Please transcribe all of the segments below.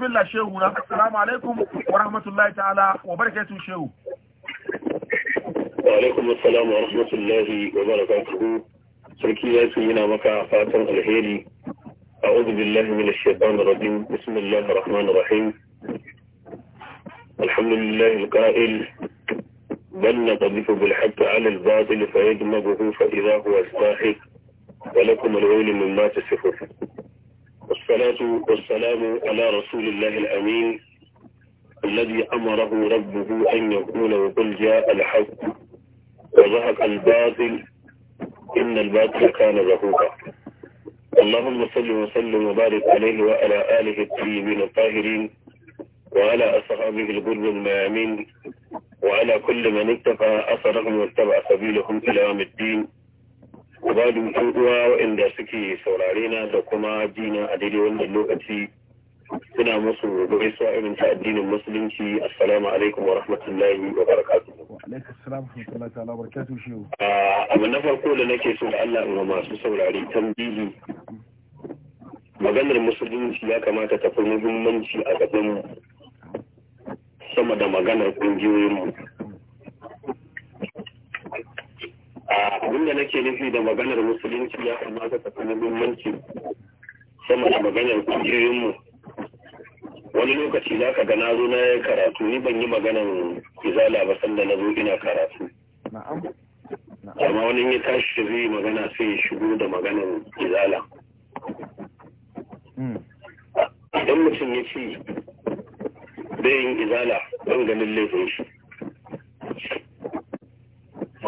بسم الله شيخنا السلام عليكم ورحمة الله تعالى وبركاته شيخ وعليكم السلام ورحمة الله وبركاته سلكي ياسينا مكا فاتن الهيري أعوذ بالله من الشيطان الرجيم بسم الله الرحمن الرحيم الحمد لله القائل من نقذف بالحق على الباطل فيجمده فإذا هو الساحق ولكم العلم مما تسفر والصلاة والسلام على رسول الله الأمين الذي أمره ربه أن يقول وقل جاء الحق وزهق الباطل إن الباطل كان زهوقا اللهم صل وسلم وبارك عليه وعلى آله الطيبين الطاهرين وعلى أصحابه الغر الميامين وعلى كل من اكتفى أثرهم واتبع سبيلهم إلى يوم الدين ubadu ɗan uwa waɗanda suke saurare na da kuma jina a daidai wannan lokaci suna musu gaisuwa irin ta addinin musulunci assalamu alaikum wa rahmatullahi wa barakatu. abu na farko da nake so da Allah in masu saurare tambihi maganar musulunci ya kamata ta fi muhimmanci a gaban sama da maganar ƙungiyoyinmu abinda nake nufi da maganar musulunci ya kamata ta fi muhimmanci sama da maganar kujiyoyinmu wani lokaci za ka gana zo na karatu ni ban yi maganar izala ba sanda na zo ina karatu amma wani ya tashi zai magana sai ya shigo da maganar izala hmm. idan mutum ya ce bayan izala ban ganin laifin shi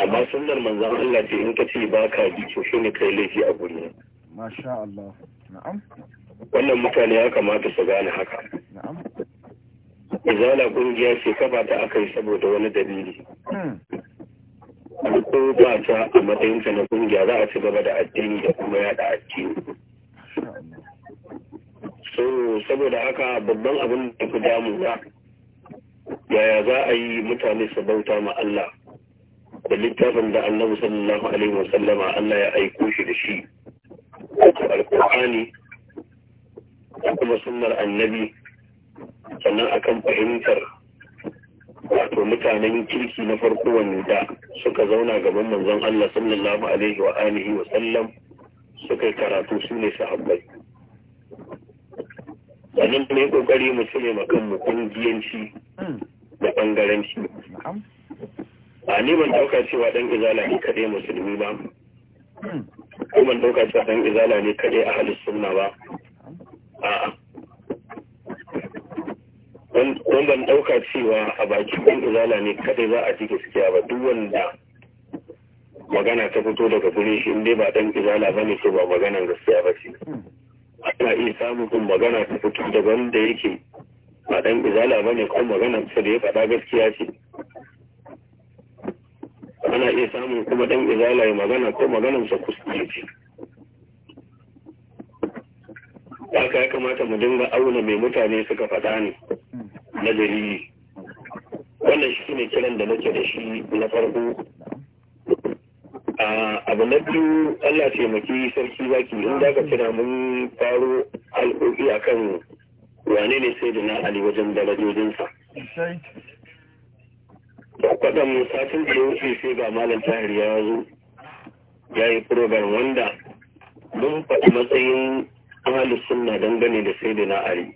amma sunnar manzan Allah ce in ka ce ba ka bi to ne kai laifi a guri masha Allah na'am wannan mutane ya kamata su gane haka na'am izala kungiya ce kafa ta akai saboda wani dalili hmm. ko ba ta a matsayin ta na kungiya za a ci gaba da addini da kuma yada addini so saboda haka babban abin da ku damu ba yaya za a yi mutane su bauta ma Allah da littafin da annabi sallallahu alaihi wasallama Allah ya aiko shi da shi wato alkur'ani da kuma sunnar annabi sannan akan fahimtar wato mutanen kirki na farko wanda suka zauna gaban manzon Allah sallallahu alaihi wa alihi wa sallam suka yi karatu su ne sahabbai sannan ne kokari mu cire makan mu kungiyanci da shi. a ni ban dauka cewa dan izala ne kadai musulmi ba ko ban dauka cewa dan izala ne kadai ahlus sunna ba a'a don ban dauka cewa a bakin ɗan izala ne kadai za a ji gaskiya ba duk wanda magana ta fito daga gure shi inda ba ɗan izala ba ne ko ba magana gaskiya ba ce ana iya samun kun magana ta fito daga wanda yake ba ɗan izala ba ne ko maganan sa da ya faɗa gaskiya ce ana iya samun kuma dan izala ya magana ko sa kuskure ce haka ya kamata mu dinga auna mai mutane suka faɗa ne na dalili wannan shi ne kiran da nake da shi na farko abu na biyu allah taimaki sarki zaki in da ka kira mun faro al'o'i akan wane ne sai da na ali wajen darajojinsa kwaɗan satin da ya wuce sai ga malam tahir ya zo ya yi program wanda mun faɗi matsayin ahalus sunna dangane da sai da na'ari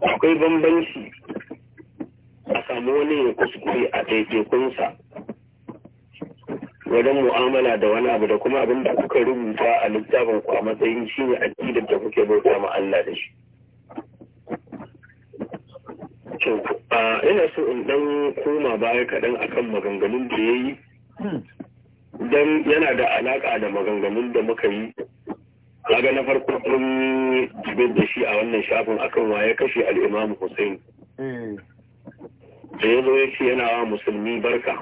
akwai bambanci a samu wani ya kuskure a ɗaiɗaikunsa wajen mu'amala da wani abu da kuma abin da kuka rubuta a littafin ku a matsayin shi ne da kuke bauta ma Allah da shi. ina so in dan koma baya kaɗan akan maganganun da ya yi don yana da alaƙa da maganganun da muka yi kaga na farko kun jibin da shi a wannan shafin akan waye kashe al'imamu hussein da ya zo ya ce yana wa musulmi barka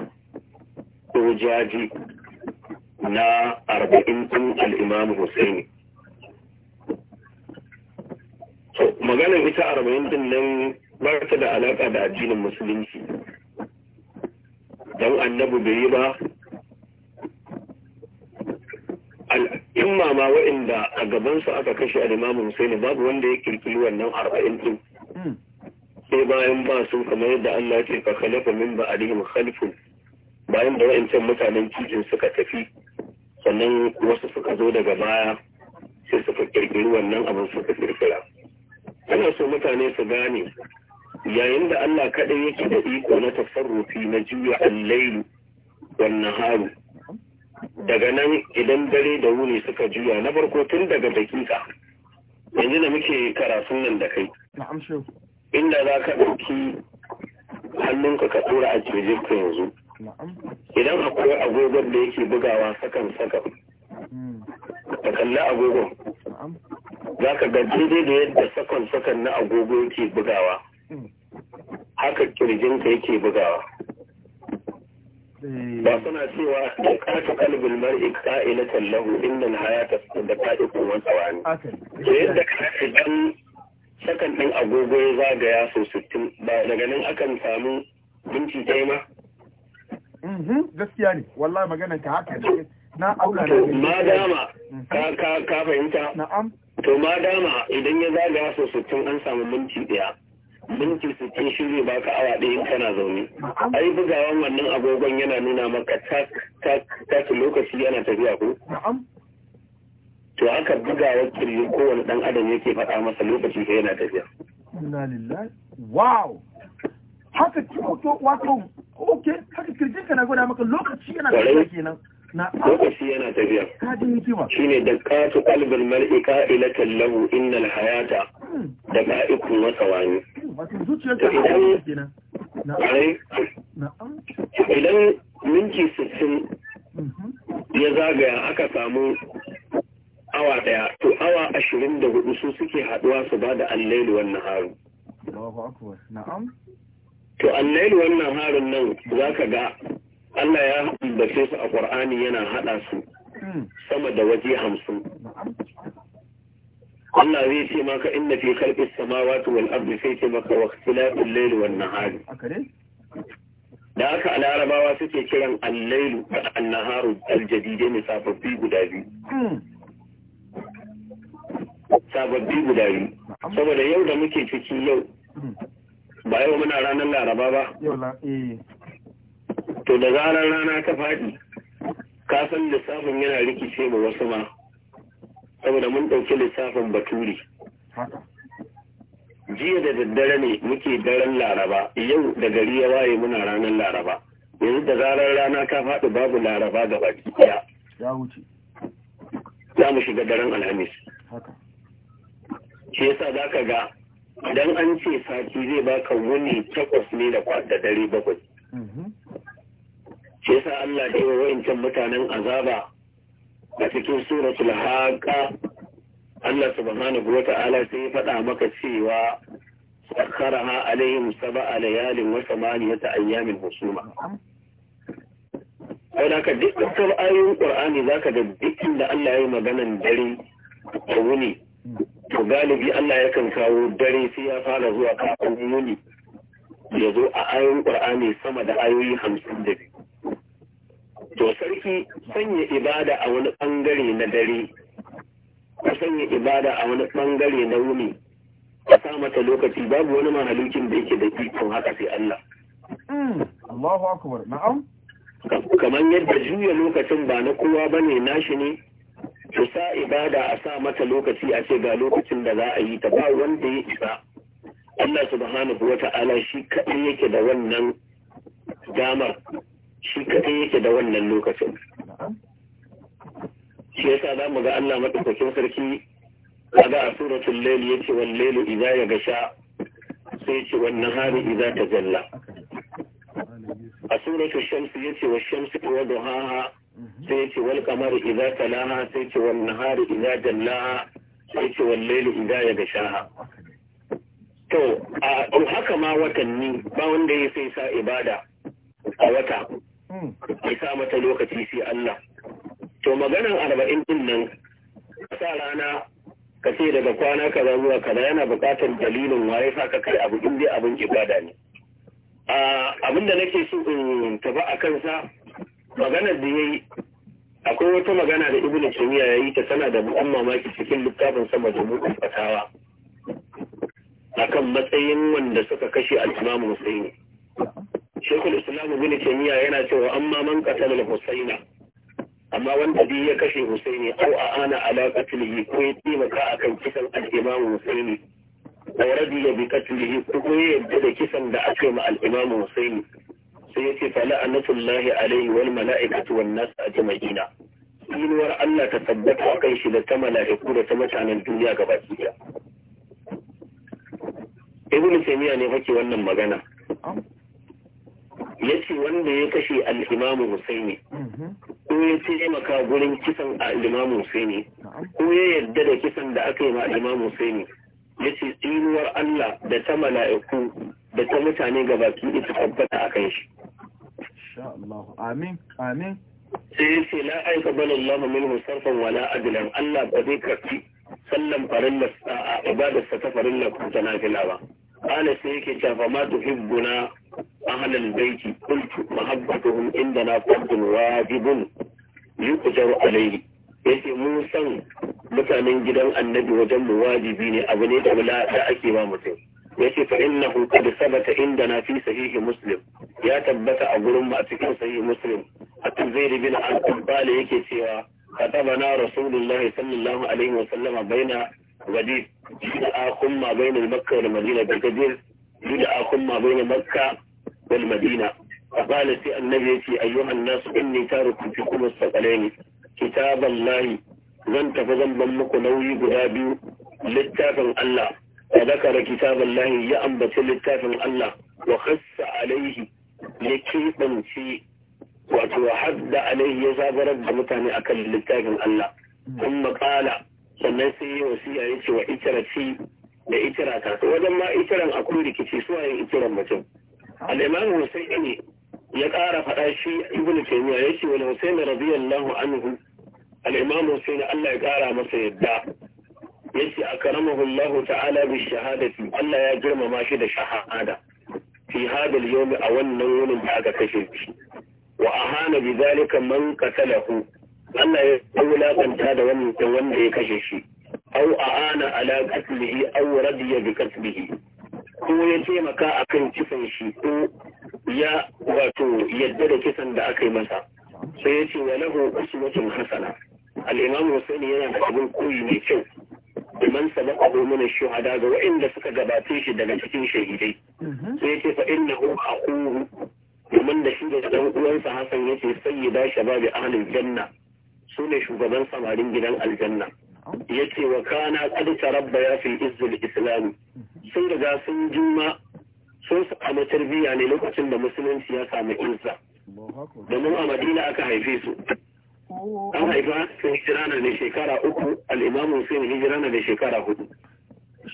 ko jaji na arba'in ɗin al'imamu hussein magana ita arba'in ɗin nan ba su da alaƙa da addinin musulunci don annabi bai yi ba al'imma ma waɗanda a gabansu aka kashe al'imamu husaini babu wanda ya kirkiri wannan arba'in din hmm. sai bayan ba su kamar yadda Allah ce ka kalafa min ba alihim khalifun bayan da wa'incan mutanen kijin suka tafi sannan wasu suka zo daga baya sai suka kirkiri wannan abin suka kirkira ana so mutane su gane yayin da Allah kaɗai yake da iko na tasarrufi na juya allailu wan naharu daga nan idan dare da wuni suka juya na farko tun daga dakika yanzu da muke karatun nan da kai inda za ka ɗauki hannunka ka tura a cikin ka yanzu idan akwai agogon da yake bugawa sakan sakan ka kalli agogon za ka ga daidai da yadda sakan sakan na agogo yake bugawa haka kirjinka yake bugawa eh. ba suna cewa da kata kalbin mar'i ka'ilatan haya ta su da fa'ikun wa wani. to yadda ka ɗan sakan ɗin agogo ya zagaya so sittin ba daga nan akan samu binci yi mhm, ma gaskiya ne wallahi magana ta haka ne na aula da ma dama mhm. ka fahimta na'am to ma dama idan ya zagaya so sittin an samu binci ɗaya minti sittin shi ba baka awa ɗaya kana zaune ai bugawan wannan agogon yana nuna maka tak tak tak lokaci yana tafiya ko to aka bugawa kirji kowane ɗan adam yake faɗa masa lokaci sai yana tafiya inna lillahi wow haka wato wato ok haka kirjin kana gwada maka lokaci yana tafiya kenan lokaci yana tafiya shi ne da kasu kalbin mar'i ka'ilatan lahu innal hayata da ka'ikun wasa wani idan minti sittin mhm. ya zagaya aka samu awa daya to awa ashirin da hudu su suke haduwa su ba da allailu wannan haru to allailu wannan harun nan za ka ga Allah ya haddace su a ƙur'ani yana haɗa su hmm. sama da waje hamsin Allah zai ce maka inna fi khalqis samawati wal ardi sai ce maka wa ikhtilafil layli wan hali. da haka al'arabawa suke kiran al-lailu da an-naharu al-jadide ne sababbi guda biyu hmm. sababbi guda biyu saboda yau da muke ciki yau hmm. ba yau muna ranar laraba ba eh. to da zarar rana ta faɗi ka lissafin yana rikice ma wasu ma saboda mun ɗauki lissafin baturi jiya da daddare ne muke daren laraba yau da gari ya waye muna ranar laraba yanzu da zarar rana ta faɗi babu laraba ga baki wuce za mu shiga daren alhamis shi yasa za ka ga idan an ce sati zai baka wuni takwas ne da dare bakwai mhm. yasa Allah da yi wa'incan mutanen azaba a cikin suratul haka? Allah subhanahu wa ta'ala sai ya faɗa maka cewa sakharaha alaihim sab'a layalin wa samaniyata ayyamin husuma sai da ka dukkan ayoyin Qur'ani zaka ga dukkan da Allah ya yi maganan dare da wuni to galibi Allah yakan kawo dare sai ya fara zuwa kafin wuni ya zo a ayoyin Qur'ani sama da ayoyi hamsin da biyu to sarki sanya ibada a wani bangare na dare ka sanya ibada a wani bangare na wuni ka sa mata lokaci babu wani mahalukin da yake da ikon haka sai Allah hmm, Allahu akbar na'am kamar yadda juya lokacin ba na kowa bane nashi ne to sa ibada a sa mata lokaci a ce ga lokacin da za a yi ta ba wanda ya isa Allah subhanahu wa ta'ala shi kaɗai yake da wannan damar shi kaɗai yake da wannan lokacin shi yasa za mu ga Allah maɗaukakin sarki ga a ce wani yace iza ya ga sha sai yace wan nahari ta jalla. a suratul shams Shamsu ya ce, wa haha sai wani wal iza ta laha? sai ce, Wani nahari iza jalla sai ce, yace wal laylu idza yagsha to a haka ma watanni ba wanda ya sai sa ibada a wata ya hmm. sa mata lokaci sai Allah to maganan arba'in din nan sa rana ka ce daga kwana kaza zuwa kaza yana buƙatar dalilin waye sa ka kai abu in dai abin ibada ne abin da nake so in tafi a kansa maganar da ya yi akwai wata magana da ibnu kimiyya ya yi ta tana da bu'an mamaki cikin littafin sama da mu'an fatawa akan matsayin wanda suka kashe al-imamu husaini shekul islam bin taimiyya yana cewa amma man qatala husaina amma wanda dai ya kashe husaini au a ana ala qatlihi ko ya taimaka akan kisan al-imam husaini aw radiya bi qatlihi ko ya yadda da kisan da aka yi ma al-imam husaini sai yace fa la'anatullahi alayhi wal mala'ikatu wan nas ajma'ina inuwar Allah ta tabbata a kan shi da ta mala'iku da ta mutanen duniya gaba ɗaya. Ibn Taymiyyah ne fake wannan magana. ya ce wanda ya kashe al'imamu musaini ko ya taimaka gurin kisan al'imamu musaini ko ya yarda da kisan da aka yi ma al'imamu musaini ya ce tsinuwar Allah da ta mala'iku da ta mutane ga baki ita tabbata a kan shi. Amin, amin. Sai ya ce la aika bala Allah min sarfan wala adilan Allah ba zai karfi sallan farillar a ibadarsa ta farillar kuta na ba. قال سيك فما تحبنا أهل البيت قلت محبتهم عندنا فرض واجب يؤجر عليه yace mun san mutanen gidan annabi wajen mu wajibi ne abu ne da da ake ba mutum yace fa innahu qad sabata indana fi sahihi muslim ya tabbata a gurin mu a cikin sahih muslim akan zaid bin al-qabbal yake cewa na rasulullahi sallallahu alaihi wa sallama baina غدير بدعة كما بين مكة والمدينة بالغدير بدعة كما بين مكة والمدينة فقال في النبي في أيها الناس إني تارك فيكم الثقلين كتاب الله zan tafi zan ban muku nauyi guda biyu littafin Allah wa zakara kitabin lahi ya ambaci littafin Allah wa khassa alaihi ya keɓance wato hadda alaihi ya zabarar da mutane akan littafin Allah Kun maƙala sannan sai yi wasu ya ce wa itira ci da itira ta wajen ma itiran akwai rikici a yin itiran mutum al'imamu husaini ya ƙara faɗa shi ibn taymiya ya ce wani husaini radiyallahu anhu al'imamu na allah ya ƙara masa yadda ya ce a karamahu allah ta'ala bi shahadati allah ya girmama shi da shahada fi hadal yawmi a wannan wurin da aka kashe shi wa ahana bi zalika man qatalahu Allah ya lafanta da wannan wanda ya kashe shi au a'ana ala qatlihi aw radiya bi qatlihi ko ya taimaka akan kisan shi ko ya wato yadda da kisan da aka yi masa sai ya ce wa lahu wacin hasana al-imam yana da abin koyi mai kyau Iman liman sabaqa min shuhada ga waɗanda suka gabace shi daga cikin shahidai sai ya ce fa a aqulu domin da shi da ɗan uwansa Hassan ya yace sayyida shababi ahalin janna su ne shugaban samarin gidan aljanna ya ce wa kana ƙadita rabba ya fi izul islami sun riga sun juma sun samu tarbiyya ne lokacin da musulunci ya samu izza domin a madina aka haife su an haifa sun hijirana da shekara uku al'imamu sun hijirana da shekara hudu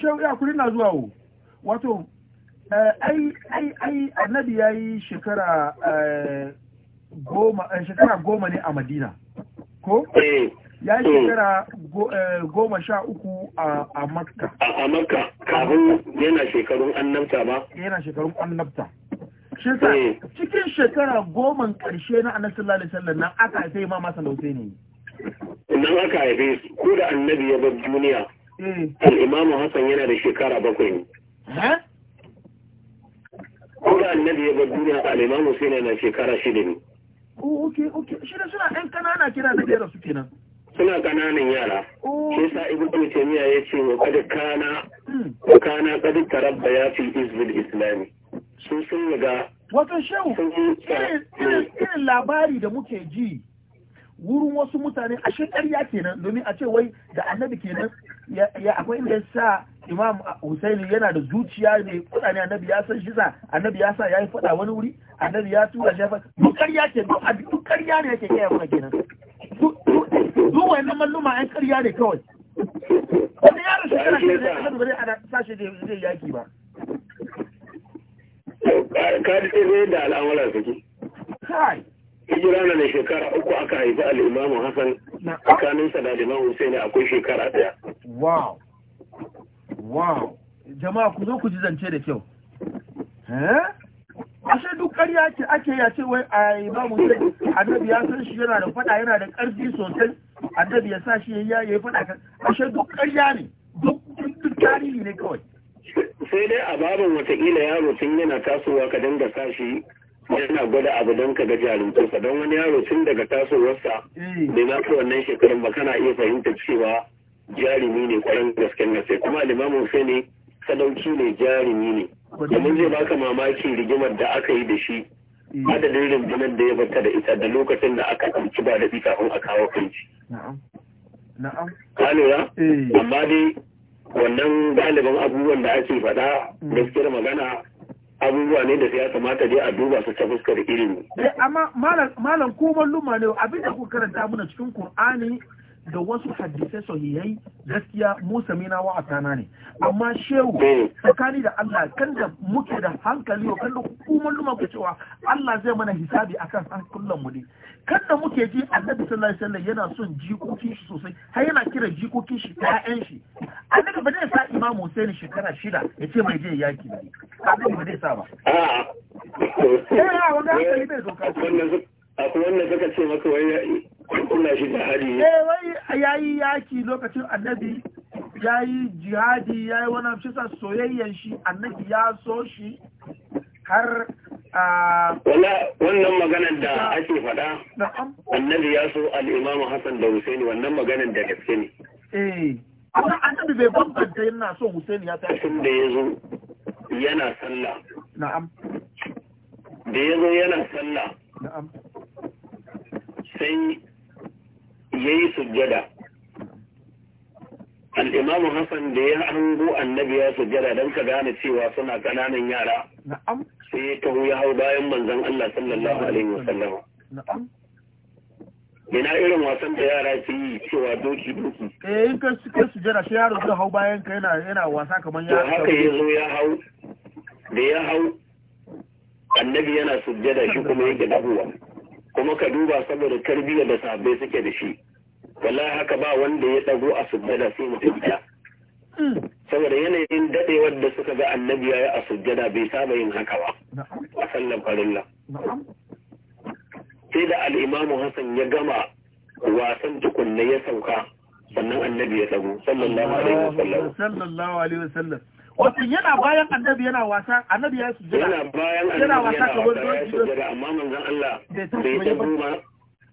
shehu ya kuri na zuwa wato eh, ai ai ai annabi ya yi shekara eh, eh, goma ne a madina ko eh. ya hmm. shekara eh, goma sha uku a makka a makka kafin yana shekarun annabta ba yana shekarun annabta shi sa hmm. cikin shekara goma karshe na annabta sallallahu alaihi wasallam nan aka haife masa Hassan ne. nan aka haife eh. ko da annabi ya bar duniya Al'imamu Hassan yana da shekara bakwai ne ko da annabi ya bar duniya al'imamu sai Husaini yana shekara shida ne Oh, okay okay shi da suna ɗan ƙanana kira da ɗaya su kenan suna ƙananan yara oh. shi yasa ibn taymiya ya ce wa kada kana hmm. wa kana qad tarabba ya fi izbil islami sun sun riga wato shehu hmm. irin labari da muke ji wurin wasu mutane ashe ƙarya kenan domin a ce wai da annabi kenan ya akwai ne sa imam Hussein yana da zuciya ne kuɗa ne annabi ya san shi sa annabi ya sa yayi faɗa wani wuri annabi ya tura shi fa duk ƙarya ce duk abin duk ƙarya ne yake kai mana kenan duk wannan malluma ai ƙarya ne kawai wani ya rasu kana kai da annabi bare ana sashi da zai yaki ba ka ji da al'amuran suke kai hijira na ne shekara uku aka haifi al'imamu hassan tsakaninsa da al'imamu hussein akwai shekara daya wow wow jama'a ku zo ku ji zance da kyau eh? ashe duk ƙarya ce ake ya ce wai a imamu sai annabi ya san shi yana da fada yana da ƙarfi sosai annabi ya sa shi ya yi fada kan ashe duk ƙarya ne duk tarihi ne kawai sai dai a babin watakila yaro tun yana tasowa ka dinga sa shi yana gwada abu don ka ga jarumtarsa don wani yaro tun daga tasowarsa da eh. na fi wannan shekarun ba kana iya fahimta cewa jarumi ne kwarin gasken gaske kuma limamin sai ne sadauki ne jarumi ne domin zai baka mamaki rigimar da aka yi da shi eh. adadin rundunar da ya bata da ita da lokacin da aka ɗauki ba da kafin a kawo kanci. Ka lura? Eh. Amma dai wannan galibin abubuwan da ake faɗa da mm. magana abubuwa ne da ya kamata dai a duba su ta fuskar ilimi. Eh, amma malam ko malluma ne abin da karanta muna cikin Kur'ani da wasu hadisai sahihai gaskiya mu samina wa atana ne amma shehu tsakani da Allah kan da muke da hankali kan da hukumar luma ku cewa Allah zai mana hisabi akan kullum mu ne kan da muke ji Annabi sallallahu alaihi wasallam yana son jikokin shi sosai har yana kira jikokin shi ƴaƴan shi Annabi ba zai sa Imam Hussein shekara shida ya ce mai je yaki ba Annabi ba zai sa ba eh wanda hankali bai zo ka wanda suka ce maka wai kuna shi da hali eh wai yayi yaki lokacin annabi ya yi jihadi ya yi wani shi sa soyayyen shi annabi ya so shi har wannan maganar da ake faɗa annabi ya so al Hassan da Husaini wannan maganar da gaske ne eh amma annabi bai bambanta yana so Husaini ya tashi da ya zo yana sallah na'am da zo yana sallah na'am sai ya yi sujjada al'imamu hassan da ya hango annabi ya sujjada don ka gane cewa suna ƙananan yara sai ya taho ya hau bayan manzan Allah sallallahu alaihi wasallam ina irin wasan da yara ke yi cewa doki doki eh in ka su jira sai yaro zai hau bayan ka yana yana wasa kamar yaro haka ya zo ya hau da ya hau annabi yana sujjada shi kuma yake dahuwa kuma ka duba saboda tarbiyya da sahabbai suke da shi wala haka ba wanda ya dago a sujjada sai mutum ɗaya hmm. saboda yanayin daɗewar da suka ga annabi ya yi a sujjada bai saba yin haka ba a sallan farilla sai da al'imamu hassan ya gama wasan tukunna ya sauka sannan annabi ya dago sallallahu alaihi wasallam sallallahu alaihi wasallam wato yana bayan annabi yana wasa annabi ya sujjada yana bayan annabi yana wasa kamar doki amma manzon Allah bai dago ba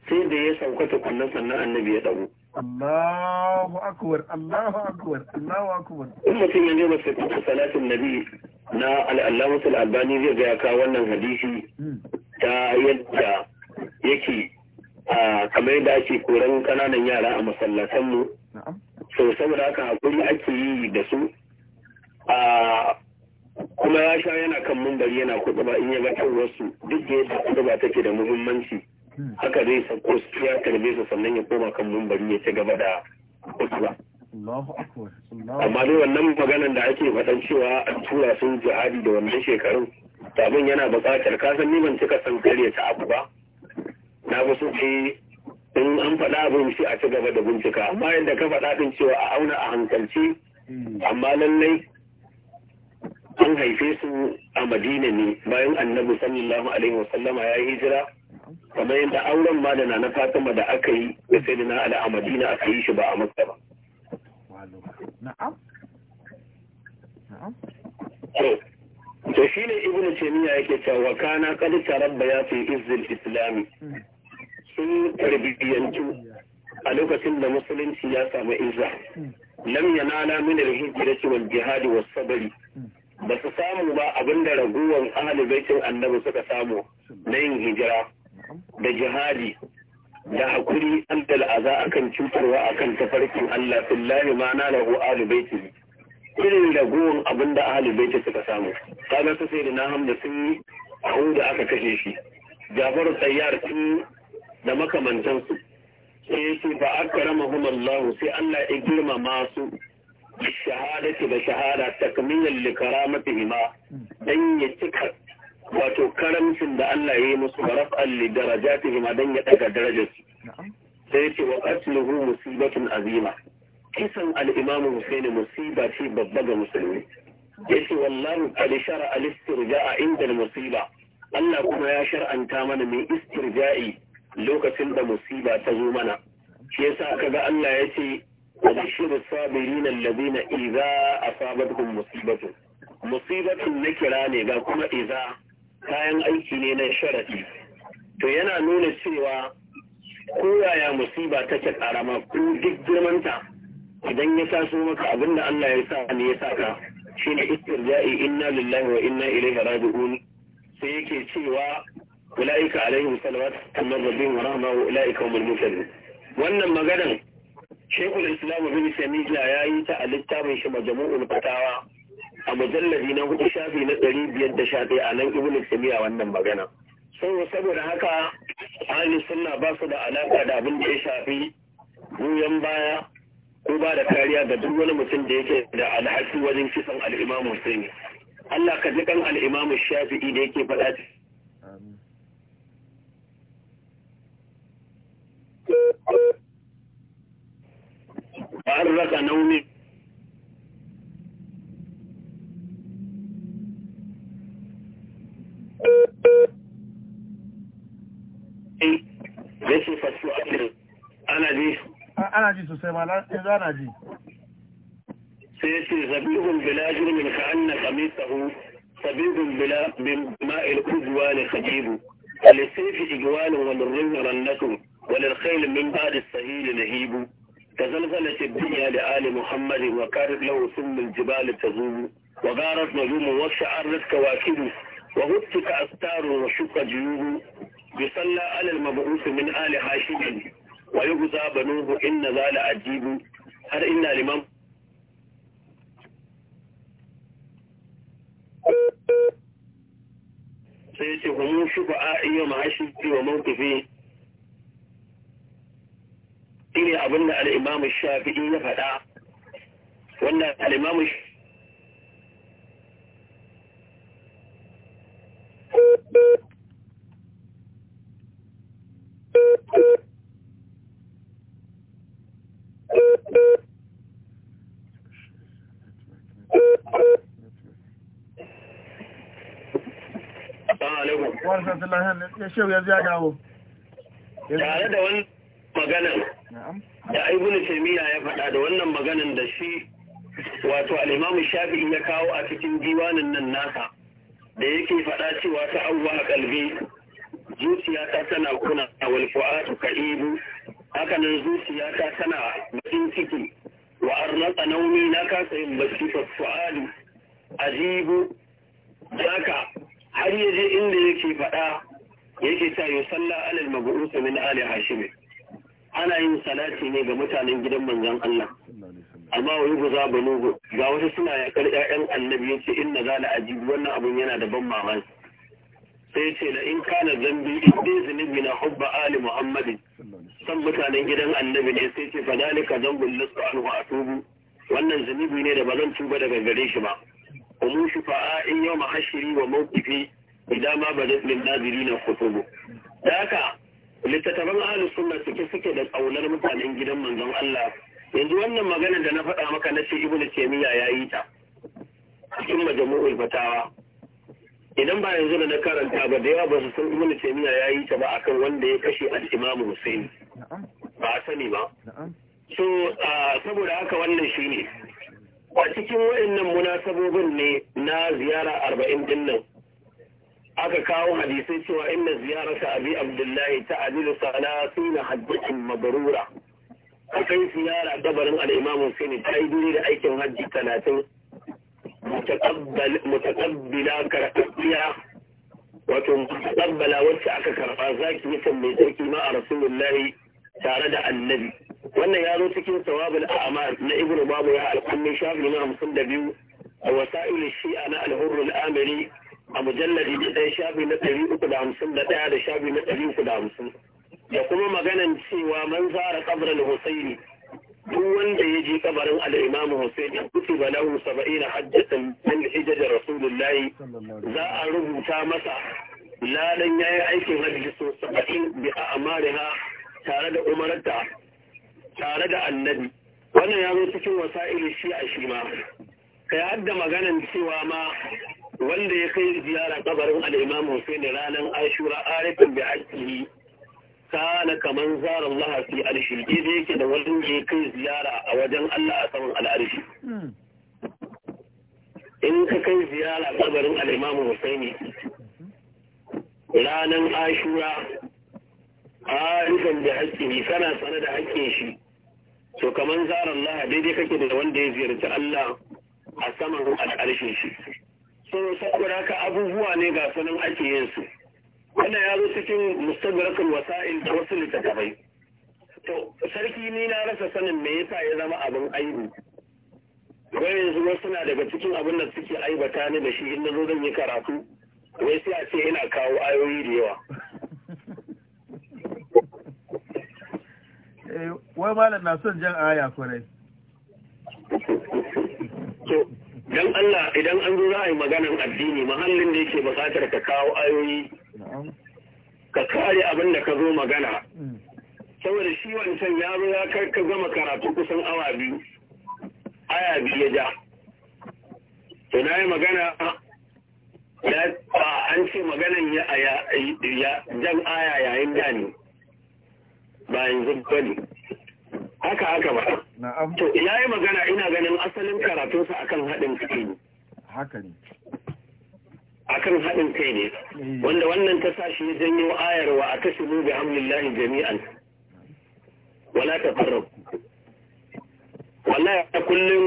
sai da ya sauka tukunna sannan annabi ya dawo. Allahu akbar Allahu akbar Allahu akbar in mutum ya sai masjidin salatin nabi na al albani zai ga kawo wannan hadisi hmm. ta yadda yake a kamar yadda ake koran kananan yara a masallatanmu so saboda haka hakuri ake yi da su a kuma ya sha yana kan mumbari yana kuɗi ba in ya ga wasu duk da yadda kuɗi ba take da muhimmanci haka zai sauko ya karbe su sannan ya koma kan mumbari ya ci gaba da kutuba amma dai wannan maganan da ake faɗan cewa an tura sun jihadi da wannan shekarun tabin yana buƙatar kasan ni ban cika san karya ta abu ba na fi ce in an faɗa abin shi a ci gaba da bincika amma yadda ka faɗa din cewa a auna a hankalci hmm. amma lallai an haife su a madina ne bayan annabi sallallahu alaihi wasallama ya yi hijira kamar yadda auren ma da na fatima da aka yi da sai da na al'amadi a aka yi shi ba a makka ba to shi ne ibn taymiya yake cewa kana qad tarabba ya fi izzil islami sun tarbiyyantu a lokacin da musulunci ya samu izza lam yanala min al-hijrati wal jihad was sabari. ba su samu ba abinda raguwan ahalibaitin annabi suka samu na yin hijira da jihadi da hakuri an a kan cutarwa a kan tafarkin Allah fillahi ma na lahu alu baiti irin ragowar abin da ahalu baiti suka samu kana su sai da na hamda sun yi hau da aka kashe shi jafaru tsayyar sun da makamantansu sai su ba akrama humallahu sai Allah ya girmama su shahadati da shahada likara mafi karamatihima dan ya cika wato karamcin da Allah ya yi musu wa raf'an li darajatihim dan ya daga darajarsu sai ce wa qatluhu musibatun azima kisan al-imamu Husaini musiba ce babba ga musulmi yace wallahi qad shara al-istirja'a inda al-musiba Allah kuma ya shar'anta mana mai istirja'i lokacin da musiba ta zo mana shi yasa kaga Allah yace wa bashiru sabirin alladhina idza asabatuhum musibatu musibatun nakira ne ga kuma idza kayan aiki ne na sharaɗi to yana nuna cewa ko koyaya musiba take karama ko duk girmanta idan ya taso maka abinda Allah ya sa ne ya saka shine istirja'i inna lillahi wa inna ilaihi raji'un sai yake cewa ulaika alaihim salawatu min rabbihim wa rahma wa ulaika humul muhtadun wannan maganar Sheikhul Islam Ibn ya yi ta a littafin shi Majmu'ul Fatawa a mujallari na hudu shafi na ɗari biyar da sha ɗaya a nan ibn tamiya wannan magana sau saboda haka ahli suna ba su da alaka da abin da ya shafi goyon baya ko ba da kariya ga duk wani mutum da yake da alhaki wajen kisan al'imamu yi Allah ka ji kan al'imamu shafi'i da yake faɗa an rasa nauyi Rashin ana ji. sosai ma yanzu ana ji. Sai yace zabihun bila jirmin ka anna kamisahu sabibun bila bin ma'il kudwa ne khajibu. Alisefi igwalin wani rin rannatu wani alkhailin min ba da sahili na hibu. تزلزلت الدنيا لآل ta zubu wa garar الجبال تزول وغارت نجوم وشعرت كواكبه وغتك أستار وشق جيوب يصلى على المبعوث من آل هاشم ويغزى بنوه إن ذا لعجيب هل إن الإمام سيتي هم شفعائي معاشي وموقفي إني أظن الإمام الشافعي فدا وأن الإمام الشافعي Tare da wani maganan da Ibn shemiya ya faɗa da wannan maganan da shi wato alimamu shafi Shafi'i ya kawo a cikin diwanin nan nasa. da yake faɗa cewa ta auwa a kalbi zuciyata tana kuna wal fu'atu ka haka nan zuciyata tana bakin ciki wa arnaqa naumi na kasa yin bacci fa fu'adu ajibu haka har je inda yake faɗa yake ta salla alal mabu'us min ali hashim ana yin salati ne ga mutanen gidan manzon Allah amma wa yuguza balugu ga wasu suna yakar ƴaƴan annabi yace inna zala ajib wannan abun yana da ban mamaki sai yace la in kana zambi in dai zunubi na hubba ali muhammadin san mutanen gidan annabi ne sai ce fa dalika zambul lasu anhu atubu wannan zunubi ne da ba zan tuba daga gare shi ba umu shufa'a in yau mahashiri wa mawqifi idan ma ba min nazirin khutubu da haka littattafan ahlus sunna suke suke da kaunar mutanen gidan manzon Allah yanzu wannan magana da na faɗa maka na ce ibnu taymiya ya yi ta cikin majmu'ul fatawa idan ba yanzu da na karanta ba da yawa ba su san ibnu taymiya ya yi ta ba akan wanda ya kashe al-imam husaini ba a sani ba so saboda haka wannan shine a cikin wayannan munasabobin ne na ziyara arba'in din nan aka kawo hadisai cewa inna ziyarata abi abdullahi ta'dilu salasina hajjatin mabrura a kai ziyara dabarin al'imamu sai ta yi duri da aikin hajji talatin mutakabbila karɓaɓɓiya wato mutakabbala wacce aka karɓa za ki yi mai tsarki ma a rasulullahi tare da annabi wannan ya zo cikin sawabul a'mal na ibnu babu ya alƙalmi shafi na hamsin da biyu a wasa'il shi'a na alhurrul amiri a mujalladi da ɗaya shafi na ɗari uku da hamsin da ɗaya da shafi na ɗari uku da hamsin da kuma maganan cewa man zara kabrin husaini duk wanda ya je kabarin al-imam husaini kuti balahu 70 hajjatan min hijjar rasulullahi za a rubuta masa ladan yayi aikin hajji so 70 bi a'mariha tare da umarta tare da annabi wannan ya zo cikin wasa'ili shi a shi ma kai hadda maganan cewa ma wanda ya kai ziyara kabarin al-imam husaini ranar ashura arifin bi hajjihi kana kaman zara Allah fi alshi dai da yake da wani je kai ziyara a wajen Allah a saman al'arshi hmm. in ka kai ziyara a kabarin al-Imam Husaini ranan Ashura arifan da haƙƙi kana sana da haƙƙin shi to kamar zara Allah daidai kake da wanda ya ziyarci Allah a saman al'arshin shi so saboda ka abubuwa ne ga sanin ake yin su wanda ya zo cikin mustadrakul wasa'il da wasu littattafai to sarki ni na rasa sanin me yasa ya zama abin aibu wai yanzu wasu na daga cikin abin da suke aibata ni da shi in nazo zan yi karatu wai sai a ce ina kawo ayoyi da yawa eh, wai malam na son jan aya kwarai dan Allah idan an zo za a yi maganan addini mahallin da yake bukatar ka kawo ayoyi ka kare abin da ka zo magana mm. saboda shi wancan ya zo ya kai ka gama karatu kusan awa biyu aya biyu ya ja to na yi magana ya an ce maganan ya ya jan aya yayin da ne ba yanzu ba ne haka haka ba to ya yi magana ina ganin asalin karatunsa akan haɗin kai ne haka ne akan haɗin kai ne mm. wanda wannan ta sa shi janyo ayar wa a kashi mu bi hamlillahi jami'an wala ta farrabu wallahi a kullum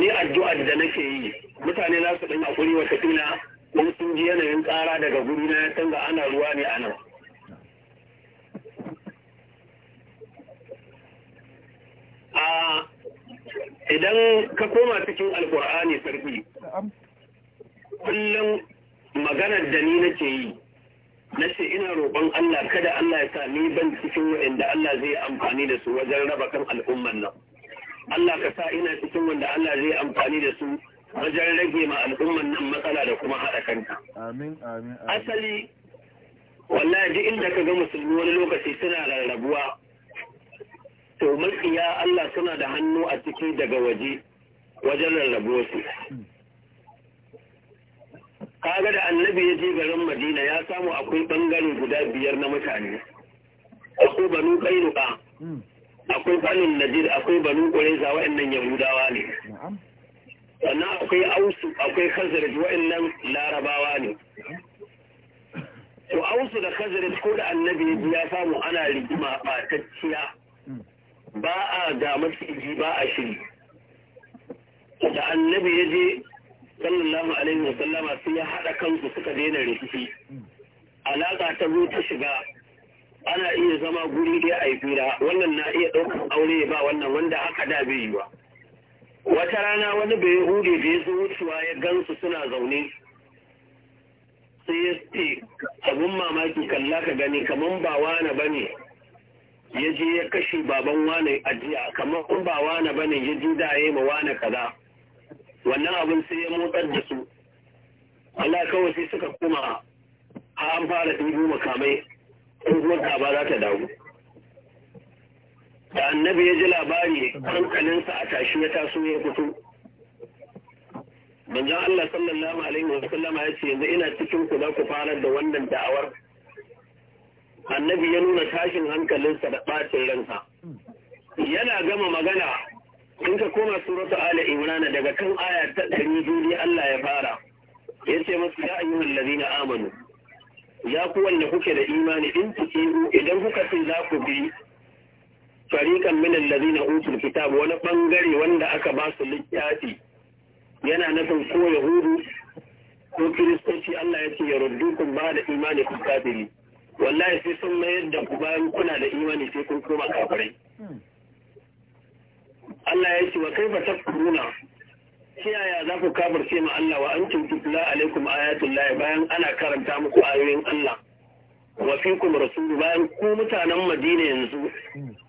ni addu'a da nake yi mutane za su ɗan hakuri wata tuna in sun ji yanayin tsara daga guri na san ga ana ruwa ne a nan idan ka koma cikin alkur'ani sarki kullum maganar da ni nake yi na ce ina roƙon Allah kada Allah ya sa ni ban cikin waɗanda Allah zai amfani da su wajen raba kan al'umman nan Allah ka sa ina cikin wanda Allah zai amfani da su wajen rage ma al'umman nan matsala da kuma haɗa kanta amin amin asali wallahi duk inda ka ga musulmi wani lokaci suna rarrabuwa to ya Allah suna da hannu a ciki daga waje wajen rarrabuwa su hmm. kaga da annabi ya je garin madina ya samu akwai bangare guda biyar na mutane akwai banu kainuka akwai banin najir akwai banu kureza wa'annan yahudawa ne sannan akwai ausu akwai khazraj wa'annan larabawa ne to ausu da khazraj ko da annabi ya samu ana rigima batacciya ba a ga maciji ba a shiri da annabi ya je sallallahu alaihi wa sallama sai ya haɗa kansu suka daina rikici alaƙa ta zo ta shiga ana iya zama guri dai a yi fira wannan na iya ɗaukar aure ba wannan wanda aka da bai yi ba wata rana wani bai yi hude da ya zo wucewa ya gansu suna zaune sai ya ce abun mamaki kalla ka gani kamar ba wani ba ne ya je ya kashe baban wani a jiya kamar ba wani ba ne ya ji da ya yi ma wani kaza wannan abin sai ya motsar da su Allah kawai sai suka kuma a an fara ɗigo makamai in ta ba za ta dawo da annabi ya ji labari hankalinsa a tashi ya taso ya fito manzon Allah sallallahu alaihi wa sallam ya ce yanzu ina cikin ku za ku fara da wannan da'awar annabi ya nuna tashin hankalinsa da ɓacin ransa yana gama magana in ka koma suratu ala imrana daga kan aya ta ɗari biyu Allah ya fara ya ce masu ya ayyuhan lazina amanu ya ku wanda kuke da imani in tusiru idan kuka ce za ku bi farikan min allazina utul kitab wani bangare wanda aka ba su littafi yana nufin ko yahudu ko kiristoci Allah ya ce ya ruddukum ba da imani ku kafiri wallahi sai sun mayar da ku bayan kuna da imani sai kun koma kafirai hmm. Allah ya ce wa kai ba kuruna shi yaya za ku ce ma Allah wa an tutla alaikum ayatullahi bayan ana karanta muku ayoyin Allah wa kuma rasulu bayan ku mutanen Madina yanzu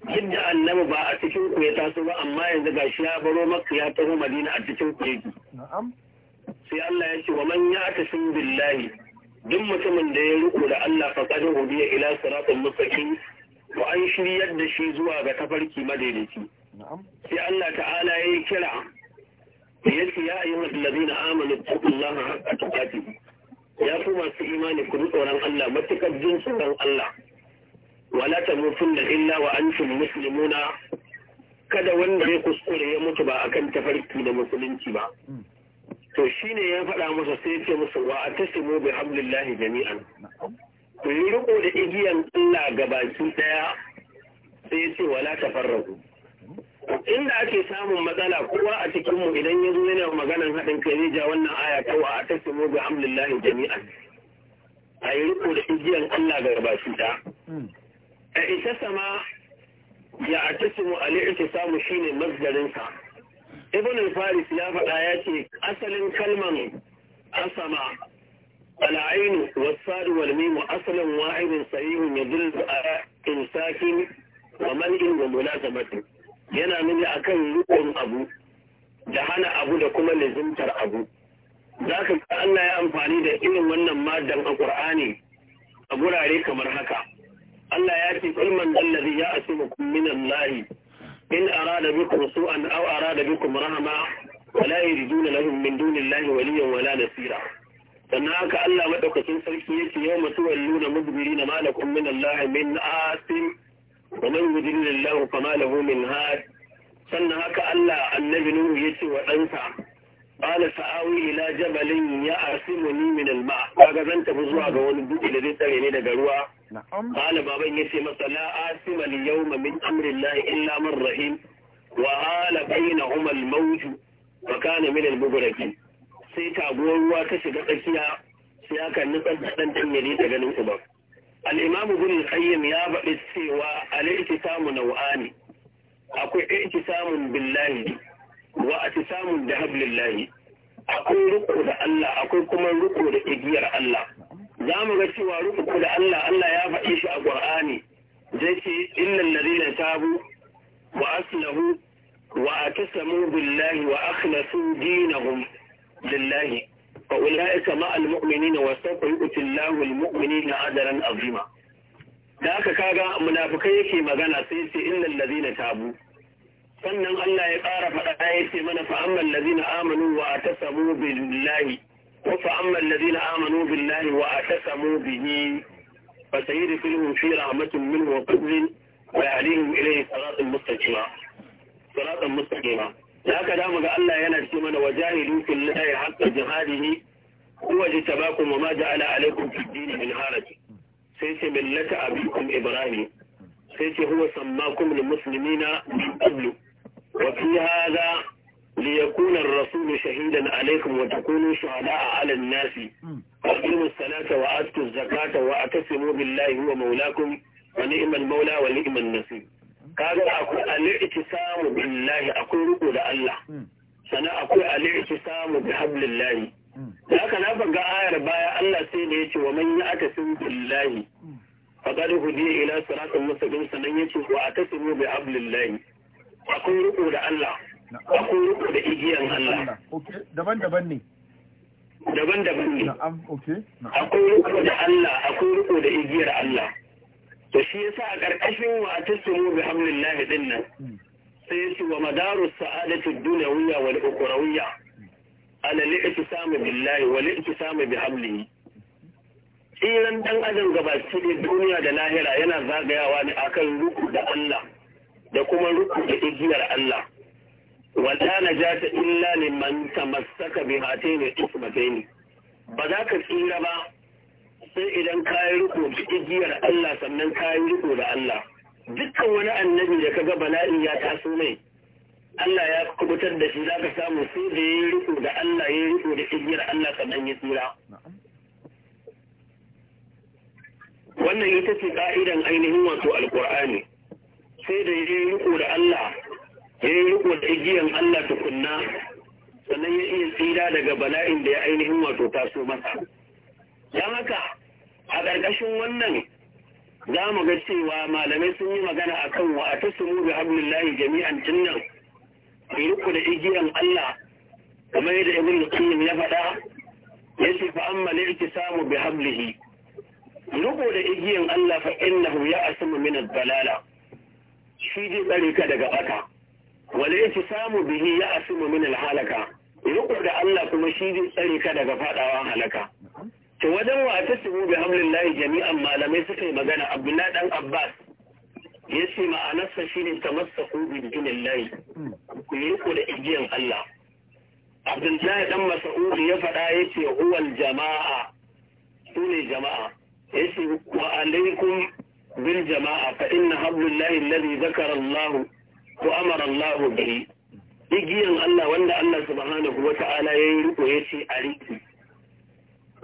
yadda annabi ba a cikin ku ya taso ba amma yanzu gashi ya baro maka ya taho Madina a cikin ku yake ji. sai Allah ya ce wa man sun billahi duk mutumin da ya riko da Allah faqad ya ila siratal mustaqim wa an shiryar da shi zuwa ga tafarki madaidaici sai Allah ta'ala ya yi kira ya ce ya ayyuhal ladina amanu taqullaha a tuqatih ya fi masu imani ku tsoron Allah matukar jin tsoron Allah wala ta mutum da illa wa an antum musulmuna. kada wanda ya kuskure ya mutu ba kan tafarki da musulunci ba hmm. to shi ne ya faɗa masa sai ce musu wa a atasimu bi hablillahi jami'an To yi riko da igiyan Allah gabaki ɗaya. sai ce wala tafarraku inda ake samun matsala kowa a cikinmu idan ya zo yana maganar haɗin kai zai ja wannan aya ta wa a tasimu ga amlillahi jami'an a yi riko da igiyan Allah ga baki da hmm. a isa sama ya a tasimu ta samu shine masdarinsa ibn al-faris ya faɗa ya ce asalin kalman asama al-Ainu العين asalan والميم sahihun yadullu ala insakin wa إمساك wa mulazamatin yana nuni kan rikon abu da hana abu da kuma lizimtar abu za ka ga Allah ya amfani da irin wannan madan a ƙur'ani a gurare kamar haka Allah ya ce ilman dallazi ya asimukum min lahi. in arada bikum su'an aw arada bikum rahama wala yuriduna lahum min dunillahi waliyyan wala nasira sannan haka Allah madaukakin sarki yake yawma tuwalluna mudbirina ma lakum min Allah min asim wa man yudillillahu fama lahu min had sannan haka Allah annabi Nuhu yace wa ɗansa قال سآوي إلى جبل يعصمني من الماء kaga zan tafi zuwa ga wani dutse da zai tsare ni daga ruwa qala baban yace masa la asima al yawma min illa man rahim wa hala bainahum al mawj wa kana min al mughrakin sai taguwar ruwa ta shiga tsakiya sai aka nutsar da dan dan ne daga nan uban al'imamu bin qayyim ya faɗi cewa al'ikitamu nau'ani akwai ikitamun billahi wa atisamun da hablillahi akwai riko da Allah akwai kuma riko da igiyar Allah za mu ga cewa riko da Allah Allah ya faɗi shi a Qur'ani yace innal ladina tabu wa wa billahi wa akhlasu dinahum lillahi فأولئك مع المؤمنين وسوف يؤتي الله المؤمنين أجرا عظيما da aka kaga munafikai yake magana sai ce illal ladina tabu sannan Allah ya ƙara faɗa ya ce mana fa'amman amman ladina amanu wa atasamu billahi wa fa amman ladina amanu billahi wa atasamu bihi fa sayyidu fihim fi rahmatin minhu wa fadlin wa yahdihim ilayhi siratan mustaqima siratan mustaqima da haka damu ga Allah yana ce mana wa jahidu fillahi haqqa jihadihi huwa jitabakum wa ma ja'ala alaykum fid din min haraj sai ce millata abikum ibrahim sai ce huwa sammakum lil muslimina min qablu wa fi hadha ليكون الرسول شهيدا عليكم وتكونوا wa على الناس أقيموا الصلاة وآتوا الزكاة huwa بالله wa مولاكم ونعم wa ونعم النصير kaga akwai al samu, billahi akwai riko da Allah hmm. sannan akwai al samu, bi hablillahi da haka na baga ayar baya Allah sai ne yace wa man ya'tasim billahi faqad hudiya ila siratin mustaqim sannan yace wa atasimu bi hablillahi akwai riko da Allah akwai riko da igiyan Allah daban-daban ne daban-daban ne akwai riko da Allah akwai riko da igiyar Allah Da shi yasa a ƙarƙashin wa tasimu bi hamlillahi din nan sai su wa madaru sa'adatu dunyawiyya wal ukhrawiyya ala li'tisamu billahi wa li'tisamu bi hamlihi tsiran dan adam gabaki da duniya da lahira yana zagayawa ne akan ruku da Allah da kuma ruku da igiyar Allah wala najata illa liman tamassaka bi hatayni ismatayn ba za ka tsira ba sai idan ka yi riko da igiyar Allah sannan ka yi riko da Allah dukkan wani annabi da kaga bala'in ya taso mai Allah ya kubutar da shi za ka samu sai da ya yi riko da Allah ya yi riko da igiyar Allah sannan ya tsira wannan ita ce ka'idan ainihin wato alkur'ani sai da ya yi riko da Allah ya yi riko da igiyar Allah tukunna sannan ya iya tsira daga bala'in da ya ainihin wato taso masa Yan haka a ƙarƙashin wannan za mu ga cewa malamai sun yi magana a kan wa a ta sumu da layi jami'an tunnan mai riko da igiyan Allah kamar yadda ibn qayyim ya faɗa ya ce fa amma ki samu bi hablihi riko da igiyan Allah fa innahu ya asmu min ad-dalala shi zai tsare ka daga baka wala samu bihi ya asmu min al-halaka riko da Allah kuma shi zai tsare ka daga fadawa halaka to wajen wa ta shigo bi layi jami'an malamai suka yi magana abdullahi dan abbas ya ce ma'anarsa shi ne ta masa jinin layi ku yi ku da igiyan allah abdullahi dan mas'ud ya faɗa ya ce huwal jama'a su ne jama'a ya ce wa alaikum bil jama'a fa inna layi alladhi zakara allah ko amara allah bihi igiyan allah wanda allah subhanahu wa ta'ala ya yi riko ya ce a riki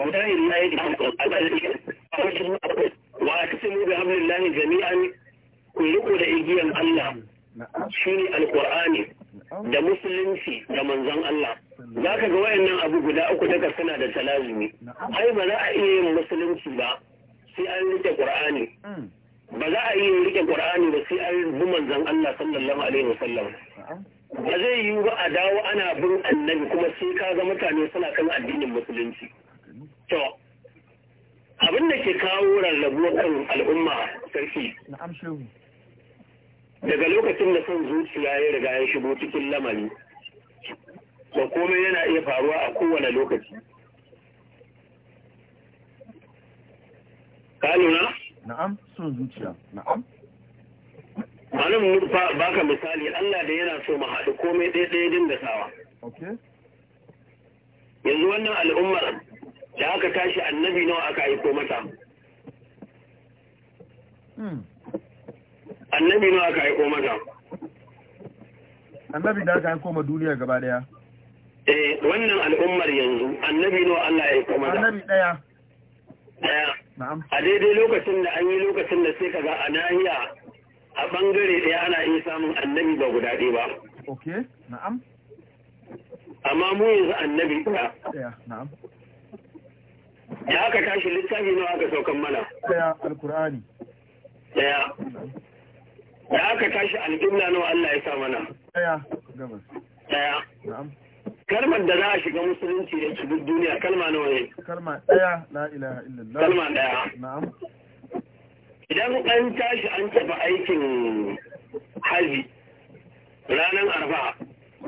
ودائر آية واعتصموا بحبل الله جميعا كلكم لإجيا الله شيني القرآن da musulunci ga manzon Allah za ka ga wayannan abu guda uku daga suna da talazumi ai ba za a iya yin musulunci ba sai an riƙe ƙur'ani. Hmm. ba za a iya rike Qur'ani ba sai an Allah sallallahu alaihi wasallam ba zai yiwu ba a dawo ana bin annabi kuma sai ka ga mutane suna kan addinin musulunci to abin da ke kawo rarrabuwar kan al'umma sarki daga lokacin da son zuciya ya riga ya shigo cikin lamari da komai yana iya faruwa a kowane lokaci ka lura na'am son zuciya na'am malam murfa baka misali Allah da yana so mu haɗu komai ɗaya ɗaya din da sawa yanzu wannan al'ummar da aka tashi annabi nawa aka aiko mata hmm. annabi nawa aka aiko mata annabi da aka aiko ma duniya gaba daya eh wannan al'ummar yanzu annabi nawa Allah ya aiko mata annabi daya daya a daidai lokacin da an yi lokacin da sai kaga a nahiya a bangare daya ana iya samun annabi ba guda ɗaya ba okay na'am amma mu yanzu annabi ɗaya na'am da aka tashi littafi nawa aka saukan mana daya alkur'ani daya da aka tashi alƙibla nawa Allah ya sa mana daya gabas daya kalmar da za a shiga musulunci da shi duniya kalma nawa ne kalma daya la ilaha illallah kalma daya na'am idan an tashi an tafi aikin haji ranar arba'a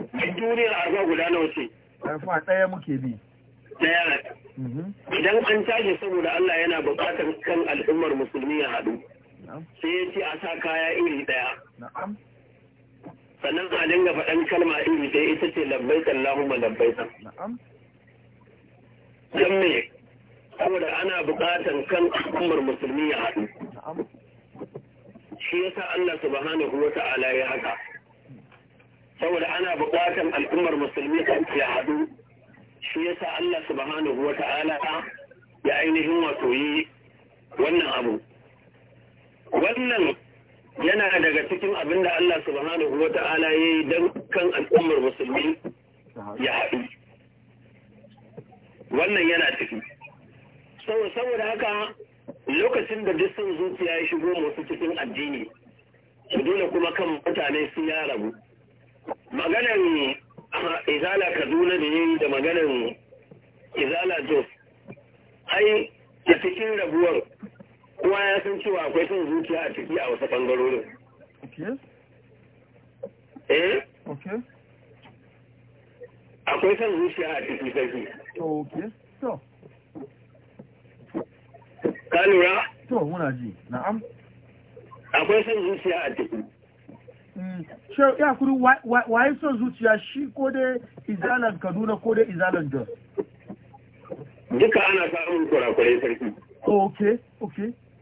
duk duniyar arba guda nawa ce arba daya muke bi na yara mhm. idan an tashi saboda Allah yana buƙatar kan al'ummar musulmi ya haɗu sai ya ce a sa kaya iri ɗaya sannan a dinga faɗan kalma iri ɗaya ita ce labbaika labbai labbaika Don me saboda ana buƙatar kan al'ummar musulmi ya haɗu shi yasa Allah subhanahu wa ta'ala ya haka saboda ana buƙatar al'ummar musulmi ya haɗu shi ya sa Allah subhanahu wa ta'ala ya ainihin wato yi wannan abu wannan yana daga cikin abin da Allah subhanahu wa ta'ala ya yi don kan al'ummar musulmi ya haɗu wannan yana ciki saboda haka lokacin da duk zuciya ya shigo masu cikin addini dole kuma kan mutane sun ya rabu maganar izala kaduna da yayi da maganar izala jos ai a cikin rabuwar kowa ya san cewa akwai son zuciya a ciki a wasu bangarorin eh akwai son zuciya a ciki sarki ka lura to muna ji na'am akwai son zuciya a ciki shehu ya kuri waye son zuciya shi ko dai izalan kaduna ko dai izalan jos duka ana samun kurakurai sarki ok ok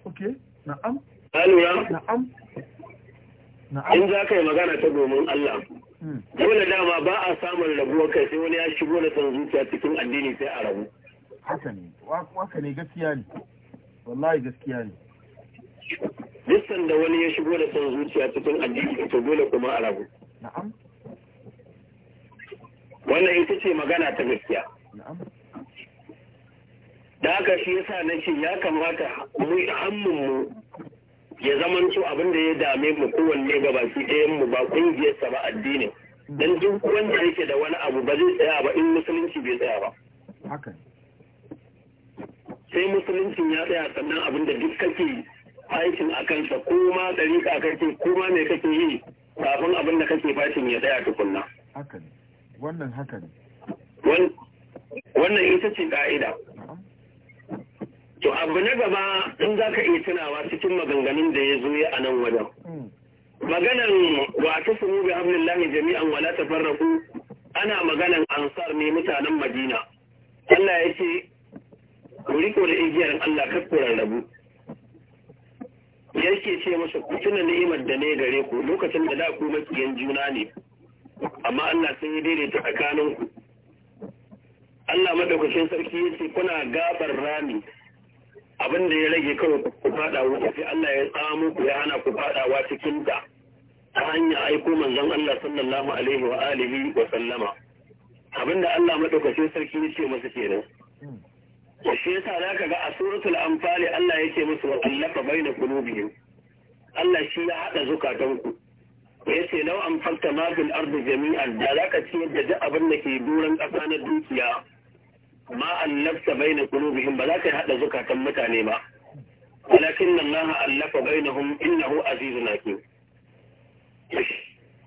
ok na'am alura na'am na'am in za ka yi magana ta domin allah hmm. dole dama ba a samun rabuwar kai sai wani ya shigo da son zuciya cikin addini sai a rabu haka ne ne gaskiya ne wallahi gaskiya ne duk sanda wani ya shigo da son zuciya cikin addini to dole kuma a rabu wannan ita ce magana ta gaskiya da haka shi yasa na ce ya kamata mu mu ya zamanto abin da ya dame mu kowanne ga baki ɗayan mu ba sa ba addinin dan duk wanda yake da wani abu ba zai tsaya ba in musulunci bai tsaya ba sai musuluncin ya tsaya sannan abin da duk kake aikin a kansa ko ma a kansa ko ma me kake yi kafin abin da kake fashin ya tsaya tukunna. Haka wannan haka ne. Wannan ita ce ƙa'ida. To abu na gaba in za ka iya tunawa cikin maganganun da ya zo ya a nan wajen. Hmm. Maganar wa ta sunu bi hamdulillahi jami'an wala tafarraku ana maganar ansar ne mutanen Madina. Allah ya ce, ku riko da igiyar Allah kakkuran rabu. yake ce masa ku tuna ni'imar da ne gare ku lokacin da da ku makiyan juna ne amma Allah sun yi daidaita tsakanin ku Allah madaukakin sarki yace kuna gabar rami abin da ya rage kawai ku fada wuta sai Allah ya tsamo ku ya hana ku fadawa cikin da ta hanyar aiko manzon Allah sallallahu alaihi wa alihi wa sallama abin da Allah madaukakin sarki yace masa kenan shi yasa za ka ga a suratul amfani Allah yake musu wa allafa baina qulubihim Allah shi ya haɗa zukatanku yace law anfaqta ma fil ardi jami'an da za ka ci yadda duk abin da ke duran kasa na dukiya ma allafta baina qulubihim ba za ka hada zukatan mutane ba walakin Allah allafa bainahum innahu azizun hakim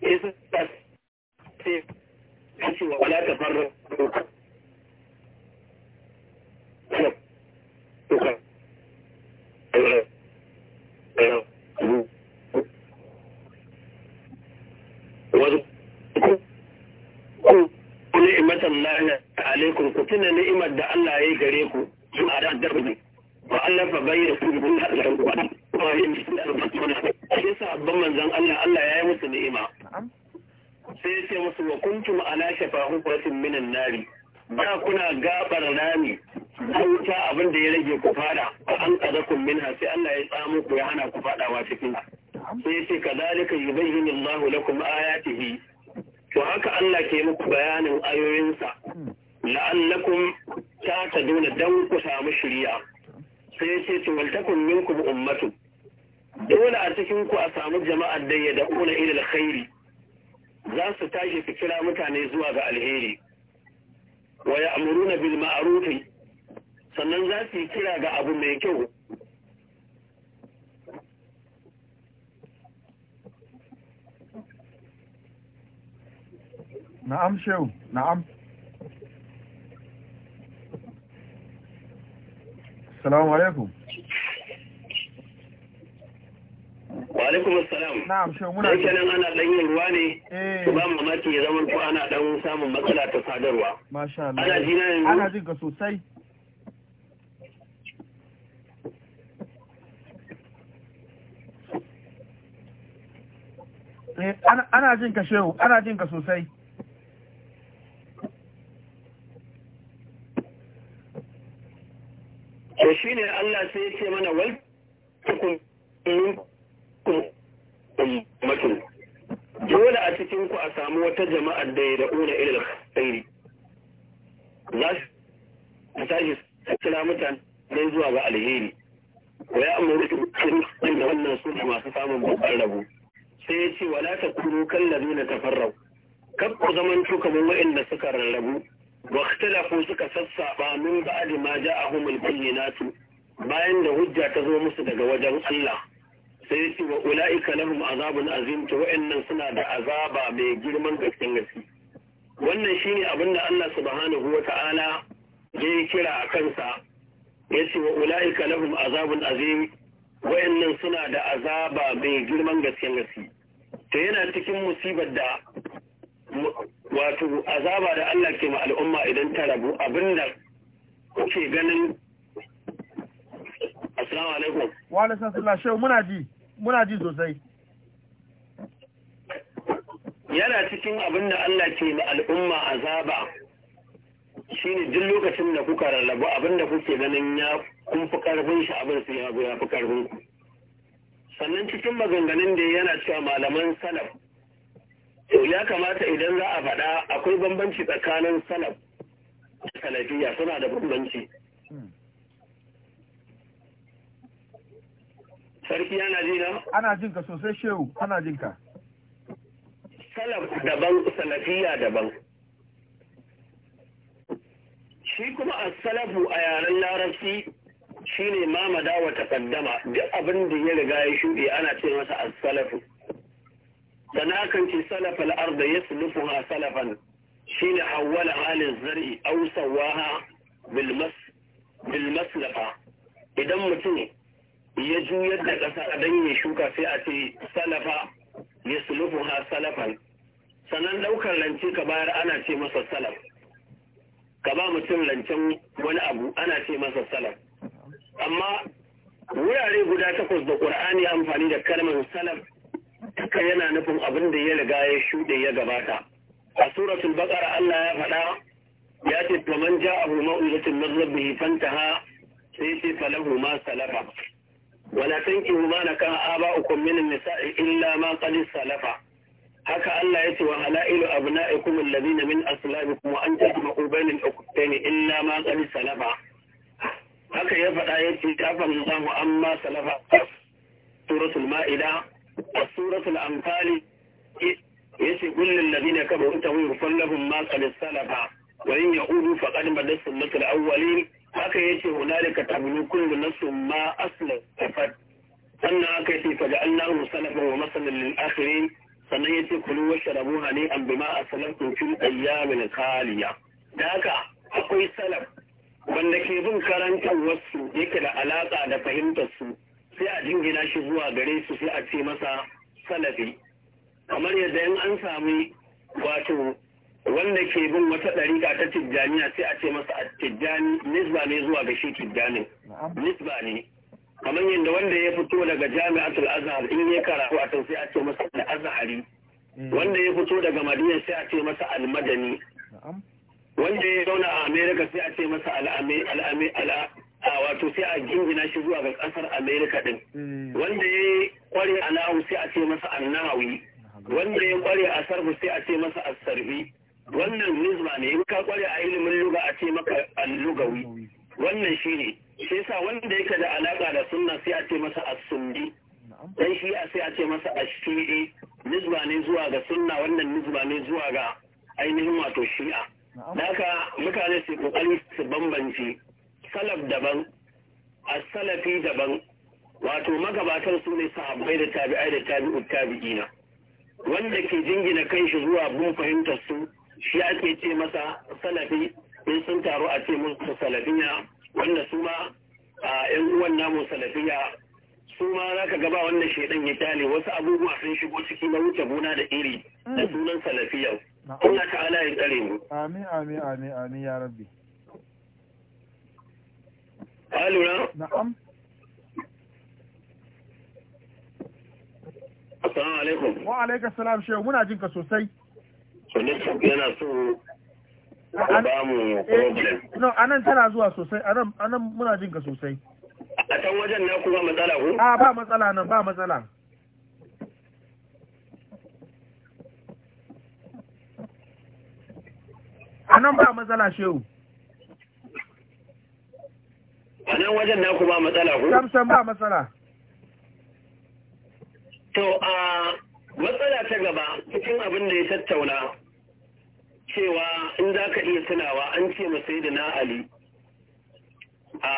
yasa sai wa la tafarraqu alaikum ku tuna ni'imar da Allah ya gare ku suna da darbi ba Allah fa bayyana ku bi Allah da ku ba yin shi sa abban manzon ala? Allah ya yi musu ni'ima sai ya ce musu wa kuntum ala shafa hukratin ba kuna gabar rami wuta abin da ya rage ku fada fa an kun min sai Allah ya tsamu ku ya hana ku fadawa cikin sai yace kadhalika yubayyinu Allah lakum ayatihi to haka Allah ke muku bayanin ayoyinsa la'allakum tataduna dan ku samu shirya. sai yace to wal takum minkum ummatu dole a cikin ku a samu jama'ar da ya da'una ila alkhairi za su tashi su kira mutane zuwa ga alheri wa ya'muruna bil ma'rufi sannan za su yi kira ga abu mai kyau na'am shehu na'am salamu alaikum wa alaikum assalam na'am shehu muna da kenan ana dan yin ruwa ne to eh. ba mamaki ya zama ko ana dan samun matsala ta sadarwa masha Allah ana jina yanzu ana jin ka sosai Eh, ana jin ka shehu ana jin ka sosai to shi ne Allah sai ya ce mana wal ummatun dole a cikin ku a samu wata jama'a da ya da'una ilal khairi za su tashi kira mutane zuwa ga alheri wa ya amuru da wannan su masu samun bukar rabu sai ya ce wala ta kan kallabi na tafarrau kab ku zaman to kamar waɗanda suka rarrabu wa ikhtalafu suka sassaɓa min ba'di ma ja'ahum al-bayyinatu bayan da hujja ta zo musu daga wajen Allah sai ya ce wa ula'ika lahum azabun azim to wa'annan suna da azaba mai girman gaskin gaske wannan shine abin da Allah subhanahu wa ta'ala ya kira a kansa ya ce wa ula'ika lahum azabun azim wa'annan suna da azaba mai girman gaskin gaske ta yana cikin musibar da wato azaba da Allah ke ma al'umma idan ta rabu abinda kuke ganin assalamu alaikum wa alaikum assalam shehu muna ji muna ji sosai yana cikin abinda Allah ke ma al'umma azaba shi ne duk lokacin da kuka rarrabu abinda kuke ganin ya kun fi karfin shi abin sai ya fi karfin ku sannan cikin maganganun da yana cewa malaman salaf to ya kamata idan za a faɗa akwai bambanci tsakanin salaf da salafiya suna da bambanci sarki yana ji na? ana jin ka sosai shehu ana jin ka salaf daban salafiya daban shi kuma a salafu a yaren larabci shine mamada wa taqaddama duk abin da ya riga ya shuɗe ana ce masa as-salafu sana kan ce salaf al-ard ha salafan shine hawwala halin zar'i aw sawaha bil mas bil maslafa idan mutum ya juyar da ƙasa dan ya shuka sai a ce salafa ha salafan sannan ɗaukar rance ka bayar ana ce masa salaf ka ba mutum lancen wani abu ana ce masa salaf amma wurare guda takwas da ƙur'ani amfani da kalmar salaf duka yana nufin abin da ya riga ya shuɗe ya gabata a suratul baqara Allah ya faɗa ya ce to man ja'ahu mau'izatin min rabbih fantaha sai ce falahu ma salafa wala tankihu ma kan aba'ukum min an-nisa'i illa ma qad salafa haka Allah ya ce wa halailu abna'ikum alladhina min aslabikum wa an tajma'u bayna al-ukhtayn illa ma qad salafa haka ya faɗa ya ce mu zamu amma salafa suratul ma'ida a suratul amfali ya ce kullum na zina kaba wuta wuyi fallahun ma kalis salafa wani ya da faƙaɗin badar sunnatul awwali haka ya ce hunalika tabinu kullu nasu ma asla kafat sannan haka ya ce faga annahu salafa wa masalin lil sannan ya ce kulu wa sharabu hani an bima salafin fil ayyamin khaliya da haka akwai salaf wanda ke bin karantar wasu yake da alaƙa da fahimtar su sai a jingina shi zuwa gare su sai a ce masa salafi kamar yadda yan an sami wato wanda ke bin wata ɗariƙa ta tijjaniya sai a ce masa a tijjani nisba ne zuwa ga shi tijjani nisba ne kamar yadda wanda ya fito daga jami'atul azhar in ya karatu a can sai a ce masa al-azhari hmm. wanda ya fito daga madina sai a ce masa al-madani wanda ya zauna a america sai a ce masa al'ame a wato sai a jingina shi zuwa ga kasar america din mm. wanda ya kware a lahu sai a ce masa annahawi wanda ya kware a sarfu sai a ce masa asarfi wannan nizma ne in ka kware a ilimin luga a ce maka allugawi wannan shi ne sai sa wanda yake da alaka da sunna sai a ce masa asundi dan shi a sai a ce masa ashiri nizma ne zuwa ga sunna wannan nizma ne zuwa ga ainihin wato shi'a Naka mutane su kokari su bambance salaf daban, a salafi daban, wato magabatar su ne sahabbai da tabi'ai da tabi'ut tabi'ina. Wanda ke jingina kan shi zuwa bin fahimtar su shi ake ce masa salafi in sun taru a ce musu salafiya wanda su ma a yan uwan namu salafiya su ma za ka gaba wannan shaidan ya tale wasu abubuwa sun shigo ciki na wuce gona da iri da sunan salafiyar. Allah ya na'am assalamu alaikum wa alaikum salam shehu muna jin sosai yana so ba mu eh, problem no muna jin sosai a can wajen na kuma matsala ko a ba matsala nan ba matsala anan ba matsala shehu a nan wajen naku ba matsala ku? samsan ba matsala to a matsala ta gaba cikin abin da ya tattauna cewa in za ka iya tunawa an ce masai da na ali a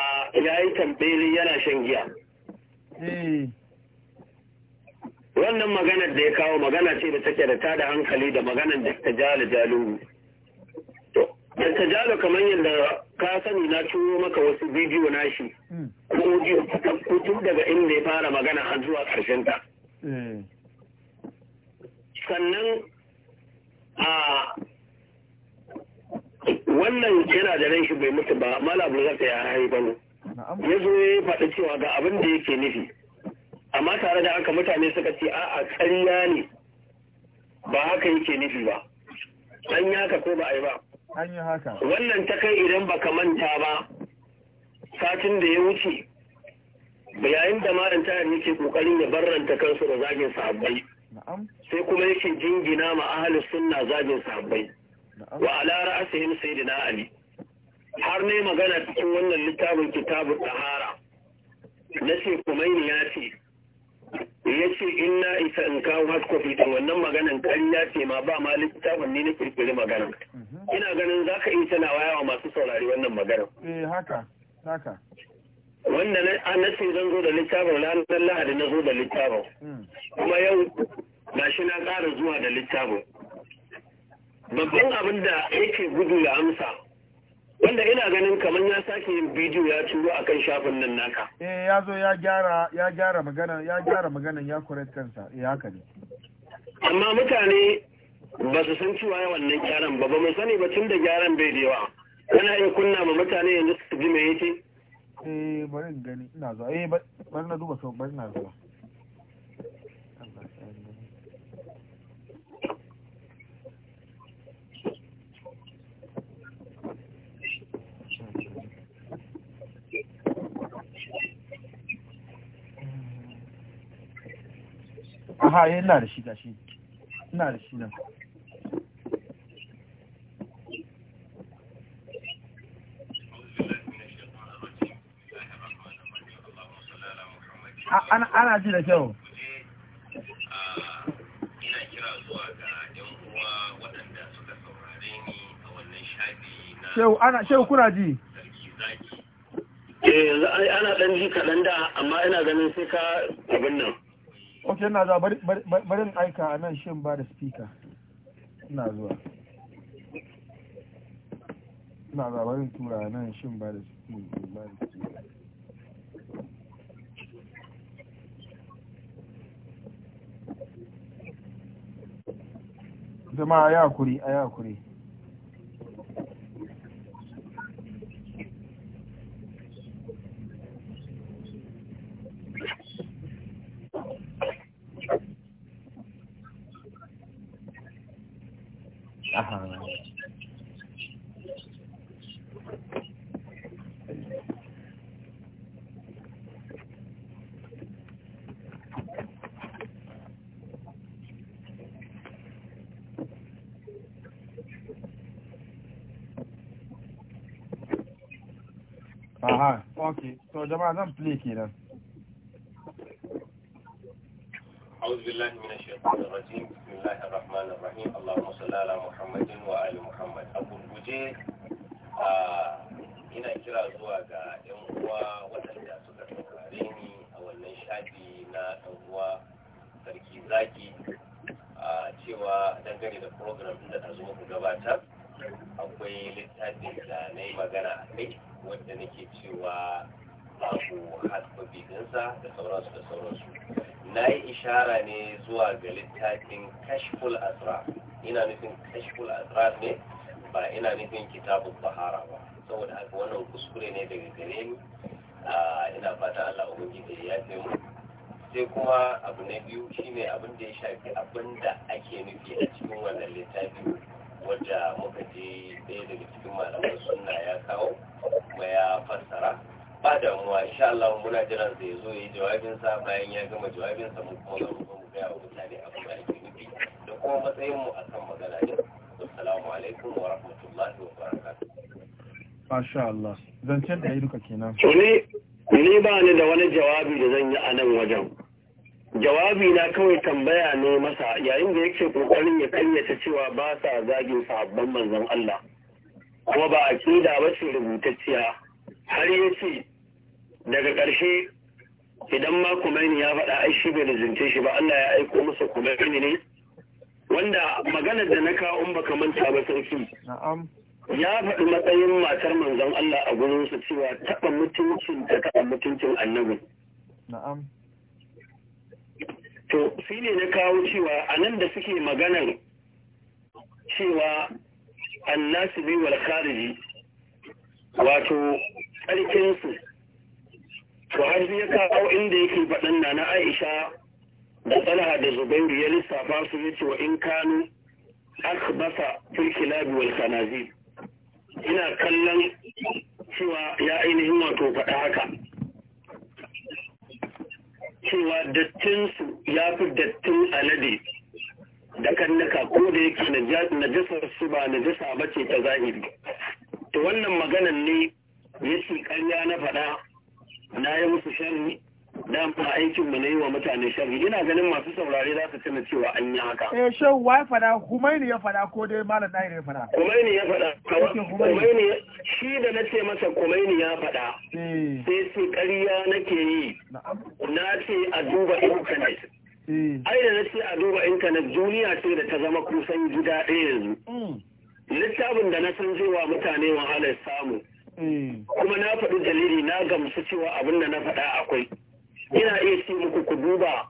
yayi tambeli yana shan giya eh. wannan maganar da ya kawo magana ce da take da tada hankali da maganar da ta jala jalu Dr. Jalo kamar yadda ka sani na turo maka wasu bidiyo na shi hmm. ko audio daga inda ya fara magana har zuwa ƙarshen ta. Eh. Sannan a wannan yana da ran shi bai mutu ba mala bulgarta ya haifa ne. Ya zo ya faɗi cewa ga abin da yake nufi. Amma tare da haka mutane suka ce a'a tsariya ne ba haka yake nufi ba. An yaka ko ba a yi ba. wannan ta kai idan baka manta ba satin da ya wuce yayin da malam tayar yake kokarin ya barranta kansu da zagin sahabbai sai kuma yake jingina ma ahalus sunna zagin sahabbai wa ala ra'sihim sayyidina ali har ne magana cikin wannan littafin kitabu tahara na ce ya ce ya ce in na isa in kawo hard copy wannan maganan ƙarya ce ma ba ma littafin ne na kirkiri magana mhm. ina ganin za ka iya tana waya wa masu saurari wannan magana eh haka haka wanda na ce zan zo da littafin ranar lahadi na zo da littafin hmm. kuma yau na shi na ƙara zuwa da littafin babban abin da yake gudu da amsa wanda ina ganin kamar ya sake yin bidiyo ya turo akan shafin nan naka eh ya zo ya gyara ya gyara magana ya gyara magana ya correct kansa eh haka ne amma mutane ba su san cewa wannan gyaran ba ba mu sani ba tun da gyaran bai da yawa kana iya kunna ma mutane yanzu su ji me yake eh bari in gani ina zuwa eh bari na duba sau bari na zuwa aha yana eh, da shi gashi ina da shi nan ana ji da kyau na shehu kuna ji eh ana ɗan ji kaɗan da amma ina ganin sai ka abin nan ok ina bari barin aika a nan shin ba da speaker ina zuwa ina zuwa barin tura a nan shin ba da speaker jama'a ya kuri a ya kuri to jama'a zan play kenan أعوذ بالله من الشيطان الرجيم بسم الله الرحمن الرحيم اللهم صل على ina kira zuwa ga 'yan uwa waɗanda suka saurare ni a wannan shafi na ɗan uwa sarki zaki a cewa dangane da program da ta zo ku gabata, akwai littafin da magana a kai wadda nake cewa hadbabinsa da sauransu da sauransu na yi ishara ne zuwa ga littafin kashful asra ina nufin kashful asra ne ba ina nufin kitabun bahara ba saboda haka wannan kuskure ne daga gare ni ina fata Allah ubangiji ya yafe mu sai kuma abu na biyu shine abin da ya shafi abin da ake nufi a cikin wannan littafin wadda muka je ɗaya daga cikin malaman sunna ya kawo kuma ya fassara ba damuwa insha Allah muna jiran sai zo yi jawabin sa bayan ya gama jawabin sa mu kuma zo mu ga mutane mutane abin da ake da kuma matsayin mu akan magana ne assalamu alaikum wa rahmatullahi wa barakatuh masha Allah ce da yi kenan to ne ni ba ni da wani jawabi da zan yi a nan wajen jawabi na kawai tambaya ne masa yayin da yake kokarin ya kayyata cewa ba sa zagin sahabban manzon Allah kuma ba a kida ba ce rubutacciya har ya ce daga ƙarshe idan ma kumaini ya faɗa ai shi bai lizince shi ba Allah ya aiko masa kumaini ne wanda maganar da na kawo in baka manta ba sarki ya faɗi matsayin matar manzon Allah a gurin su cewa taɓa mutuncin da taɓa mutuncin annabi to shi ne na kawo cewa a nan da suke maganar cewa annasu bi wal khariji wato tsarkinsu to har ya kawo inda yake faɗin na na aisha da talha da zubairu ya lissafa su ya ce wa in kanu akbasa basa kilabi wal kanazi ina kallon cewa ya ainihin wato faɗa haka cewa dattinsu ya fi dattin alade da kannaka ko da yake najasar su ba najasa ba ce ta zahiri to wannan maganan ne ya karya na faɗa na yi musu sharri dan ba aikin mu ne wa mutane sharri ina ganin masu saurare za su tuna cewa an yi haka eh shin wa ya faɗa Humaini ya faɗa ko dai Malam Dahir ya faɗa Humaini ya faɗa Humaini shi da na ce masa Humaini ya faɗa eh. sai su ƙarya nake yi na ce a duba internet eh. ai da na ce a duba Internet, duniya ce da ta zama kusan gida ɗaya yanzu mm. littafin da na san zai wa mutane wahalar samu kuma na faɗi dalili na gamsu cewa abin da na faɗa akwai ina iya ce muku ku duba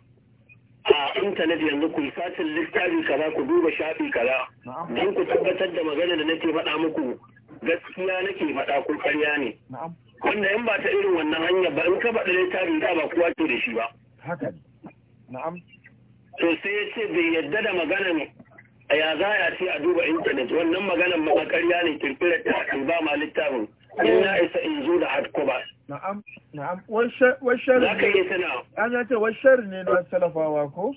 a intanet yanzu ku satin littafi kaza ku duba shafi kaza don ku tabbatar da magana da nake faɗa muku gaskiya nake faɗa ku ƙarya ne wanda in ba ta irin wannan hanyar ba in ka faɗa littafi da ba kowa ke da shi ba to sai ya ce bai yadda da maganan ya za a ce a duba intanet wannan maganan ma ƙarya ne kirkirar ta ba ma littafin in eh. isa in zo da hardcover na'am na'am washar za ka yi sana an ya washar ne na salafawa ko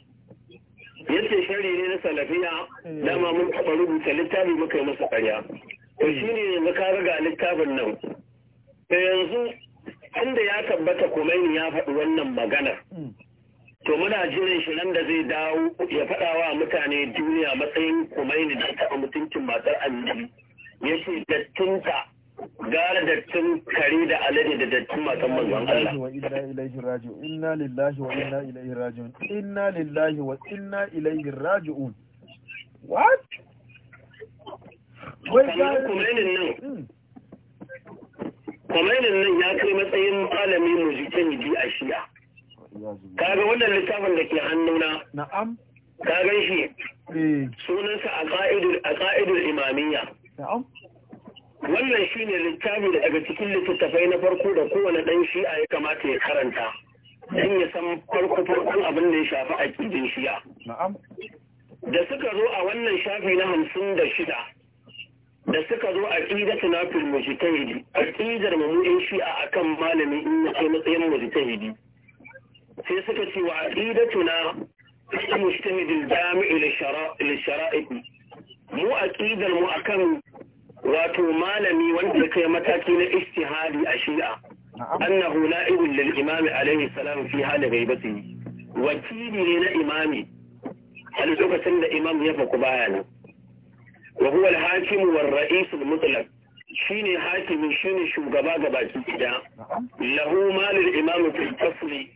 yace shari ne na salafiya eh. dama mun taɓa rubuta littafi muka yi masa ƙarya to ne yanzu ka riga littafin nan to yanzu inda ya tabbata Khomeini ya faɗi wannan magana hmm. to muna jiran shi nan da zai dawo ya faɗa wa mutane duniya matsayin Khomeini da taɓa mutuncin matar annabi ya ce dattinta gara dattin kare da alade da dattin matan manzon Allah wa inna ilaihi raji'un inna lillahi wa inna ilaihi raji'un inna lillahi wa inna ilaihi raji'un what wai ga kumainin nan hmm. kumainin nan ya kai matsayin malami mujtahidi a Ka ga wannan littafin da ke hannuna na'am ka gan shi eh. sunansa a ka'idul imamiyya na'am wannan shine littafi da daga cikin littattafai na farko da kowane ɗan shi'a ya kamata ya karanta don ya san farko farkon abin da ya shafi aƙidin shi'a da suka zo a wannan shafi na hamsin da shida da suka zo a ƙidatu na fil mujtahidi a ƙidar mamu'in shi'a akan malamin in ya kai matsayin mujtahidi sai suka ce wa aqidatu na mujtahidil jami'i lishara'i mu a ƙidar mu akan wato malami wanda ya kai mataki na istihadi a shi'a annahu la'ibun lil imami alaihi salam fi hali ghaibati wakili ne na imami a lokacin da imam ya faku baya nan wa huwa al-hakim wa ar-ra'is al-mutlaq shine hakimi shine shugaba ga baki gida lahu malul imam fi tasli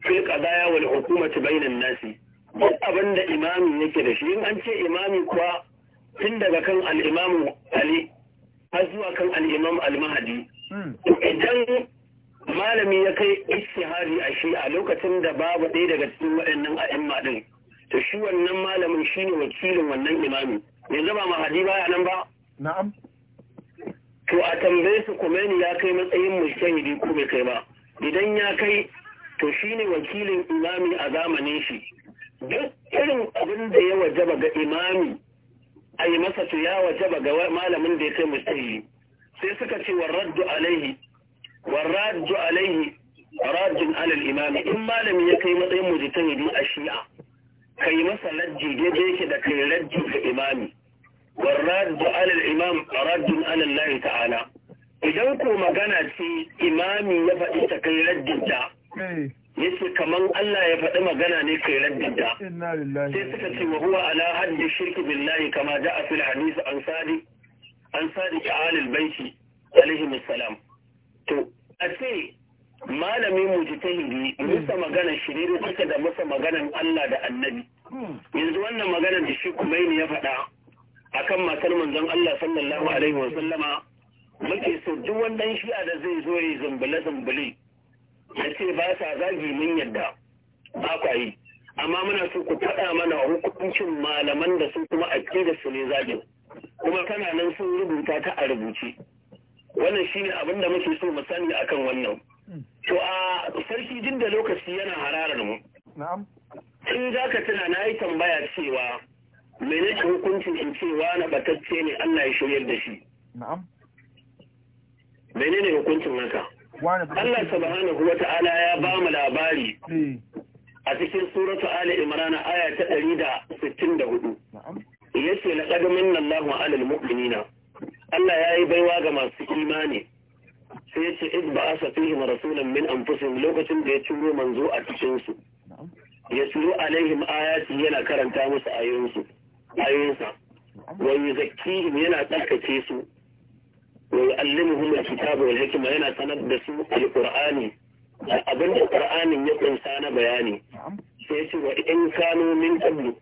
fi qadaya wal hukumati bainan nasi duk abinda imami yake da shi in an ce imami kuwa tun daga kan al'imamu ali har zuwa kan al'imam al-mahadi hmm. idan malami ya kai istihari a shi a lokacin da babu ɗaya daga cikin waɗannan ‘yan maɗin, to shi wannan malamin shi ne wakilin wannan imami yanzu ba mahadi baya nan ba na'am to a tambaye su kumeni ya kai matsayin mushtahidi ko bai kai ba idan ya kai to shi ne wakilin imami a zamanin shi duk irin abin da ya wajaba ga imami a yi masa to ya wajaba ga malamin da ya kai mujtahidi sai suka ce warraddu alaihi warraddu alaihi rajin alal imami in malami ya kai matsayin mujtahidi a shi'a kai masa lajji daidai yake da kai lajji ga imami warraddu alal imam rajin alal lahi ta'ala idan ko magana ce imami ya faɗi ta kai ta. yace kaman Allah ya faɗi magana ne kai lillahi sai suka ce wa huwa ala haddi shirki billahi kama ja'a fil hadith an sadi an sadi alil baiti alaihi salam to a ce malami mujtahidi musa hmm. magana shiriru take da musa maganan Allah da annabi hmm. yanzu wannan maganar da shi kuma ya faɗa akan matar manzon Allah sallallahu alaihi wa sallama muke so duk wannan shi'a da zai zo yi zumbule zumbule da ce ba sa zagi mun yadda ba kwa yi amma muna so ku faɗa mana hukuncin malaman da su kuma aƙida su ne zagin kuma kananan nan sun rubuta ta a rubuce wannan shine abin da muke so mu sani akan wannan to a sarki jin da lokaci yana hararar mu na'am in za ka tuna na yi tambaya cewa menene hukuncin in cewa na batacce ne Allah ya shiryar da shi na'am menene hukuncin haka Allah subhanahu wa ta'ala ya ba mu labari eh. a cikin suratu Ali Imran aya ta 164 yace laqad minna Allahu 'alal mu'minina Allah yayi baiwa ga masu imani sai yace id ba'asa fihim rasulan min anfusihim lokacin da ya ciro manzo a cikinsu." ya ciro alaihim ayati yana karanta musu ayoyinsu ayoyinsa wa yuzakkihim yana tsarkake su ويعلمهم الكتاب والحكمة هنا سند القرآن أبن القرآن يكون سانا بياني سيسي وإن كانوا من قبل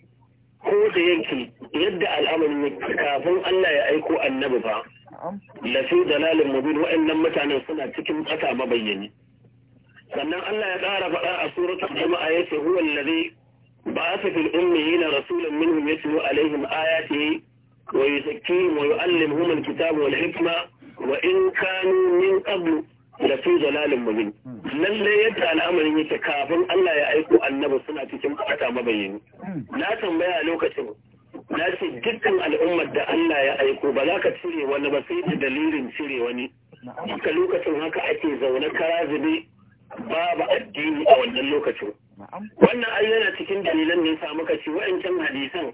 ko da yake yadda al'amarin kafin Allah ya aiko annabi ba lafi dalalin mubin wa'annan mutanen suna cikin tsaka mabayyani sannan Allah ya kara faɗa a suratul jama'a yace huwa allazi ba'atha fil ummiyina rasulan ya yatlu alaihim ayatihi wa yuzakkihim wa yu'allimuhum wal hikma wa in kanu min qablu da fi dalalin mubin lalle yadda al'amarin yake kafin Allah ya aiko annabi suna cikin bata mabayyin na tambaya lokacin na ce dukkan al'ummar da Allah ya aiko ba za ka cire wani ba sai da dalilin cire wani duka lokacin haka ake zaune kara zube babu addini a wannan lokacin wannan ayyana yana cikin dalilan ne sa muka ce wa'ancan hadisan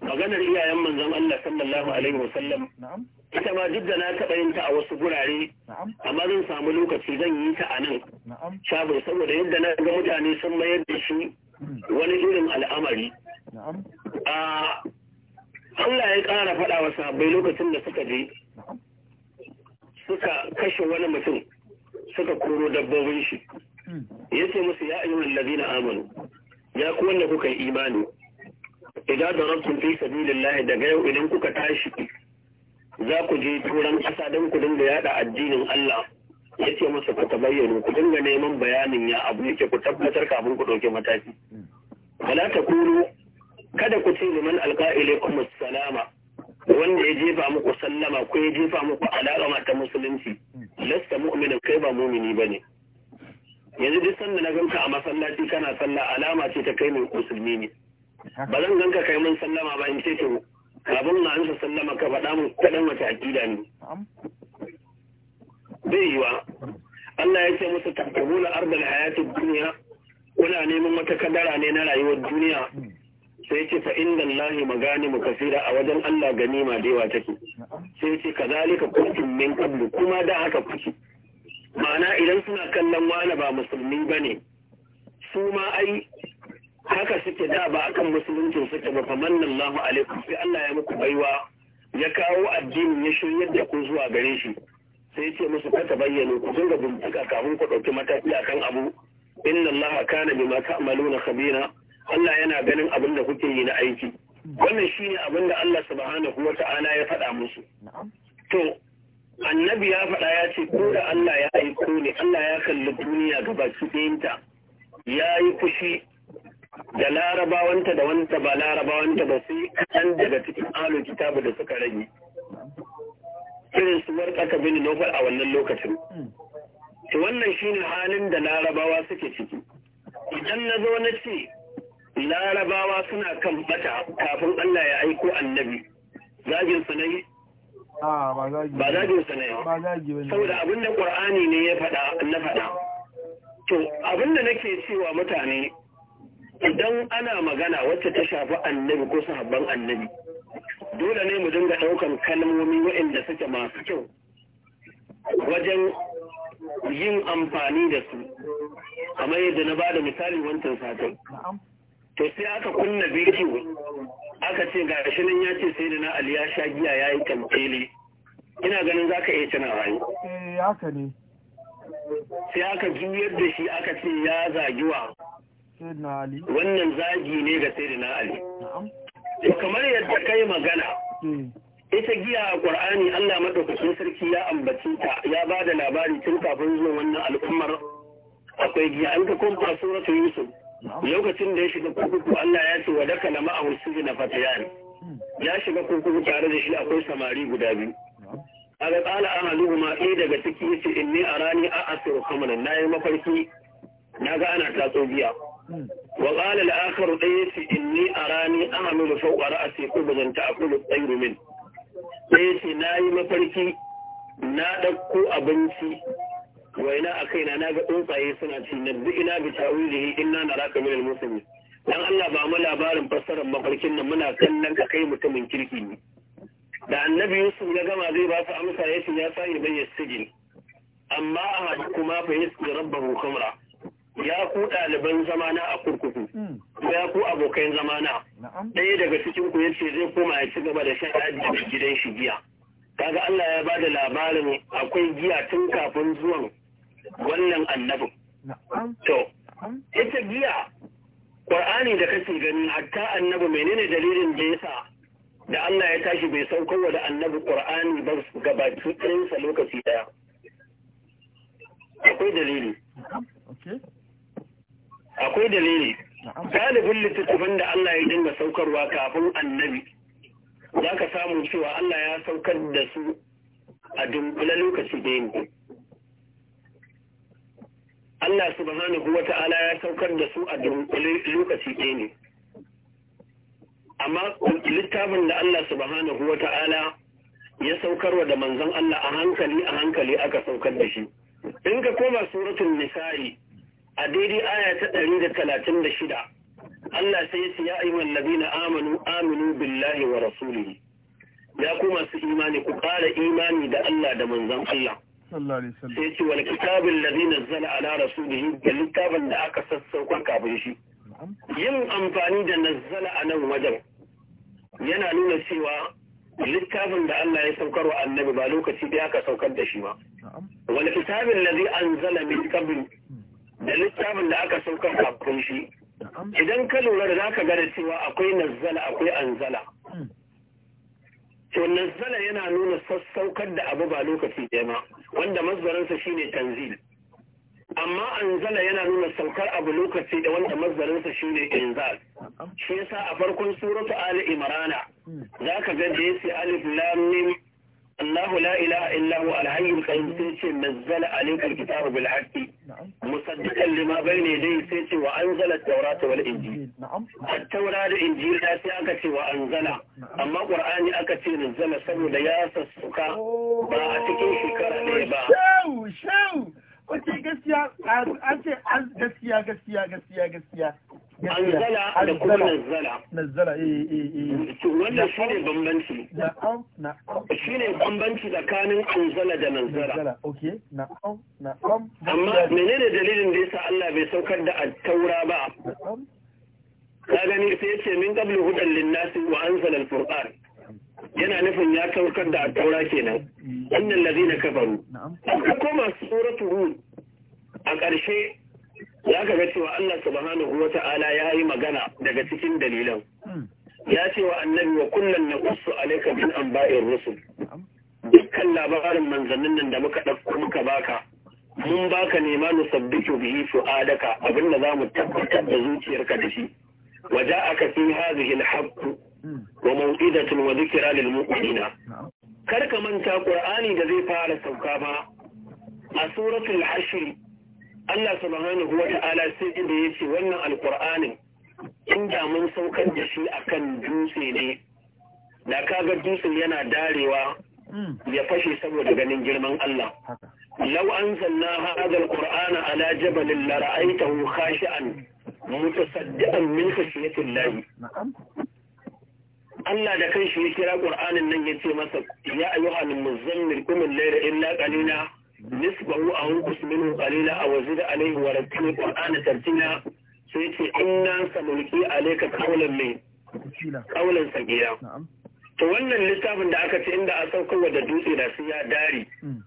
maganar iyayen manzon Allah sallallahu alaihi wasallam ita ma duk da na taɓa yin ta a wasu gurare amma zan samu lokaci zan yi ta a nan shagon saboda yadda na ga mutane sun mayar da shi wani irin al'amari Allah ya ƙara faɗa wa sahabbai lokacin da suka je suka kashe wani mutum suka koro dabbobin shi hmm. ya ce musu ya ayyuhal ladina amanu ya ku wanda kuka yi imani idan darabtum fi sabilillahi daga yau idan kuka tashi za ku je turan ƙasa don ku dinga yada addinin Allah ya ce masa ku ta bayyana ku dinga neman bayanin ya abu yake ku tabbatar kafin ku ɗauki mataki. Wala ta kuru kada ku ce liman alƙa'ile kuma salama wanda ya jefa muku sallama ko ya jefa muku alaƙa ta musulunci lasta mu'minin kai ba mumini ba ne. Yanzu duk sanda na ganka a masallaci kana sallah alama ce ta kai mai musulmi ne. Ba zan ganka kai mun sallama ba in ce to abin na ansa sallama ka faɗa mun kaɗan wata aƙida ne zai yi wa Allah ya ce musu tattabuna ardal hayatin duniya kuna neman wata kadara ne na rayuwar duniya sai ce fa inda Allah magani mu kasira a wajen Allah ganima da yawa take sai ce ka kazalika kuntum min qablu kuma da aka kuke ma'ana idan suna kallon wani ba musulmi bane su ma ai haka suke da ba akan musuluncin suke ba fa mannan Allahu alaikum sai Allah ya muku baiwa ya kawo addinin ya shiryar da ku zuwa gare shi sai ce musu ka tabayyana bayyana ku dinga bincika kafin ku ɗauki mataki akan abu inna Allah kana bima ta'maluna khabira Allah yana ganin abin da kuke yi na aiki wannan shine abin da Allah subhanahu wata'ala ya faɗa musu to annabi ya faɗa ya ce ko da Allah ya aiko ne Allah ya kalli duniya gaba ki ɗayanta ya yi fushi da larabawanta da wanda ba larabawanta ba sai kaɗan daga cikin alo kitabu da suka rage irin su warƙaka bin nofar a wannan lokacin to wannan shine halin da larabawa suke ciki idan na zo na ce larabawa suna kan bata kafin Allah ya aiko annabi zagin su ne ba zagin su ne saboda abinda ƙur'ani ne ya faɗa na faɗa to abinda nake cewa mutane idan ana magana wacce ta shafi annabi ko sahabban annabi dole ne mu dinga ɗaukan kalmomi waɗanda suke masu kyau wajen yin amfani da su kamar yadda na ba da misali wancan satin to sai aka kunna bidiyo aka ce ga shi nan ya ce sai da na ali ya sha giya ya yi kamfele. ina ganin za ka iya cina rayu eh, sai aka juyar da shi aka ce ya zagiwa wannan zagi ne ga na ali kamar yadda kai magana hmm. ita giya a qur'ani Allah madaukakin sarki ya ambaci ta ya ba da labari tun kafin zuwa wannan al'ummar akwai giya an ka kuma suratu yusuf lokacin da ya shiga kurkuku Allah ya ce wa daka na ma'ahu na fatayan hmm. ya shiga kurkuku tare da shi akwai samari guda biyu ana qala ma ɗaya eh, daga ciki yace in ne a rani a asiru Na yi mafarki Na ga ana tatso giya Hmm. وقال الآخر ديتي إني أراني أعمل فوق رأسي قبضا تأكل الطير من ديتي ناي مفركي نادكو أبنتي وإنا أكينا ناقا أنطعي سنة نبئنا بتأويله إنا نراك من المسلمين dan Allah ba mu labarin fassarar mafarkin nan muna kallon ka kai mutumin kirki ne da annabi Yusuf ya gama zai ba su amsa yace ya sai bayyana sijin amma ahad kuma fa yasqi rabbahu khamra ya ku ɗaliban zamana a kurkuku hmm. ya ku abokan zamana ɗaya daga cikin ku yace zai koma ya ci gaba da shan daga gidan shi giya kaga Allah ya bada labarin akwai giya tun kafin zuwan wannan annabin to ita giya Qur'ani da kake gani hatta annabi menene dalilin da yasa da Allah ya tashi bai saukar wa da annabi Qur'ani ba gabaki ɗayansa lokaci daya akwai dalili akwai dalili galibin littattafan da Allah ya dinga saukarwa kafin annabi za ka samu cewa Allah ya saukar da su a dunkula lokaci ɗaya ne Allah ba wa ta'ala ya saukar da su a dunkule lokaci ɗaya ne amma littafin da Allah ba wa ta'ala ya saukarwa da manzon Allah a hankali a hankali aka saukar da shi in ka koma suratun nisa'i a daidai aya ta ɗari da talatin da shida Allah sai su ya ayyuhan nabina amanu aminu billahi wa rasulihi ya ku masu imani ku ƙara imani da Allah da manzon Allah sai ce wani kitabin na zana ala rasulihi da littafin da aka sassauka kafin shi yin amfani da nazzala a nan wajen yana nuna cewa littafin da Allah ya saukar wa annabi ba lokaci da aka saukar da shi ba Wani kitabin an zala min kabin da littafin da aka sauka kafin shi idan ka lura da zaka ga da cewa akwai nazzala akwai anzala hmm. to nazzala yana nuna sassaukar da abu ba lokaci ɗaya ma wanda mazdaransa shine tanzil amma anzala yana nuna saukar abu lokaci da wanda mazdarinsa shi ne inzal shi yasa a farkon suratu ali imrana hmm. za ka ga da yace alif lam mim Allahu la ilaha illa hu al-hayyul qayyum sai ce nazzala alayka al-kitabu bil haqqi musaddiqan lima bayne dai sai ce wa anzala tawrata wal injil at-taura da injil da sai aka ce wa anzala amma qur'ani aka ce nazzala saboda ya sassuka ba a cikin shekara ɗaya ba shau shau wace gaskiya an ce gaskiya gaskiya gaskiya gaskiya anzala da kuma nazzala nazzala eh, eh eh to wannan shine bambanci na'am na'am shine bambanci tsakanin anzala da nazzala okay na'am na'am amma menene dalilin da yasa Allah bai saukar da at-taura ba ka gani sai yace min qablu hudan lin-nasi wa anzala al-furqan yana nufin ya saukar da at-taura kenan annal mm. ladina kafaru ko masu suratu hud a ƙarshe Za ka ga cewa Allah subhanahu wa ta'ala ya yi magana daga cikin dalilan ya ce wa annabi wa kullum na kusu alaika an amba'in rusul dukkan labarin manzannin nan da muka ɗauko muka baka mun baka nema nu sabbitu bihi fu'adaka abin da zamu tabbatar da zuciyarka da shi waja aka fi hadhihi al wa maw'idatun wa dhikra lil mu'minina kar ka manta qur'ani da zai fara sauka ba a suratul hashr Allah subhanahu wa ta'ala sai inda ya ce wannan alkur'anin inda mun saukar da shi akan dutse ne da kaga dutsen yana darewa ya fashe saboda ganin girman Allah law anzalna hadha alqur'ana ala jabalin la ra'aytahu khashi'an mutasaddian min khashyati Allah Allah da kanshi ya kira Qur'anin nan yace masa ya ayyuhal muzammil qum al-layla illa qalila nisbahu a hunkus minhu qalila aw zid alayhi wa rattil qur'ana tartila sai ce inna samulki alayka qawlan min qawlan sagira to wannan littafin da aka ce inda a wa da dutse da su ya dari mm.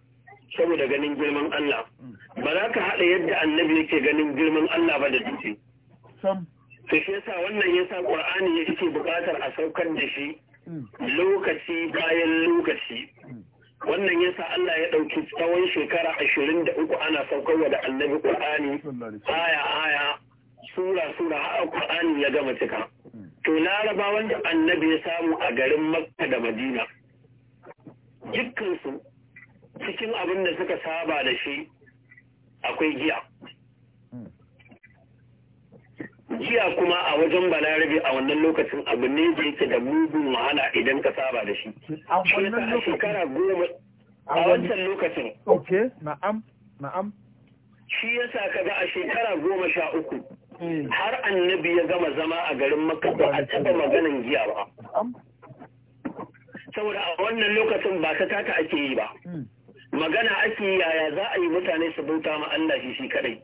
saboda ganin girman Allah mm. ba za ka haɗa yadda annabi yake ganin girman Allah ba da dutse to shi yasa wannan yasa qur'ani yake buƙatar a saukar da shi mm. lokaci bayan lokaci wannan yasa Allah ya ɗauki tsawon shekara ashirin da uku ana saukarwa da annabi ƙur'ani aya aya sura sura har ƙur'ani ya gama cika to larabawan wanda annabi ya samu a garin Makka da Madina dukkansu cikin abin da suka saba da shi akwai giya jiya kuma a wajen balarabe a wannan lokacin abu ne da yake da mugun wahala idan ka saba da shi a wannan shekara goma a wancan lokacin ok na'am na'am shi yasa ka ga a shekara goma sha uku eh. har annabi ya gama zama a garin makka ba a taɓa maganin giya ba saboda a wannan lokacin ba ta taka ake yi ba hmm. magana ake yaya za a yi mutane su bauta ma Allah shi shi kadai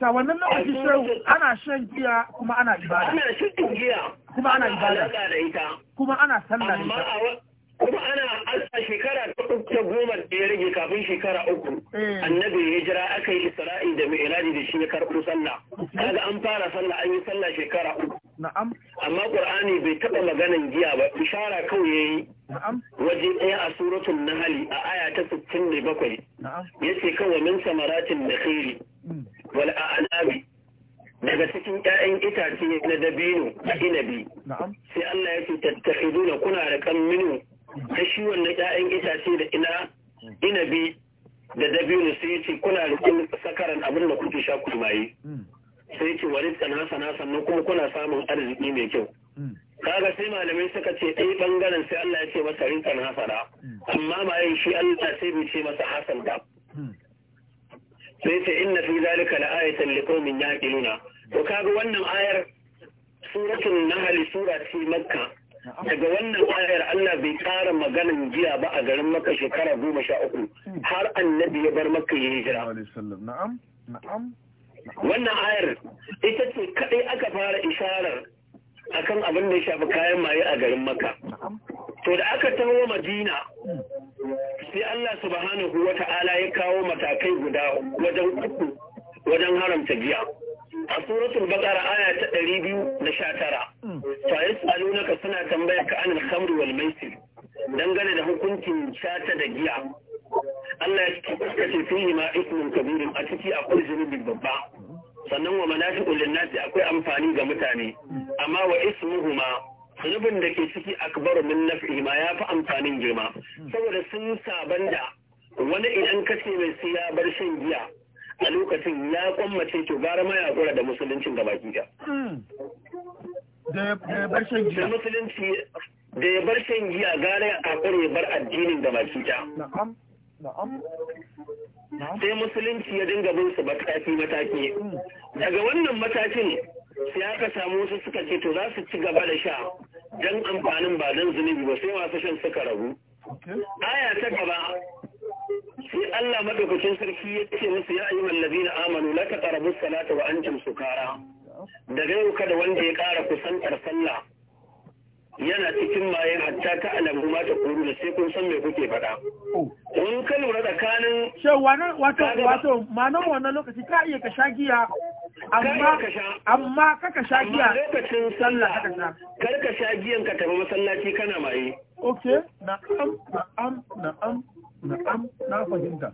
sa wannan lokaci shehu ana shan giya kuma ana ibada ana shan giya kuma ana ibada kuma ana sallah da ita kuma ana a shekara ta goma da ya rage kafin shekara uku eh. annabi ya jira aka yi isra'i da mi'raji da shi ya karɓo sallah kaga an fara sallah an yi sallah shekara uku na'am amma ƙur'ani bai taɓa maganan giya ba ishara kawai ya yi. waje ɗaya a suratul nahl a aya ta bakwai. na'am yace kawai min samaratin nakhiri wal a'lami daga cikin ƴaƴan itace na dabino da inabi sai Allah ya ce tattakhiduna kuna da kamminu da shi wannan ƴaƴan itace da ina inabi da dabino sai ya ce kuna rikin sakaran abin da kuke sha ku mai mm. sai ce "Wani tsana sana sannan kuma kuna samun arziki mai kyau mm. kaga sai malamai suka ce ɗaya bangaren sai Allah ya ce masa rinkan hasara mm. amma ma yin shi Allah sai bai ce masa hasan da sai ce inna fi zalika la ayatan liqaumin yaqiluna to kaga wannan ayar suratul nahl sura makka daga wannan ayar Allah bai ƙara maganan jiya ba a garin makka shekara goma har annabi ya bar makka ya hijira na'am na'am wannan ayar ita ce kadai aka fara isharar akan abin da ya shafi kayan maye a garin maka to da aka taho madina sai Allah subhanahu wa ta'ala ya kawo matakai guda wajen uku wajen haramta giya a suratul baqara aya ta 219 fa yasalunaka suna tambaya ka anil khamri wal maisir dangane da hukuncin shata da giya Allah ya ce fihi ma ismun kabirin a ciki akwai zunubin babba sannan wa manafi'u linnasi akwai amfani ga mutane amma wa ma, zunubin da ke ciki akbaru min naf'i ma ya fi amfanin girma saboda sun saban da wani idan kace mai siya bar shan giya a lokacin ya kwammace to gara ma ya kura da musuluncin gaba baki da ya bar shan giya da ya bar gara ya kakure bar addinin gaba baki sai musulunci ya dinga bin su mataki mataki hmm. daga wannan matakin sai aka samu wasu suka ce to za su ci gaba da sha don amfanin ba don zunubi ba sai masu shan suka rabu aya ta gaba sai Allah madaukakin sarki ya ce musu ya mallabi na amanu la taqrabu salata wa Kara. kara daga yau kada wanda ya ƙara kusantar sallah yana cikin maye hatta ta alamu ma ta kuru da sai kun san me kuke faɗa. Oh. Kun ka lura tsakanin. Shin wato wato manan wannan lokaci ka iya ka sha giya amma amma kaka sha giya. Amma lokacin sallah kar ka sha giyan ka tafi masallaci kana maye. Okay na'am na'am na'am. na'am na fahimta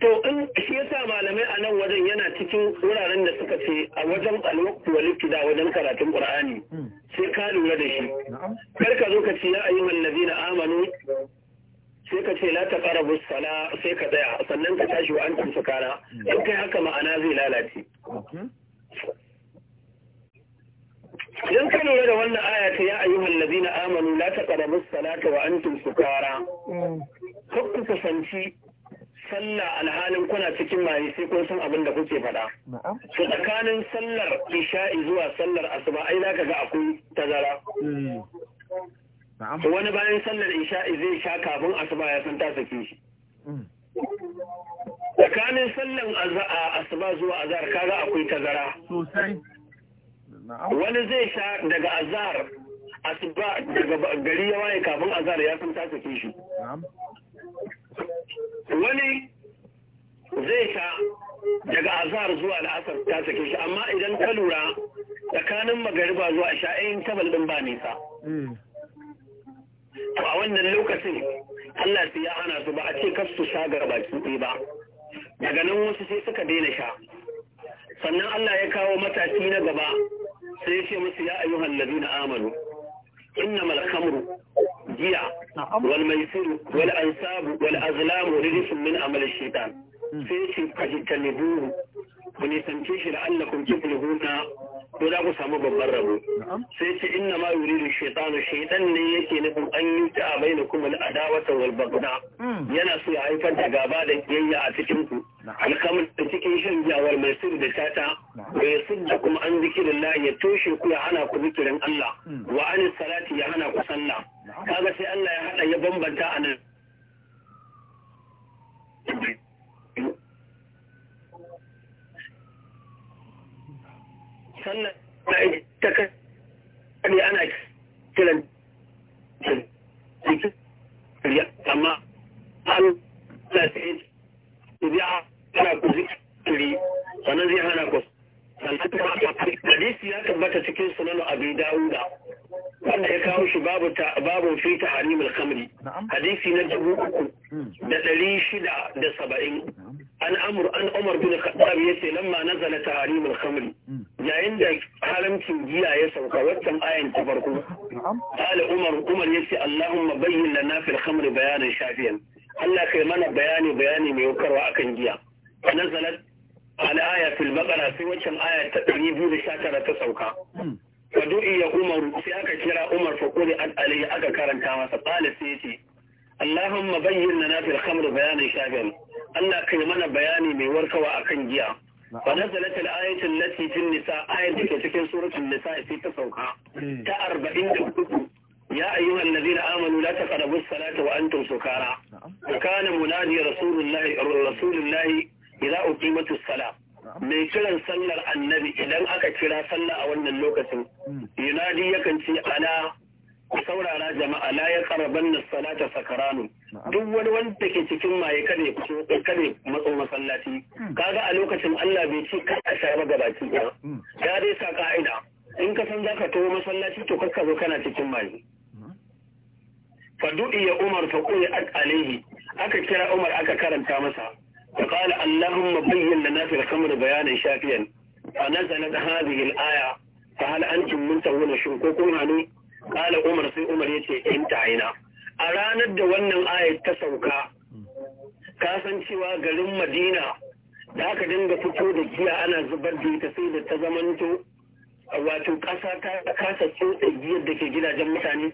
to in shi yasa malamai a nan wajen yana cikin wuraren da suka ce a wajen alwaqtu wal ibtida wajen karatun qur'ani hmm. sai ka lura da shi kar ka zo ka ce ya ayyuhal ladina amanu sai ka ce la ta sai ka tsaya sannan ka tashi wa an sukara in kai haka ma'ana zai lalace idan ka lura da wannan aya ta ya ayyuhan ladina amanu la taqrabu salata wa antum sukara mm. ko ku kasance sallah alhalin kuna cikin maye sai kun san abin da kuke faɗa to tsakanin sallar isha'i zuwa sallar asuba ai zaka ga akwai tazara mm. wani bayan sallar isha'i zai sha kafin asuba ya san ta sake shi mm. tsakanin sallan asuba zuwa azhar kaga akwai tazara sosai wani zai sha daga Azar asuba daga gari ya waye kafin Azar ya san ta sake shi wani zai sha daga Azar zuwa Asar ta sake shi amma idan ka lura tsakanin magariba zuwa sha'ayin tabal din ba nisa mm. to a wannan lokacin Allah sai ya hana su ba a ce kar su sha ga ba daga nan wasu sai suka daina sha sannan Allah ya kawo mataki na gaba sai ya ce musu ya ayyuhan labi na amalu inna malakamuru giya wal maisiru wal ansabu wal azlamu ririfin min amalin shaitan hmm. sai ya ce kajitalibu ku nisance shi la'allakum tuflihuna ko za ku samu babban rabo sai ce inna ma yuridu shaytanu shaytan ne yake nufin an yi ta bainakum al-adawata wal bagda hmm. yana so ya haifar da gaba da kiyayya a cikin ku alkamar da cikin shan jawar mai sirri da tata wa yasudda kuma an zikirillah ya toshe ku ya hana ku zikirin Allah hmm. wa an salati ya hana ku sallah kaga sai Allah ya hada ya bambanta a nan. sannan ta kan ne ana kiran amma an da ta yi ya ana ku zikiri sannan zai hana ku sannan ta hadisi ya tabbata cikin sunan abi dawuda wanda ya kawo shi babu babu fi tahrimil khamri hadisi na dubu uku da ɗari shida da saba'in an amur an umar bin khattab yace lamma nazala tahrimil khamri mm. yayin da haramcin giya ya sauka waccan ayan ta farko qala umar umar yace allahumma bayyin lana fil khamri bayanan shafiyan Allah kai mana bayani bayani mai yukarwa akan giya nazalat al aya fil baqara sai waccan aya ta 219 ta sauka mm. فدعي عمر في أكا كرا عمر فقرئت عليه أكا كرن كاما فقال سيتي اللهم بين لنا في الخمر بيانا شافيا الله كلمنا بياني من وركوا أكن جيا ونزلت الآية التي في النساء آية في سورة النساء في تسوقها كأربعين دقيقة يا أيها الذين آمنوا لا تقربوا الصلاة وأنتم سكارى وكان منادي رسول الله رسول الله إذا أقيمت الصلاة mai kiran sallar annabi idan aka kira sallah a wannan lokacin hmm. yunadi yakan ce ala ku saurara jama'a la ya karaban na salata sakaranu duk wani wanda ke cikin maye kare ya fito eh, masallaci hmm. kaga a lokacin Allah bai ce kada a shafa gabaki ba hmm. ya dai sa ka'ida in ka san zaka to masallaci to kakka zo kana cikin maye fadu'i ya Umar fa qul alaihi aka kira Umar aka karanta masa فقال اللهم بين لنا في الخمر بيانا شافيا فنزلت هذه الآية فهل أنتم Umar شنكوكم هني قال عمر في عمر يتي انت عينا أرانا دوانا آية تسوكا كاسن سوى قلم مدينة da aka dinga fito da giya ana zubar da ita sai da ta zamanto wato ƙasa ta kasa tsotsa giyar da ke gidajen mutane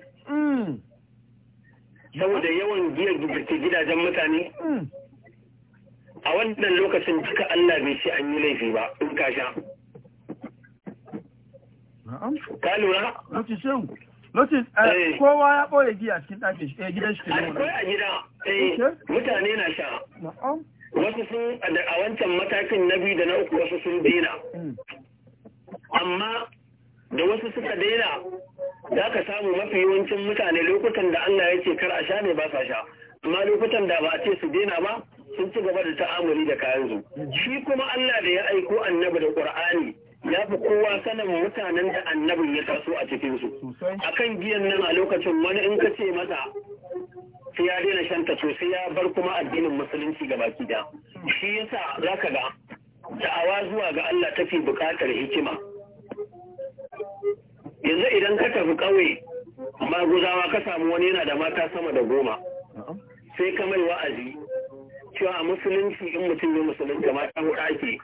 saboda yawan giyar da ke gidajen mutane a wannan lokacin duka Allah bai ce an yi laifi ba in ka sha ka lura lokacin lokacin eh, eh. kowa ya ɓoye giya a cikin ɗakin shi eh, gidan shi akwai a gida mutane na sha wasu sun a wancan matakin na biyu da na uku wasu sun daina hmm. amma da wasu suka daina za ka samu mafi yawancin mutane lokutan da Allah ya ce kar a sha ne ba sa sha amma lokutan da ba a ce su daina ba sun ci gaba da ta'amuli da kayansu. shi kuma Allah da ya aiko annabi da Ƙur'ani ya fi kowa sanin mutanen da annabin ya taso a cikin su akan giyan nan a lokacin wani in ka ce masa sai ya daina shanta to sai ya bar kuma addinin musulunci ga baki da shi yasa zaka ga da'awa zuwa ga Allah ta fi bukatar hikima yanzu idan ka tafi ƙauye maguzawa ka samu wani yana da mata sama da goma sai ka mai wa'azi cewa a musulunci in mutum ne musulunta mata huɗu ake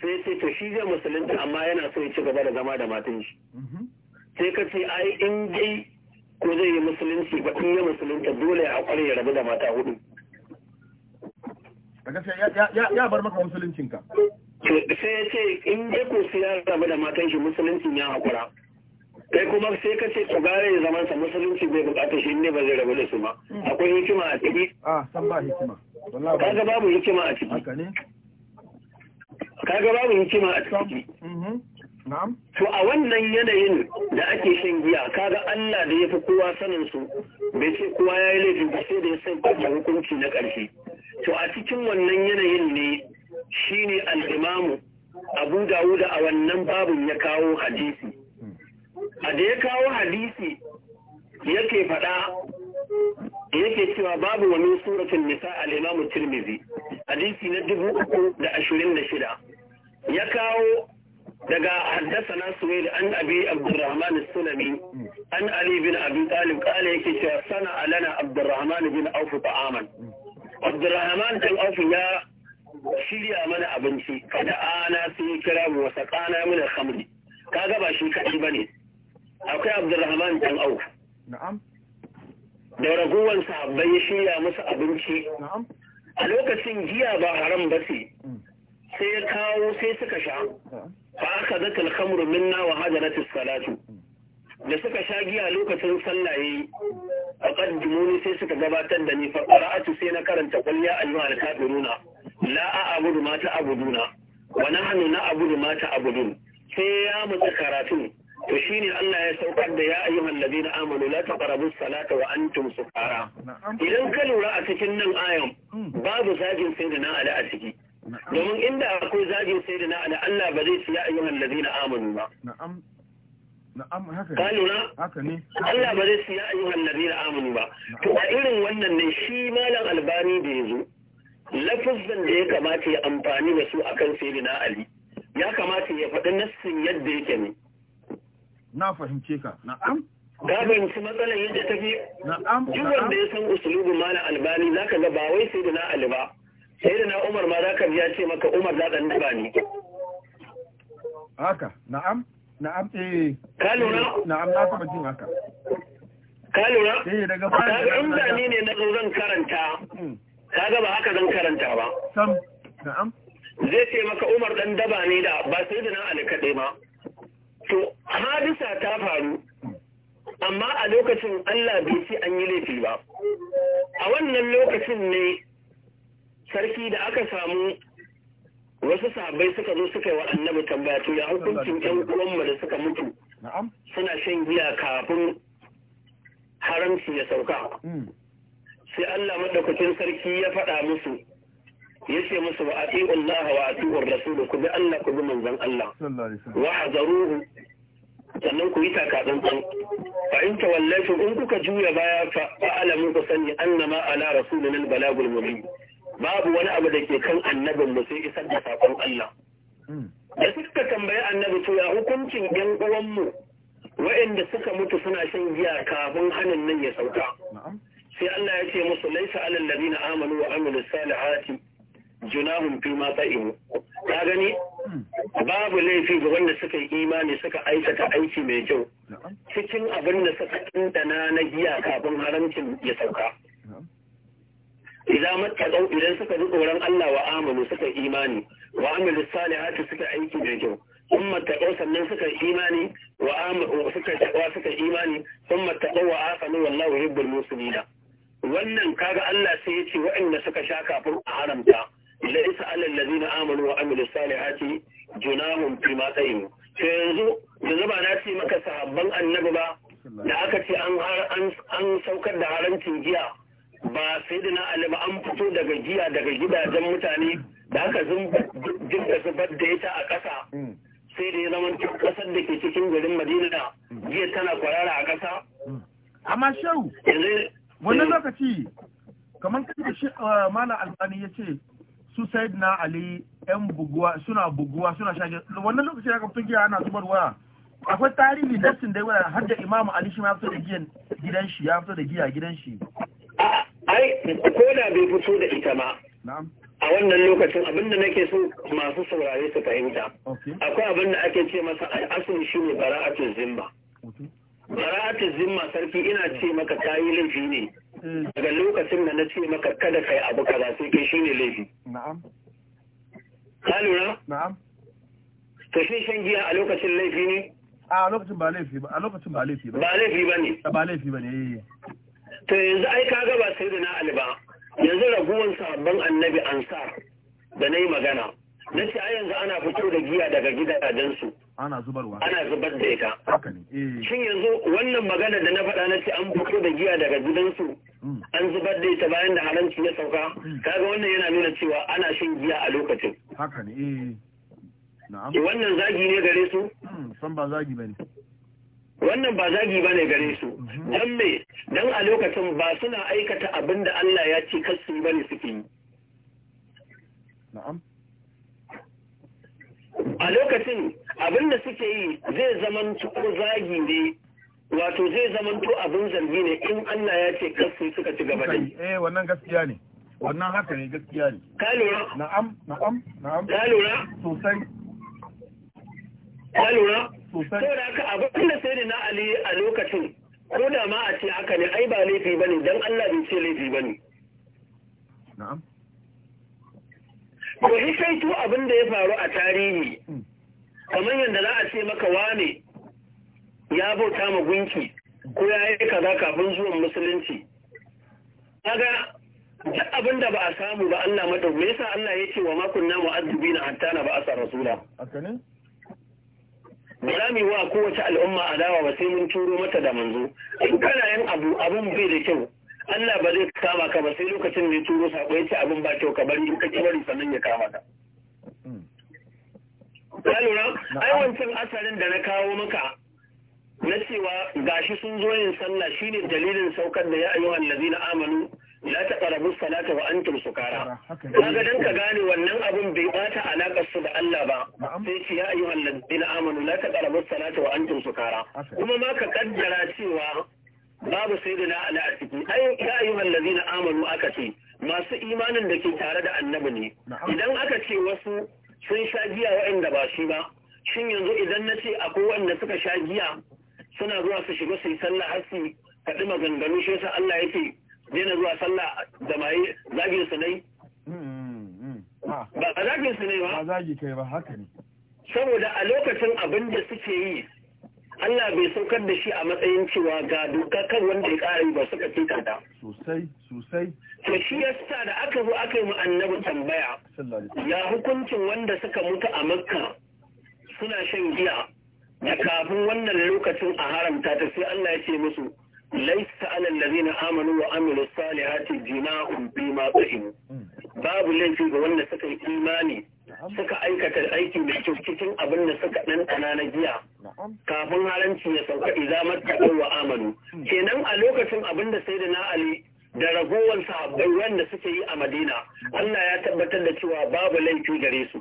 sai ce to shi zai musulunta amma yana so ya ci gaba da zama da matan shi sai ka ce ai in dai ko zai yi musulunci ba in ya musulunta dole a kware ya rabu da mata hudu ya bar maka musuluncinka sai ya ce in dai ko sai ya rabu da matan shi musuluncin ya haƙura kai kuma sai ka ce ku gare ya zaman sa musulunci bai bukata shi ne ba zai rabu da su ba akwai hikima a ciki a san ba hikima kaga babu hikima a ciki haka ne kaga babu hikima a ciki mhm. na'am to a wannan yanayin da ake shan giya kaga Allah da yafi kowa sanin su bai ce kowa yayi yi laifin ba sai da ya san kuma hukunci na ƙarshe to a cikin wannan yanayin ne shine al-imamu Abu Dawud a wannan babun ya kawo hadisi a da ya kawo hadisi yake faɗa yake cewa babu wani suratun nisa a limamu tirmizi hadisi na dubu uku da ashirin da shida ya kawo daga haddasana da an abi abdurrahman sunami an ali bin abu talib kala yake cewa sana alana abdurrahman bin auf ta'aman abdurrahman bin aufu ya shirya mana abinci kada ana sun kira mu wasa kana mana khamri kaga ba shi ba bane akwai abdurrahman dan au na'am da ragowar sahabbai ya shirya musu abinci na'am a lokacin giya ba haram ba ce mm. sai ya kawo sai suka sha fa aka zaka al minna wa salatu mm. da suka sha giya lokacin sallah yayi faqaddimuni sai suka gabatar da ni fa qara'atu sai na karanta qul ya ayyuhal kafiruna la a'budu ma ta'buduna wa nahnu na'budu ma ta'budun sai ya mutsa karatun to shi ne Allah ya saukar da ya ayyuhan ladina amanu la taqrabu salata wa antum sukara idan ka lura a cikin nan ayan hmm. babu zagin sai da na ala a ciki domin inda akwai zagin sai da na ala Allah ba zai ce ya ayyuhan ladina amanu ba na'am ka lura haka ne Allah ba zai ce ya ayyuhan ladina amanu ba to a irin wannan ne shi malam albani da yazo lafazin da ya kamata ya amfani da su akan na ali ya kamata ya faɗi nassin yadda yake ne na fahimce ka na'am ka fahimci matsalar yadda ta fi na'am duk da ya san usulubu mala albani ka ga ba wai sai da na ali ba sai da na umar ma za ka biya ce maka umar za dan daba ne haka na'am na'am eh ka lura na'am na taba jin haka ka lura eh daga fara in da ni ne na zan karanta hmm. ga ba haka zan karanta ba sam na'am zai ce maka umar dan daba ne da ba sai da na ali kaɗai ma to hadisa ta faru amma a lokacin Allah bai ce an yi laifi ba a wannan lokacin ne sarki da aka samu wasu sabai suka zo suka yi wa annabi tambaya to ya hukuncin ƴan uwanmu da suka mutu suna shan giya kafin haramci ya sauka hmm. sai Allah madaukakin sarki ya faɗa musu ce musu wa atiu Allah wa atiu ar-rasul ku bi Allah ku bi manzon Allah wa hazaruhu sannan ku yi takatsan tsan fa in in kuka juya baya fa alamu ku sani annama ala rasulina al-balagul mubin babu wani abu da ke kan annabin mu sai isar da sakon Allah hmm. da suka tambayi annabi to ya hukuncin yan uwan mu suka mutu suna shan giya kafin hanin nan ya sauka sai Allah ya ce musu laisa alal ladina amanu wa amilu salihati junahun fi ma sa'imu ka gani babu laifi ga wanda suka yi imani suka aikata aiki mai kyau cikin abin da suka tantana na giya kafin haramcin ya sauka idan mattaqau idan suka ji tsoron Allah wa amanu suka imani wa amilu salihati suka aiki mai kyau sun mattaqau sannan suka imani wa amanu suka taqwa suka imani sun mattaqau wa afanu wallahu yuhibbul muslimina wannan kaga Allah sai ya ce waɗanda suka sha kafin a haramta ليس على الذين آمنوا وعملوا الصالحات جناهم فيما قيموا فينزو يزبع ناسي مكا sahabban annabi ba da aka ce an saukar da harancin giya ba sai da na alaba an fito daga giya daga gidajen mutane da aka jirga zubar da ita a ƙasa sai da ya zama ƙasar da ke cikin garin madina jiya tana kwarara a ƙasa amma shau wannan lokaci kamar kan da shi mala albani ya ce su said na ali yan buguwa suna buguwa suna shage wannan lokacin ya kafin giya ana zubar waya akwai tarihi nassin da yawa har da imamu ali shi ma fito da giyan gidan shi ya fito da giya gidan shi ai ko da bai fito da ita ma a wannan lokacin abinda nake so masu saurare su fahimta akwai abinda ake ce masa al'asun shi ne bara'atul zimma bara'atul zimma sarki ina ce maka kayi laifi ne Mm. daga lokacin da na ce maka kada kai abu kaza sai kai shine laifi na'am ka lura na'am to shi shan giya a lokacin laifi ne a lokacin ba laifi ba a lokacin ba laifi ba ba laifi ba ne ba laifi ba ne eh, eh. to yanzu ai ka ga ba sai da na alba yanzu raguwan sabon annabi ansar da na yi magana na ce ai yanzu ana fito da giya daga gidajen su. ana zubarwa ana zubar da ita haka ne eh. shin yanzu wannan magana da na faɗa na ce an fito da giya daga gidansu hmm. an zubar da ita bayan da haramci ya sauka hmm. kaga wannan yana nuna cewa ana shan giya a lokacin haka ne eh na'am eh, wannan zagi ne gare su hmm, san ba zagi bane wannan ba zagi ba ne gare su Dan me Dan a lokacin ba suna aikata abin da Allah ya ce kasu ba ne suke yi a lokacin abin da suke yi zai zaman ko zagi ne wato zai zaman to abin zargi ne in Allah ya ce kasu suka ci gaba da eh wannan gaskiya ne wannan haka ne gaskiya ne ka lura na'am na'am na'am ka lura sosai ka lura sosai da haka abin da sai na Ali a lokacin ko da ma a ce haka ne ai ba laifi bane dan Allah bai ce laifi bane na'am ko sai to abin da ya faru a tarihi hmm. kamar yadda za a ce maka wane ya bauta ma gunki ko ya yi kaza kafin zuwan musulunci kaga duk abin da ba a samu ba Allah mata me yasa Allah yake wa namu addubi na hatta na ba'asa rasula ba za mu yi wa kowace al'umma adawa ba sai mun turo mata da manzo in kana yin abu abin bai da kyau Allah ba zai kama ka ba sai lokacin da ya turo sako ya ce abin ba kyau ka bari in ka ki bari sannan ya kama ka hmm. Ya lura? Ai wancan asarin da na kawo maka na cewa gashi sun zo yin sallah shine dalilin saukar da ya ayyuhan ladina amanu la taqrabu salata wa antum sukara kaga dan ka gane wannan abun bai bata alakar su da Allah ba sai ce ya ayyuhal ladina amanu la taqrabu salata wa antum sukara kuma ma ka kaddara cewa babu sayyidina ala a ciki ai ya ayyuhal ladina amanu aka ce masu imanin da ke tare da annabi ne idan aka ce wasu sun sha giya waɗanda ba shi ba shin yanzu idan na ce akwai waɗanda suka sha giya suna zuwa su shiga su yi sallah har su faɗi maganganu shi yasa Allah yake daina zuwa sallah da maye zagin su ne hmm, hmm, hmm. ah. ba zagin su ne ba ba zagi kai ba haka ne saboda a lokacin abin da suke yi Allah bai saukar da shi a matsayin cewa ga doka kan wanda ya ƙara ba suka ce ta. Sosai, sosai. To shi ya sa da aka zo aka yi annabi tambaya. Ya hukuncin wanda suka mutu a Makka suna shan giya da kafin wannan lokacin a haramta ta sai Allah ya ce musu laysa na ladina amanu wa amilu salihati jina'un bima qahimu mm. babu laifi ga wanda suka yi imani suka aikata aiki mai kyau cikin abin da suka ɗanɗana na jiya. kafin haranci ya sauka izamar ta wa amanu kenan a lokacin abin da sai da na ali da ragowar sahabbai wanda suke yi a madina allah ya tabbatar da cewa babu laifi gare su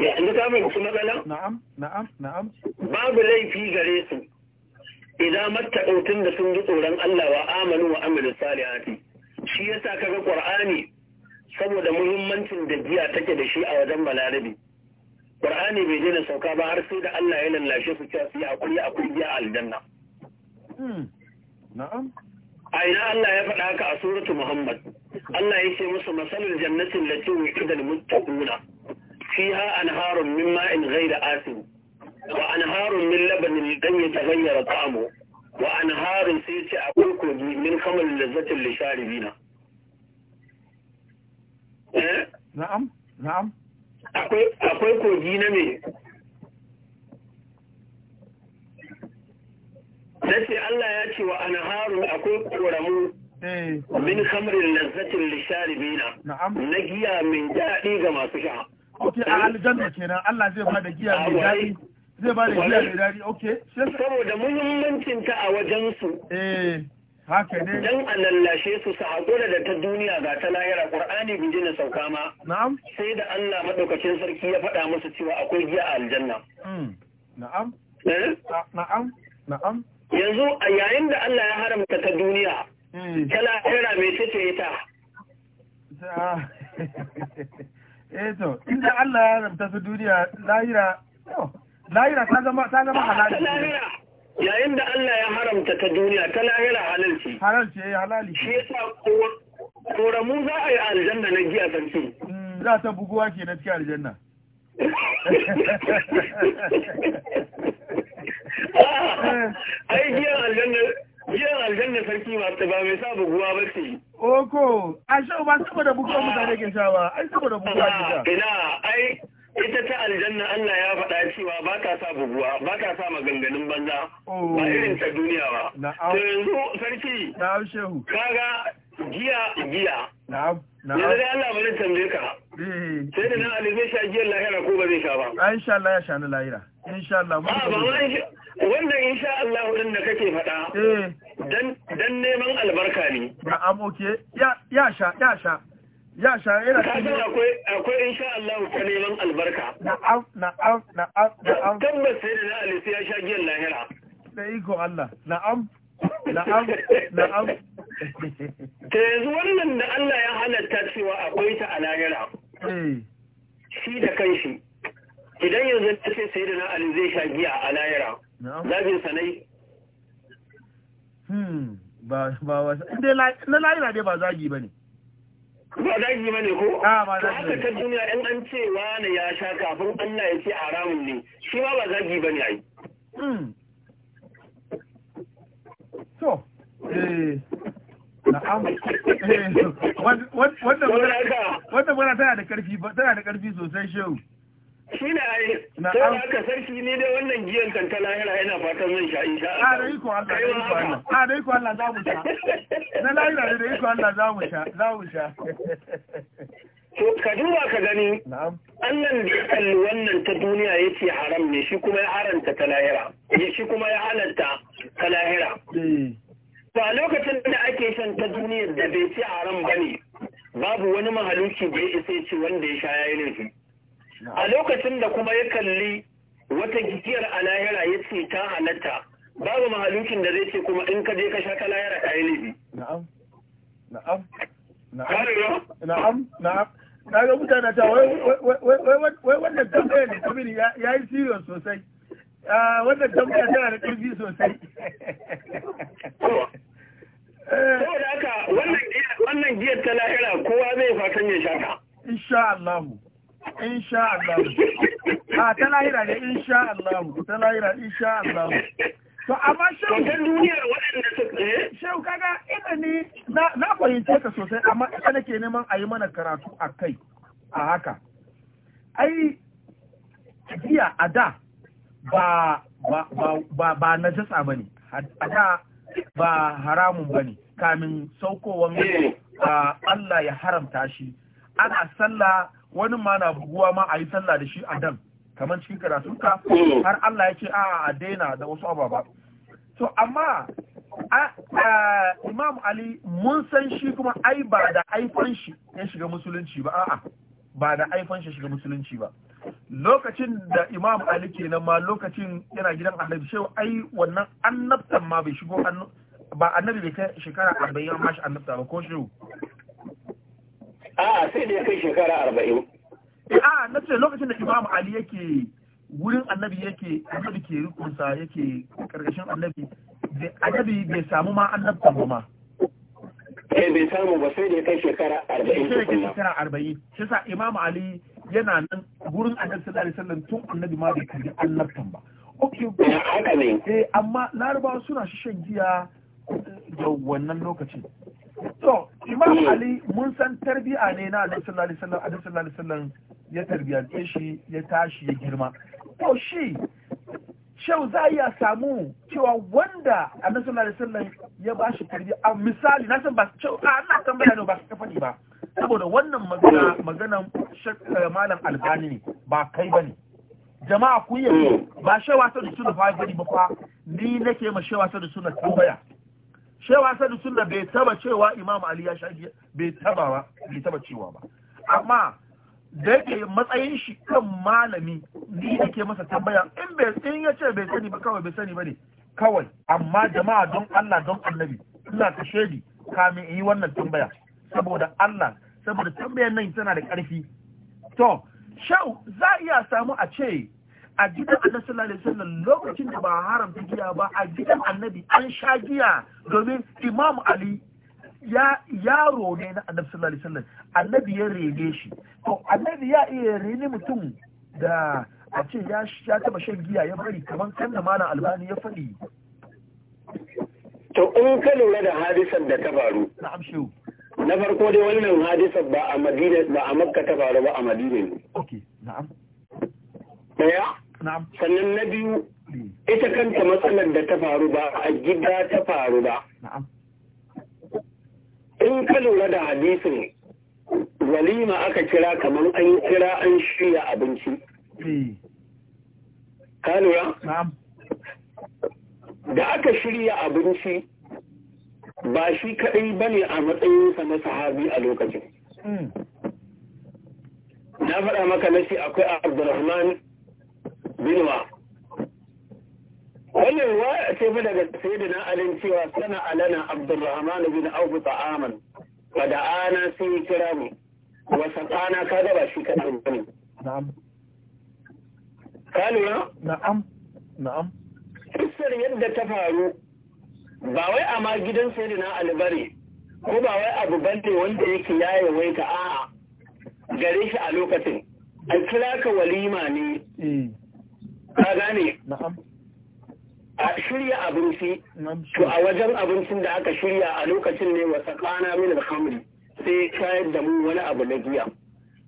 yanzu mai fahimci matsala na'am na'am na'am babu laifi gare su idan mattaƙautun da sun ji tsoron allah wa amanu wa amilu salihati shi yasa kaga qur'ani saboda muhimmancin da jiya take da shi a wajen balarabi qur'ani bai daina sauka ba har sai da Allah ya lallashe su cewa su yi hakuri akwai giya a aljanna hmm. na'am a ina Allah ya faɗa haka a suratu Muhammad Allah ya ce musu masalul jannatin lati wuqida lil muttaqina fiha anharun min ma'in ghayra asin wa anharun min labanin lam yataghayyara ta'amu wa anharun sai ce akwai kogi min kamal lazzatin lisharibina Eh? na'am na'am akwai kogi na me nace Allah ya ce wa anharun akwai koramu eh. min khamrin lazzatin lisharibina na giya mai daɗi ga masu sha Okay, a aljanna kenan Allah zai ba da giya mai daɗi ah, zai ba da giya mai daɗi okay saboda muhimmancin ta a wajen su eh ne a lallashe su su haƙura da ta duniya ga ta lahira ƙur'ani bin jina sauka ma sai da Allah madaukakin sarki ya faɗa musu cewa akwai giya a aljanna hmm. na'am eh? na'am na'am yanzu a yayin da Allah ya haramta ta duniya hmm. ta lahira mai ce ta eh to inda Allah ya haramta ta duniya lahira lahira ta zama ta zama ah, halali yayin da Allah ya haramta ta duniya ta lahira halalci halalci eh, halali shi ya yasa koramu za a yi aljanna na giya sarki hmm, za ta buguwa ke na cikin aljanna ai giyan aljanna giyan aljanna sarki masu ba mai sa buguwa ba ce oko a sha ba saboda buguwa mutane ke sha ba ai saboda buguwa ke sha ina ai ita ta aljanna Allah ya faɗa cewa ba ta sa buguwa ba ta sa maganganun banza ba oh. irin ta duniya ba to yanzu sarki kaga giya giya yanzu dai Allah bari tambaye ka eh. sai da nan Ali sha giyar lahira ko ba zai sha ba ah, insha Allah ya sha na lahira insha Allah ah, ba wannan insha Allah din da kake faɗa eh. dan neman albarka ne na'am okay ya sha ya sha ya sha yana cikin akwai akwai insha Allah ta neman albarka na'am na'am na'am na'am tabbas sai da Ali sai ya sha giyan lahira da iko Allah na'am na'am na'am ta yanzu wannan da Allah ya halatta cewa akwai ta a lahira eh. shi da kanshi idan yanzu ta ce sai da na Ali zai sha giya a lahira zabin sanai hmm, ba ba na lahira dai ba zagi ba ne. ba zagi ba ne ko? Ah, haka ta duniya in an ce wane ya sha kafin Allah ya ce haramun ne shi ma ba zagi ba ne ai hmm. to eh, na'am eh, wanda muna tana da karfi sosai shehu shi ne ai sai da aka sarki ni dai wannan giyan kan ta lahira yana fatan zan sha insha Allah da iko Allah da iko Allah a da iko Allah za mu sha na lahira da iko Allah za mu sha za mu sha to ka duba ka gani Allah da ya kalli wannan ta duniya ya ce haram ne shi kuma ya haranta ta lahira shi kuma ya halatta ta lahira ba eh. lokacin da ake shan ta duniyar da bai ci haram ba ne. babu wani mahaluki da ya isa ya ce wanda ya sha ya yi laifi a lokacin da kuma ya kalli wata gijiyar a lahira ya ce ta halatta babu mahalukin da zai ce kuma in ka je ka sha ta lahira ka yi laifi na'am na'am na'am na'am na'am na ga mutane ta wai wannan ne da kabiri ya yi siriyon sosai ah, wannan tambaya tana da ƙirji sosai eh. saboda haka wannan giyar ta lahira kowa zai fatan ya sha ta insha Allah insha Allah a ah, ta lahira ne insha Allah ta lahira insha Allah to amma shehu ta duniya waɗanda suke eh? shehu kaga ina ni na fahimce ka sosai amma ita nake neman a yi mana karatu a kai a haka ai jiya a da ba ba ba ba najasa bane a da ba haramun ba ne. kamin saukowan eh. Allah ya haramta shi ana sallah wani ma na buguwa ma a yi sallah da shi a dan kamar cikin karatunka hmm. har Allah ya ce a a daina da wasu ababa to amma Imam Ali mun san shi kuma ai ba da aifan shi ya shiga musulunci ba a'a ba da aifan shi shiga musulunci ba lokacin da Imam Ali kenan ma lokacin yana gidan Annabi shewa ai wannan annabtan ma bai shigo ba annabi bai kai shekara 40 amma shi annabta ba ko shehu A'a sai da ya kai shekara arba'in. A'a na ce lokacin da Imam Ali yake wurin annabi yake annabi ke rikunsa yake karkashin annabi annabi bai samu ma annabtan ba ma. Eh bai samu ba sai da ya kai shekara arba'in. Sai da kai shekara arba'in. Shi sa Imam Ali yana nan wurin annabi sallallahu alaihi wasallam tun annabi ma bai kalli annabtan ba. Ok. Eh, haka ne. Eh amma larabawa suna shan giya eh, da wannan lokacin. to imam eh. ali mun san tarbiya ne na annabi sallallahu alaihi wasallam sallallahu alaihi wasallam ya tarbiyance shi ya tashi ya girma to shi shau za iya samu cewa wanda annabi sallallahu alaihi wasallam ya ba shi tarbiyya. a misali na san ba shau a ina tambaya ne ba su faɗi ba saboda wannan magana eh. maganan eh, malam albani ne ba kai ba ne. jama'a ku yi ba shawa ta da suna fa ba fa ni nake ma shawa ta da suna tambaya shewa sadu sunna bai taba cewa imam ali ya shaji bai taba ba bai taba cewa ba amma da yake matsayin shi kan malami ni yake masa tambaya in bai in ya ce bai sani ba kawai bai sani ba ne kawai amma jama'a don Allah don annabi ina ta shedi kamin in yi wannan tambaya saboda Allah saboda tambayar nan tana da ƙarfi to shau za iya samu a ce a gidan annabi sallallahu alaihi wasallam lokacin da ba haramta giya ba a gidan annabi an sha giya domin imam ali ya yaro ne na annabi sallallahu alaihi wasallam annabi ya rene shi to annabi ya iya rene mutum da a ce ya ya taba shan giya ya bari kaman kan da malam albani ya faɗi to in ka lura da hadisan da ta faru na'am shehu na farko dai wannan hadisan ba a madina ba a makka ta faru ba a madina ne okay na'am daya sannan na biyu ita kanta matsalar da ta faru ba a gida ta faru ba in ka lura da hadisin walima aka kira kamar an kira an shirya abinci eh. ka lura da aka shirya abinci ba shi kaɗai ba ne a matsayinsa na sahabi a lokacin hmm. na faɗa maka na ce akwai abdurrahman bilwa Wani ruwa ce fa daga sayyidina alin cewa sana alana abdurrahman bin auf ta'aman ana da'ana sai kira mu wa sakana ka gaba shi shi ɗan bane na'am ka na'am na'am kissar yadda ta faru ba wai a ma gidan sayyidina bare, ko ba wai abu bane wanda yake yaye wai ka a'a gare shi a lokacin A kira ka walima ne eh. ka gane a shirya abinci to a wajen abincin da aka shirya a lokacin ne wasa kana min alhamri sai shayar da mu wani abu na giya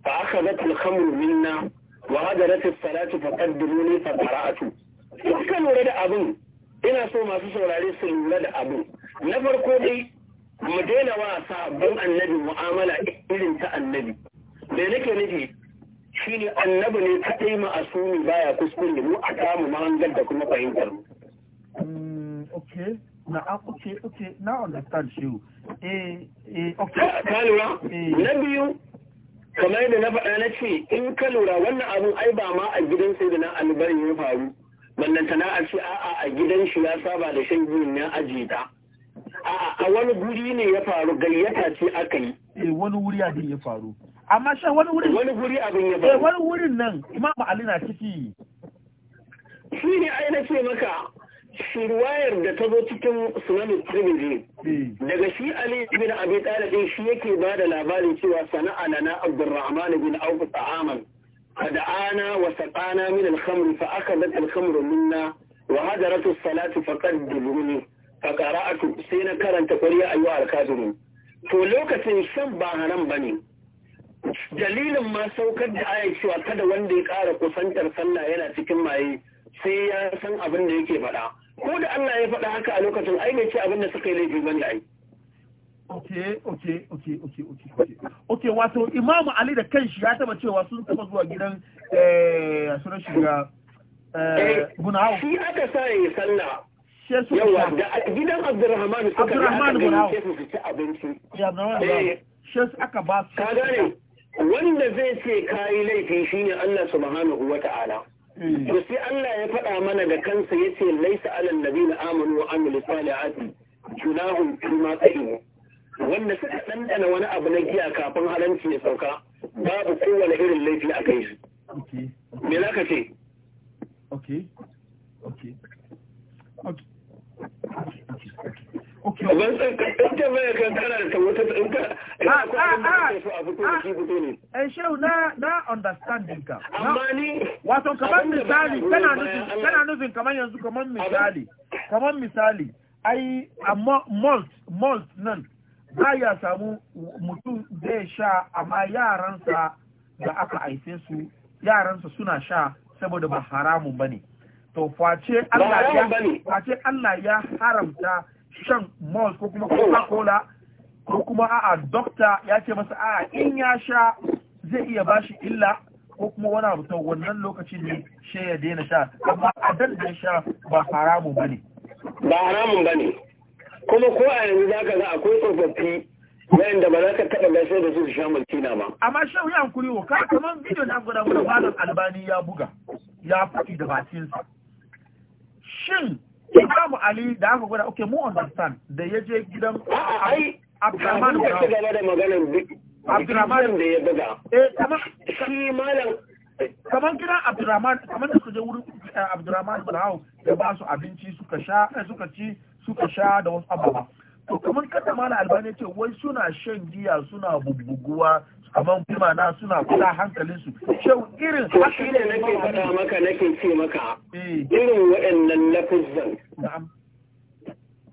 fa aka zata alhamru minna wa hadarat as-salatu fa qaddimuni fa qara'atu kuka lura da abin ina so masu saurare su lura da abin na farko dai mu daina wa sabon annabi mu'amala irin ta annabi da nake nufi shine annabi ne kadai ma'asumi baya kuskure mu a kamu mahangar da kuma fahimtar mu mm, okay na ah, okay okay na understand you eh eh okay ka lura eh. na biyu kamar da na faɗa na ce in ka lura wannan abun ai ba ma a gidan sai da na albarin ya faru ta na a ce a'a a gidan shi ya saba da shan giyin na ajiye ta a'a a wani guri ne ya faru gayyata ce aka yi eh wani wuri ya faru amma shan wani wurin wani guri abin ya eh, wani wurin nan imam ali na ciki shi ne ai na ce maka shirwayar da ta zo cikin sunanin tirmidhi eh. daga shi ali bin abi talib shi yake ba da labarin cewa sana'a lana abdurrahman bin auf ta'aman fada'ana wa saqana min al-khamr fa akadat al-khamr minna wa hadarat as-salatu faqad dubuni fa qara'atu sai na karanta qari'a a al-kafirun to lokacin shan ba haram bane dalilin ma saukar da aya cewa kada wanda ya ƙara kusantar sallah yana cikin maye sai ya san abin da yake faɗa ko da Allah ya faɗa haka a lokacin ai ne ce abin da suka yi laifi da ai Okay, okay, okay, okay, okay, okay. Okay, wato Imam Ali da kanshi ya taba cewa sun taba zuwa gidan eh shiga eh, eh Bunawo. Shi aka sa ya sallah yawa da gidan abdurrahman suka yi abinci ya abdurrahman bin eh. aka ba su ka gane wanda zai ce kayi laifi shine Allah subhanahu wa ta'ala hmm. to sai Allah ya faɗa mana da kansa yace laisa alal ladina amanu wa amilu salihati junahum fima qalu wanda suka dandana wani abu na giya kafin halanci ya sauka babu kowane irin laifi a kai me za ka ce okay okay okay okay ban san in ta baya da wata in ka ina ah, ko abin da ah, kake so a fito da ah. shi fito ne eh shehu na na understanding ka amma ni wato kamar misali kana nufin kana nufin kamar yanzu kamar misali kamar misali ai amma malt malt nan ba ya samu mutum zai sha amma yaransa da aka haife su yaransa suna sha saboda ba haramun bane to face Allah ya face Allah ya haramta shan mouse ko kuma coca-cola ko kuma a'a dokta ya ce masa a'a in ya sha zai iya bashi illa ko kuma wani abu ta wannan lokacin ne she ya daina sha amma a da sha ba ba ne. ba haramun bane kuma ko a yanzu za zaka ga akwai tsofaffi da ba za ka taɓa gaishe da su sha mulkina ba amma wuya an hankuri wa ka kamar bidiyon da guda guda malam albani ya buga ya faɗi da bakinsa shin Imamu Ali da aka gwada, okay, mu understand da ya je gidan Abdurrahman Brown. Abin da da maganar Abdurrahman da ya buga. Eh, kamar shi malam kamar gidan Abdurrahman, kamar da suka je wurin eh, Abdurrahman Brown ya ba su abinci suka sha, eh, suka ci, suka sha da wasu abubuwa. to kamar kasa mana albani ce wai suna shan giya suna bubbuguwa amma kuma na suna kula su shau irin haka ne nake faɗa maka nake ce maka eh. irin waɗannan lafizan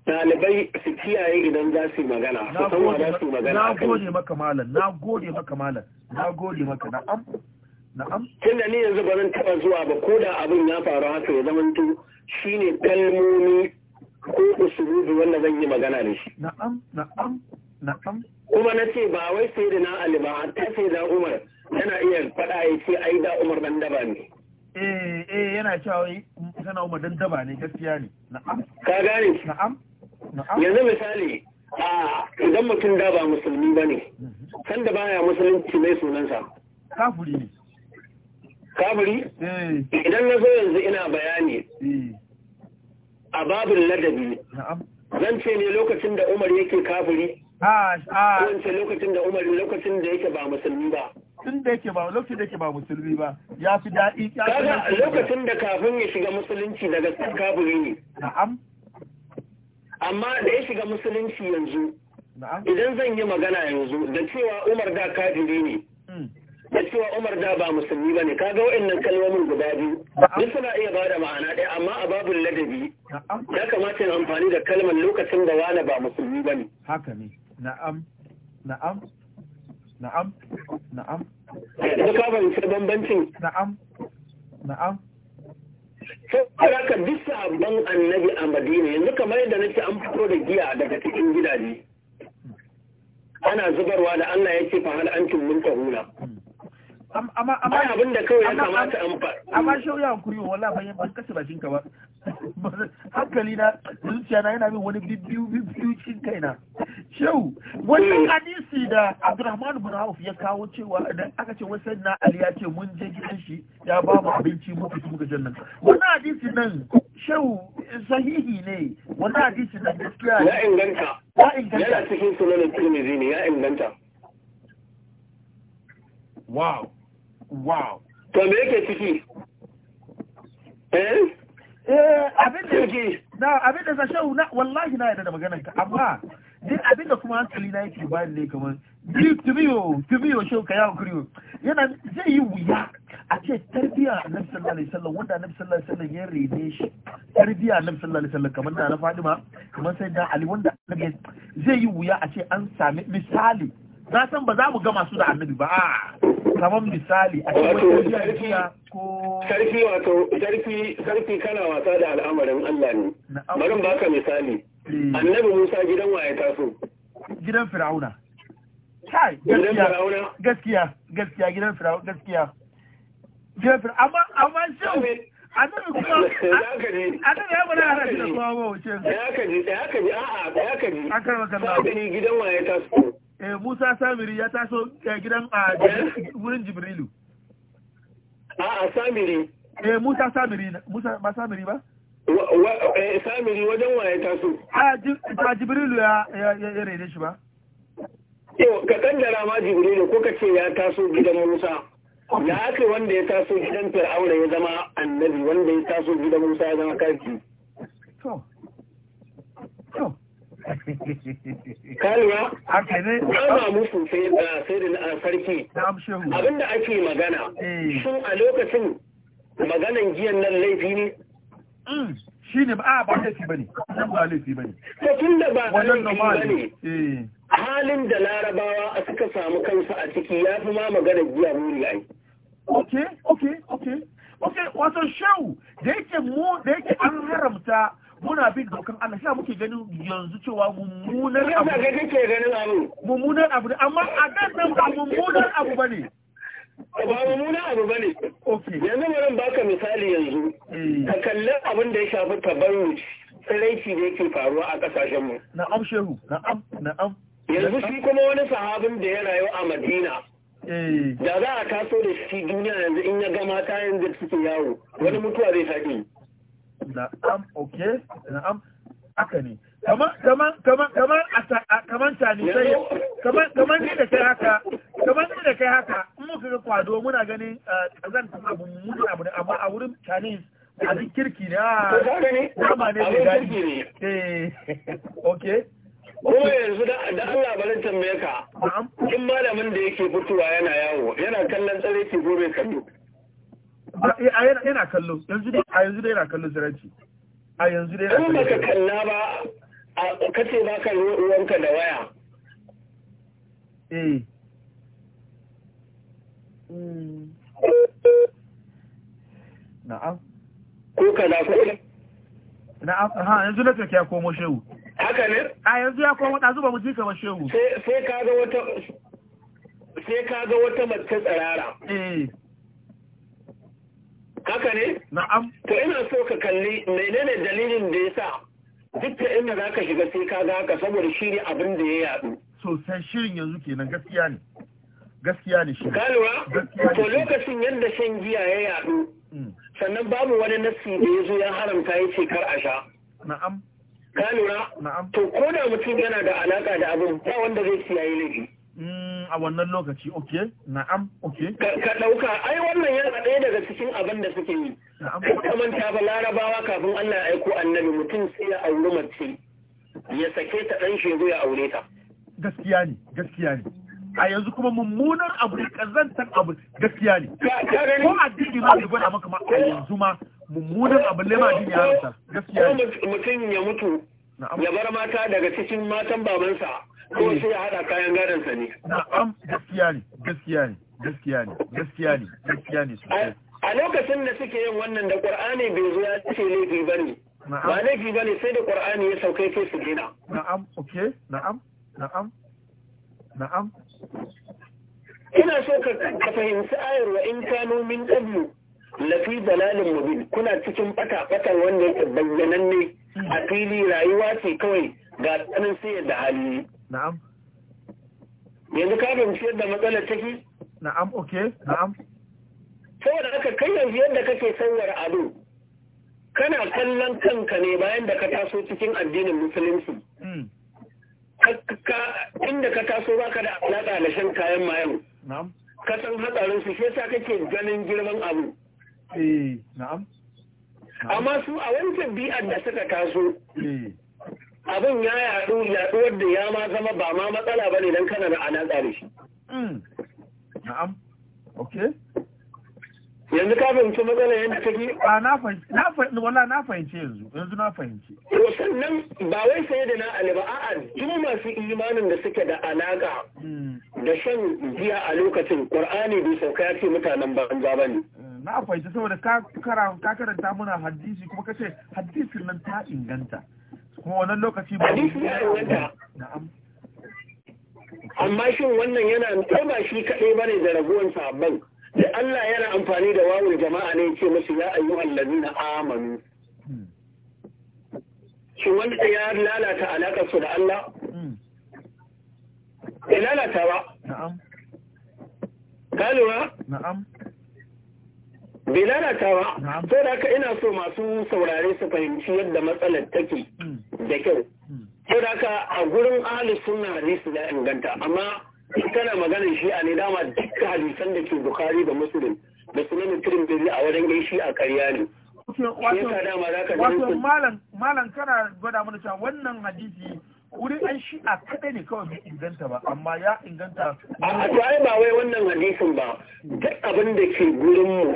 Dalibai su kiyaye idan za su magana, su san wa za su magana. Na gode maka malam, na gode maka malam, na gode maka na'am. Na'am. Tunda ni yanzu ba zan taɓa zuwa ba ko da abin ya faru haka ya zamanto shine kalmomi ko usurudu wanda zan yi magana da shi na'am na'am na'am kuma na ce ba wai sai da na ali ba ta sai da umar yana iya faɗa ya ce ai da umar dan daba ne eh eh yana cewa sana umar dan daba ne gaskiya ne na'am ka gane na'am na'am yanzu misali a idan mutum da ba musulmi ba ne mhm. san da baya musulunci mai sunansa kafuri ne kafuri eh. idan na zo yanzu ina bayani eh. a babin ladabi zan ce ne lokacin da umar yake kafiri ko ce lokacin da umar lokacin da yake ba musulmi ba tun da yake ba lokacin da yake ba musulmi ba ya fi daɗi kaga lokacin da kafin ya shiga musulunci daga san kafiri ne na'am amma da ya shiga musulunci yanzu idan zan yi magana yanzu da cewa umar da kafiri ne da cewa Umar da ba musulmi bane kaga waɗannan kalmomin guda biyu duk suna iya bada ma'ana ɗaya amma a babin ladabi ya kamata yin amfani da kalmar lokacin da wani ba musulmi bane haka ne na'am na'am na'am na'am da ka fahimci bambancin na'am na'am saboda haka duk sabon annabi a madina yanzu kamar yadda nake an fito da giya daga cikin gidaje ana zubarwa da Allah ya ce fa hal antum muntahuna hmm. amma amma abin da kawai ya kamata an fa amma shi ya kuri wallahi ban ban kace bakin ka ba hankali na zuciya na yana min wani bibbiyu bibbiyu cin kaina shehu wani hmm. hadisi da Abdurrahman bin Auf ya kawo cewa idan aka ce wai sayyidina Ali ya ce mun je gidan shi ya ba mu abinci mu fito muka jannan wannan hadisi nan shehu sahihi ne wannan hadisi nan gaskiya ya inganta ya inganta yana cikin sunan Tirmidhi ne ya inganta wow wow to me yake ciki eh eh abin da yake na abin da zashau na wallahi na yadda da maganar ka amma duk abin da kuma hankali na yake bayan ne kamar biyu tubiyo tubiyo shau kayan kuriyo yana zai yi wuya a ce tarbiya na sallallahu alaihi wasallam wanda annabi sallallahu alaihi wasallam ya rene shi tarbiya na sallallahu alaihi wasallam kamar da na Fadima kamar sai da Ali wanda zai yi wuya a ce an sami misali na san ba za mu gama su da annabi ba a kamar misali a cikin jiya ko sarki wato sarki karfi kana wasa da al'amarin Allah ne bari baka misali eh. annabi Musa gidan waye taso gidan Firauna kai gaskiya gaskiya gaskiya gidan Firauna gaskiya gidan Firauna amma amma shi annabi kuma annabi ya mana harafi da kuma ba wuce ya kaji ya kaji a'a ya kaji akan wannan gidan waye so. Eh, Musa Samiri ya taso eh, gidan a ah, wurin Jibrilu. A'a Samiri. Eh Musa Samiri Musa ba Samiri ba? Eh Samiri wajen waye taso? Ah, a Jibrilu ya ya rene shi ba? Yau ka kaddara ma Jibrilu ko ka ce ya taso gidan Musa. Ya haka wanda ya taso gidan Fir'auna ya zama annabi wanda ya taso gidan Musa ya zama kafi. To. kaluwa Haka ne? Kama musu sai ah, da ah, sarki. Abinda ake magana. Eh. sun a lokacin maganan giyan nan laifi ne? Hmm, shi ne ba ah, ba laifi ba ne, nan ba laifi ba ne. tun da ba laifi ba ne, eh. halin da larabawa a suka samu kansu a ciki ya fi ma maganar giya muri ai. Ok, ok, ok. Ok, wato shehu da yake mu da yake an haramta muna bin dokar Allah shi muke ganin yanzu cewa mummunar abu mummunar abu ne amma a dan nan ba mummunar abu bane ba mummunar abu bane yanzu ran baka misali yanzu eh. ka kalli abin da ya shafi tabarruci tsiraici da yake faruwa a kasashen mu na'am shehu na'am na'am yanzu shi kuma wani sahabin da ya rayu a Madina eh. da za a taso da shi duniya yanzu in ya gama kayan yanzu suke yawo wani mutuwa zai sake na'am okay na'am haka ne kamar kamar kamar kamar tani sai kamar ni da kai haka kamar ni da kai haka in muka ga kwado muna ganin zan abu mun abu ne amma a wurin chinese abin kirki ne ah, a dama ne mai gani eh kuma yanzu da Allah balin tambaye ka in malamin da yake fitowa yana yawo yana kallon tsare ke gobe kallo yana kallo yanzu dai a yanzu dai yana kallo siraci a yanzu dai in baka kalla ba a kace ba ka ruwanka da waya eh na'am ko ka kana ko na'am ha yanzu na take ya komo shehu haka ne a yanzu ya komo dazu ba mu ji ka ba shehu sai sai kaga wata sai kaga wata mace tsarara eh haka ne na'am to ina so ka kalli menene dalilin da yasa duk da inda zaka shiga sai ka ga haka saboda shi abin da ya yadu sosai shirin yanzu kenan gaskiya ne gaskiya ne shi to lokacin yadda shan giya ya yadu hmm. sannan babu wani nassi da ya zo ya haramta ya ce kar a sha na'am galuwa to ko da mutum yana da alaka da abin ba wanda zai siya yi laifi Mm, a wannan lokaci ok na'am ok ka ɗauka ai wannan yana ɗaya daga cikin abin da suke yi kaman ta ba larabawa kafin Allah ya aiko annabi mutum sai ya auri mace ya sake ta ɗan shegu ya aure ta gaskiya ne gaskiya ne a yanzu kuma mummunar abu da kazantar abu gaskiya ne ko addini ma bai gwada maka ma a yanzu ma mummunar abu ne addini ya rasa gaskiya ne mutum ya mutu ya bar mata daga cikin matan babansa ko eh. sai ya haɗa kayan gadon sa ne na'am gaskiya ne gaskiya ne gaskiya ne gaskiya ne gaskiya ne a lokacin da suke yin wannan da ƙur'ani bai zo ya ce laifi ba ne. ba laifi ba ne sai da ƙur'ani ya sauke sai su gina na'am okay na'am na'am na'am ina so ka fahimci ayar wa in kano min qablu lafi dalalin mubin kuna cikin bata bata wanda ya yake bayyananne a fili rayuwa ce kawai ga tsanin sayar da hali na'am yanzu ka fahimci yadda matsalar take na'am okay na'am saboda haka kai yanzu yadda kake sanyar ado kana kallon kanka ne bayan da ka taso cikin addinin musulunci hmm. inda ka taso baka da alaƙa da shan kayan mayan ka san hatsarin su shi yasa kake ganin girman abu eh, amma su a wancan bi'ar da suka taso eh. abin ya yaɗu yaɗuwar da ya ma zama ba ma matsala ba ne don kana da ana da shi. Hmm. Na'am, ok. Yanzu ka fahimci matsala yadda take? Ba ah, na fahimci, wala na fahimci yanzu, yanzu na fahimci. To sannan ba wai sai da na aliba, a'a duk masu imanin da suke da alaƙa hmm. da shan jiya a lokacin Ƙur'ani bai sauka ya ce mutanen banza ba ne. Hmm. Na fahimci saboda ka karanta muna hadisi kuma ce hadisin nan ta inganta. kuma wannan lokaci ba hadisi ya amma shin wannan yana kai ba shi kaɗai bane da raguwan sabon da Allah yana amfani da wawul jama'a ne ce musu ya ayyu allazina amanu hmm. shin wanda ya lalata alaƙar su da Allah ya hmm. lalata ba na'am ka lura na'am bai lalata ba sai da haka ina so masu saurare su fahimci yadda matsalar take hmm. da kyau hmm. sai da haka a gurin ahli sunna hadisi da inganta amma kana maganin shi'a ne dama dukkan hadisan da ke bukari da musulun da turin tirmidhi a wajen gaishe a karya ne wato malam kana gwada mana cewa wannan hadisi wurin an shi a kaɗai ne kawai bai inganta ba amma ya inganta a to ba wai wannan hadisin ba duk abin da ke gurin mu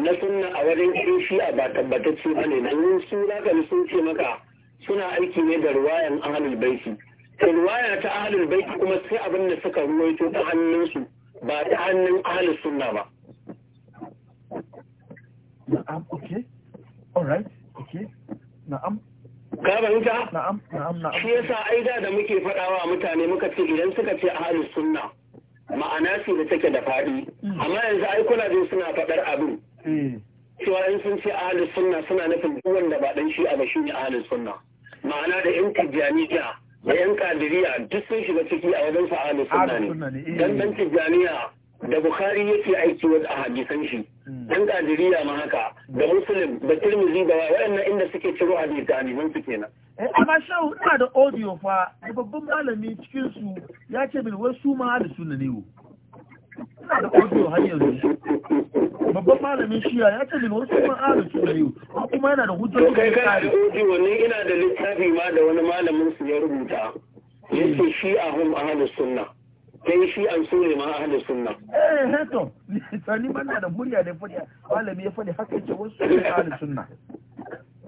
na sunna a wajen shi shi'a ba tabbatacce ba ne yin su za ka sun ce maka suna aiki ne da ruwayan ahalul baiti ruwaya ta ahalul baiti kuma sai abin da suka ruwaito ta hannunsu ba ta hannun ahalul sunna ba na'am okay all right okay na'am ka fahimta na'am na'am na'am shi yasa aida da muke faɗawa mutane muka ce idan suka ce ahalus sunna ma'ana su da take da faɗi hmm. amma yanzu ai kuna jin suna faɗar abin Hmm. cewa sun ce ahalin sunna suna nufin duk da ba dan a ba ne ahalin sunna ma'ana da yan tijjaniya da yan kadiriya duk sun shiga ciki a wajen sa ahalin sunna ne eh. dan dan tijjaniya da bukhari yake aiki wa a hadisan shi Yan hmm. kadiriya ma haka da muslim da tirmidhi da waɗannan inda suke ciro hadisi hadisan su kenan eh amma shehu ina da audio fa babban malami cikin su ya ce wai su ma sunna ina da audio har yanzu babban malamin shiya ya ce daga wasu kuma alu su biyu kuma yana da hujjoji da tsari audio wani ina da littafi ma da wani malamin su ya rubuta yace shi a ahum ahlus sunna kai shi an so ne ma ahlus sunna eh heto eh, sani manna da murya da fadi malami ya fadi haka ce wasu ne ahlus sunna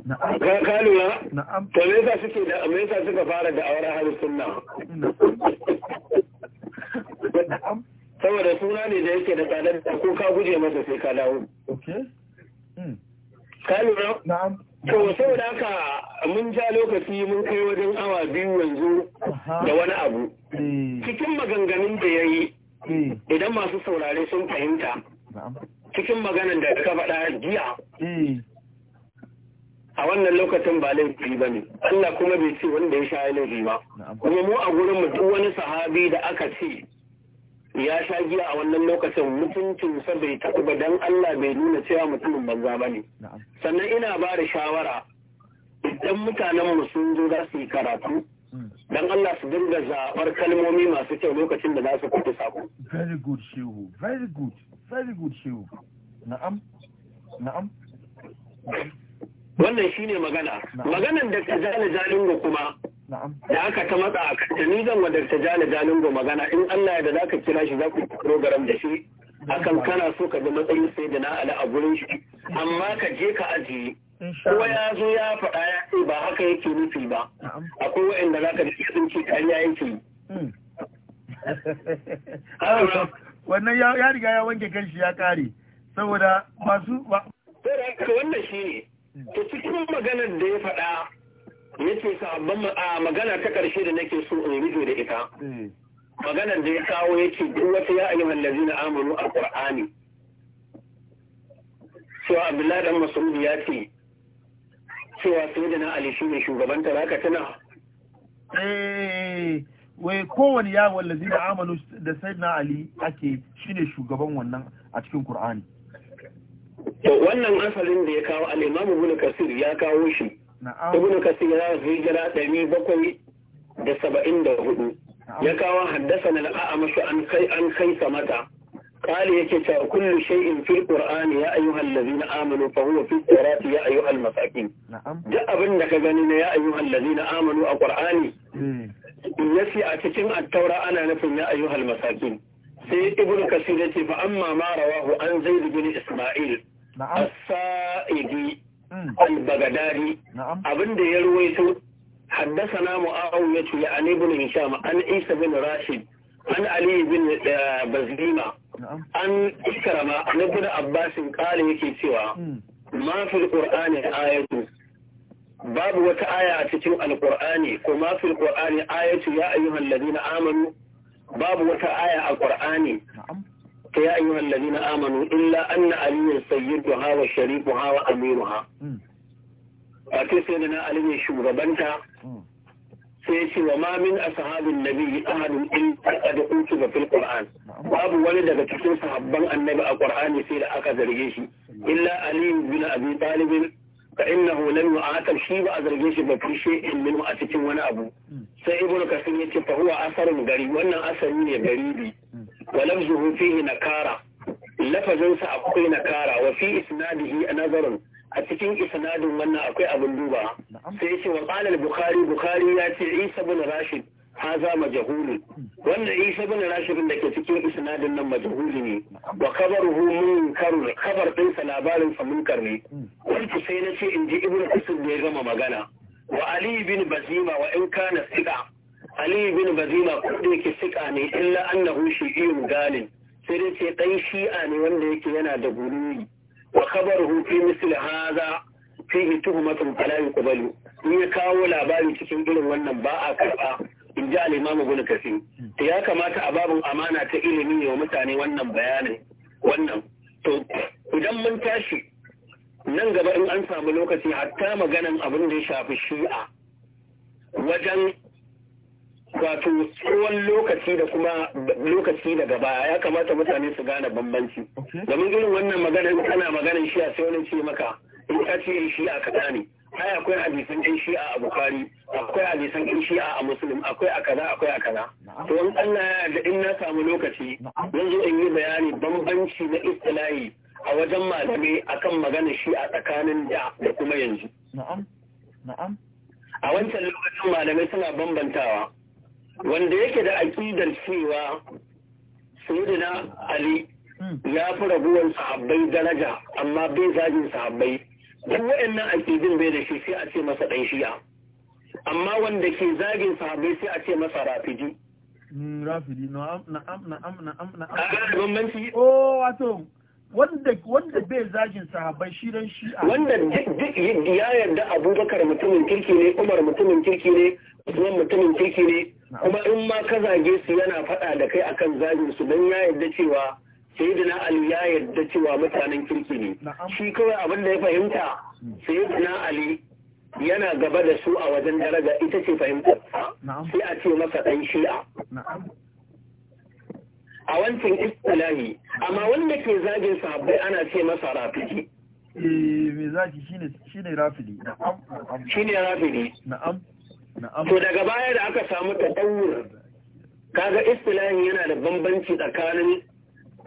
na'am ka lura na'am to me yasa suke da me yasa suka fara da awar ahlus sunna na'am saboda suna ne da yake da tsadar da ko ka guje masa sai ka dawo hmm. ka lura to saboda haka mun ja lokaci mun kai wajen awa biyu yanzu da wani abu eh. cikin maganganun da ya yi eh. idan masu saurare sun fahimta cikin maganan da ka faɗa jiya eh. a wannan lokacin ba laifi ba ne Allah kuma bai ce wanda ya sha laifi ba kuma mu a gurin mu duk wani sahabi da aka ce ya sha giya a wannan lokacin mutuncinsa bai taɓa ba don Allah bai nuna cewa mutumin banza ba ne. Sannan ina ba da shawara idan mutanenmu sun zo za su yi karatu hmm. don Allah su dinga zaɓar kalmomi masu kyau lokacin da za su kuɗi sako. Very good shehu, very good, very good shehu. Na'am, na'am. Wannan ne magana. Maganan da ka jale kuma da aka ta matsa a kanta ni zan madarta jani janin go magana in Allah da zaka kira shi za ku program da shi akan kana so ka ji matsayin sai da na ala a gurin shi amma ka je ka ajiye kowa ya zo ya faɗa ya ce ba haka yake nufi ba akwai waɗanda zaka ji sun ce ƙarya yake hmm. wannan ya riga ya wanke kanshi ya kare saboda masu ba wannan shi ne ta cikin maganar da ya faɗa yace sabon magana ta karshe da nake so in rufe da ita mm. maganar da ya kawo yake duk wata ya na amuru a alqur'ani cewa abdullahi dan mas'ud ya ce cewa sayyidina ali shine shugaban ta zaka tana eh, wai kowane yawon da amalu da na ali ake shine shugaban wannan a cikin qur'ani wannan asalin da ya kawo al'imamu imam kasir ya kawo shi ibnu kasir ya hijira ɗari bakwai da saba'in da hudu ya kawo haddasa na a'amashu an kai an kai samata قال يكتا كل شيء في القرآن يا أيها الذين آمنوا فهو في التوراة يا أيها المساكين نعم جاء بندك بنين يا أيها الذين آمنوا القرآن يسي أتتم التوراة أنا نفن يا أيها المساكين سي ابن كثيرتي فأما ما رواه عن زيد بن إسماعيل نعم السائدي Hmm. al-Baghdadi abinda ya ruwaito Haddasa na ce ya an ibn Hisham an Isa bin Rashid an Ali bin eh, Bazlima an Ikrama an ibn Abbas kale yake cewa hmm. ma fi al-Qur'ani ayatu babu wata aya a cikin al-Qur'ani ko ma fi al-Qur'ani ayatu ya ayyuhal ladina amanu babu wata aya a Qur'ani يا أيها الذين آمنوا إلا أن علي سيدها وشريفها وأميرها أتي سيدنا علي شغبانتا سيتي وما من أصحاب النبي أحد إلا قد أوتب في القرآن باب ولد كتير صحبا النبي القرآن سيد أكا إلا علي بن أبي طالب fa innahu lam yu'atab shi ba a zarge shi ba fi shay'in minhu a cikin wani abu sai ibnu kasir yace fa a asarin gari wannan asari ne gari garibi wa lafzuhu fihi nakara lafazinsa akwai nakara Wafi fi isnadihi nazarun a cikin isnadin wannan akwai abin duba sai yace wa qala al-bukhari bukhari yace isa ibn rashid haza majahulun wannan isa bin Rashidun da ke cikin isnadin nan majahuli ne wa karu da kabar din labarin sa munkar ne wanda sai na ce in ji ibnu da ya gama magana wa ali bin bazima wa in kana sika ali bin bazima ko da yake sika ne illa annahu shi'iyun galin sai dai ce dan shi'a ne wanda yake yana da gururi wa kabaruhu fi misli haza fihi tuhmatun fala yuqbalu in ya kawo labari cikin irin wannan ba a karba in ji al'imamu guna kasi ya kamata a babin amana ta ilimi wa mutane wannan bayanin wannan to idan mun tashi nan gaba in an samu lokaci hatta maganan abin da ya shafi shi'a wajen wato tsawon lokaci da kuma lokaci daga baya ya kamata mutane su gane bambanci domin irin wannan magana kana maganan shi'a sai wani ce maka in ka ce shi'a ka ne ai akwai hadisin ɗin shi'a a bukari akwai hadisin ɗin shi'a a musulun akwai a kaza akwai a kaza to in allah ya yarda in na samu lokaci zan zo in yi bayani bambanci na istilahi a wajen malamai akan magana shi'a tsakanin da da kuma yanzu a wancan lokacin malamai suna bambantawa wanda yake da aƙidar cewa sayyidina ali hmm. ya fi raguwar sahabbai daraja amma bai zagin sahabbai duk wa'annan aƙidin bai da shi sai a ce masa ɗan shi'a amma wanda ke zagin sahabai sai a ce masa rafidi mm, rafidi na'am na'am na'am na'am na'am a oh wato wanda wanda bai zagin sahabai shi dan shi'a wanda ya yarda abubakar mutumin kirki ne umar mutumin kirki ne usman mutumin kirki ne kuma in ma ka zage su yana faɗa da kai akan zagin su don ya yarda cewa sayyidina ali ya yarda cewa mutanen kirki ne shi kawai abin da ya fahimta hmm. sayyidina ali yana gaba da su a wajen daraja ita ce fahimtar sai a ce masa dan shi'a a wancan istilahi amma wanda ke zagin sahabbai ana ce masa rafidi eh, mai zagi ne rafidi ne rafidi na'am na'am to daga baya da aka samu tatawur kaga istilahi yana da bambanci tsakanin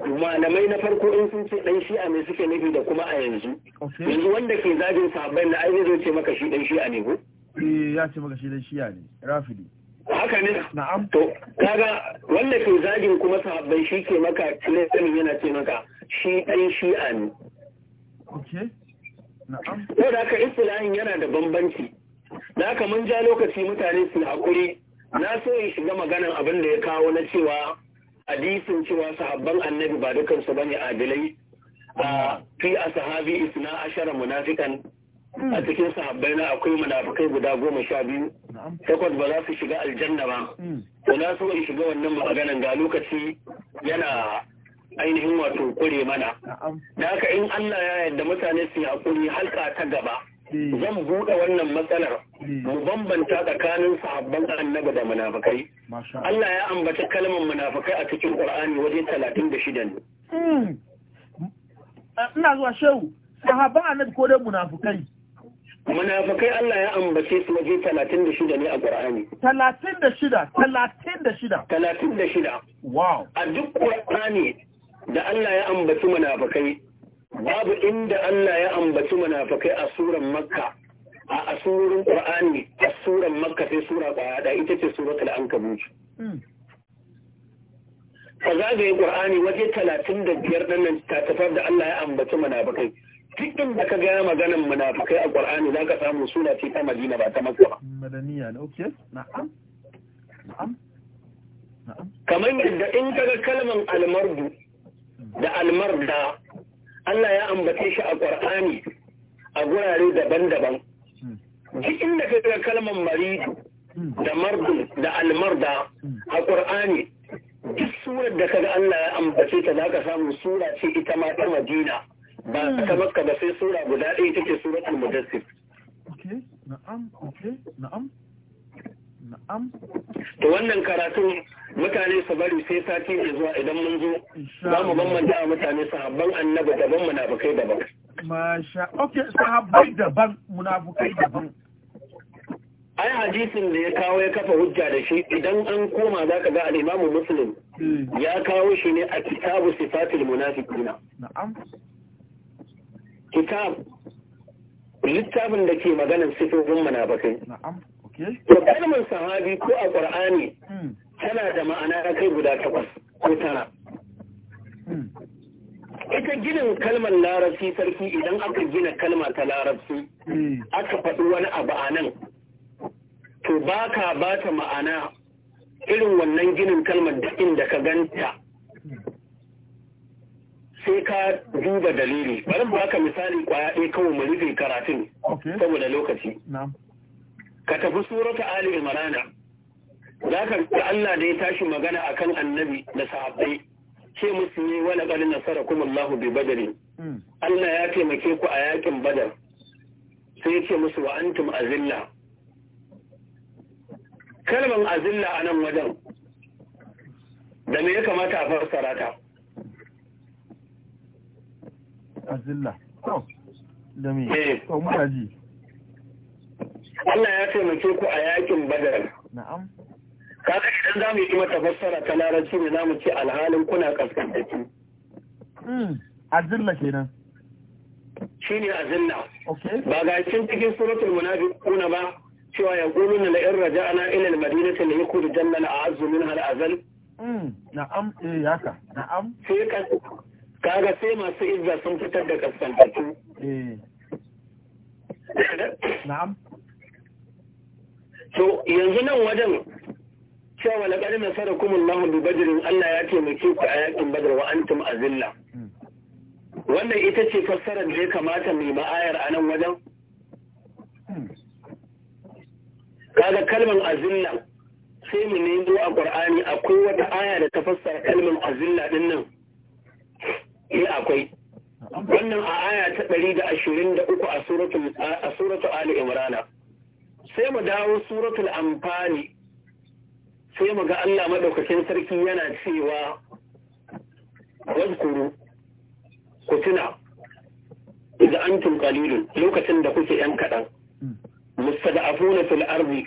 malamai na farko in sun ce dan shi'a ne suke nufi da kuma a yanzu yanzu wanda ke zagin sabon na ainihin zai ce maka shi dan shi'a ne ko eh ya ce maka shi dan shi'a ne rafidi haka ne na'am to kaga wanda ke zagin kuma sabon shi ke maka kilemin yana ce maka shi dan shi'a ne okay na'am ko da haka istilahin yana da bambanci da haka mun ja lokaci mutane su hakuri na so in shiga maganan abin da ya kawo na cewa hadisin cewa sahabban annabi ba dukansu bane adilai a fi a sahabi isna ashara munafikan a cikin sahabbai na akwai munafikai guda goma sha biyu takwas ba za su shiga aljanna ba hmm. to na so in shiga wannan maganan ga lokaci yana ainihin wato kure mana da haka in Allah ya yarda mutane su yi hakuri halka ta gaba Eh. zan buɗe wannan matsalar eh. mu bambanta tsakanin sahabban annabi da munafikai Allah ya ambaci kalmar munafikai a cikin Qur'ani waje 36 ne hmm. ina zuwa shehu sahabban annabi ko dai munafikai munafikai Allah ya ambace su waje 36 ne a Qur'ani 36 36 36 wow a duk Qur'ani da Allah ya ambaci munafikai babu inda Allah ya ambaci munafikai a suran makka a asurin qur'ani a suran makka sai sura kwaya ita ce suratul ankabut hmm. ka zagaye qur'ani waje talatin da biyar nan ta tafar da Allah ya ambaci munafikai duk inda ka gaya maganan munafikai a qur'ani zaka samu suna ce ta madina ba ta makka madaniya ne okay na'am na'am kamar yadda in kaga kalmar almardu da almarda Allah ya ambace shi a ƙwar'ani a gurare daban-daban hmm. duk inda ka ga kalmar maridu hmm. da mardu da almarda a ƙwar'ani, duk surar da ka ga Allah ya ambace ta za ka samu sura ce ita ma ta Madina ba hmm. ta Makka ba sai sura guda ɗaya take suratul mudassir. okay na'am okay na'am To wannan karatun mutane su bari sai sati ya zuwa idan mun zo za mu bambanta manta mutane sahabban annabi daban munafukai daban. Masha, ok, sahabbai daban munafukai daban. Ai hadisin da ya kawo ya kafa hujja da shi idan an koma za ka ga al'imamu Muslim hmm. ya kawo shi ne a kitabu sifatul munafiqina. Na'am. Kitab littafin da ke maganar sifofin munafukai. Na'am. To kalmar sahabi ko a ƙwar'ani hmm. tana da ma'ana na kai guda takwas ko tara. Hmm. Ita ginin kalmar larabci sarki idan aka gina kalma ta larabci hmm. aka faɗi wani abu a nan. To ba ka ba ta ma'ana irin wannan ginin kalmar da inda ka ganta. sai ka duba dalili bari ba ka misali kwaya ɗaya kawai mu rufe karatun saboda lokaci ka tafi surata ali imrana za ka ga Allah da ya tashi magana akan annabi da sahabbai ce musu ne wala qad nasarakum Allahu bi badri hmm. Allah ya taimake ku a yakin badar sai ya ce musu wa antum azilla kalman azilla a nan wajen da me ya kamata a fassara ta azilla to da me eh. to muna Allah ya taimake ku a yakin badar na'am kaga idan za mu yi mata fassara ta larabci ne za mu ce alhalin kuna kaskantattu hmm, azilla kenan shine azilla ba ga cikin cikin suratul munafiquna ba cewa ya quluna la in raja'na ila al-madinati la yukhrijanna Jannan aazzu azumin al-azal hmm, na'am eh yaka na'am sai ka kaga sai masu izza sun fitar da kaskantattu eh na'am to yanzu nan wajen cewa na ƙarin nasara kuma Allah bi bajirin Allah ya taimake ku a yakin badar wa antum azilla wannan ita ce fassarar da ya kamata mai ma'ayar a nan wajen kaga kalmar azilla sai mu nemo a ƙur'ani akwai wata aya da ta fassara kalmar azilla din nan eh akwai wannan a aya ta 123 a suratu a suratu ali imrana sai mu dawo suratul amfani sai mu ga Allah maɗaukakin sarki yana cewa wazkuru ku tuna idan antum qalilun lokacin da kuke yan kaɗan mustada'afuna fil ardi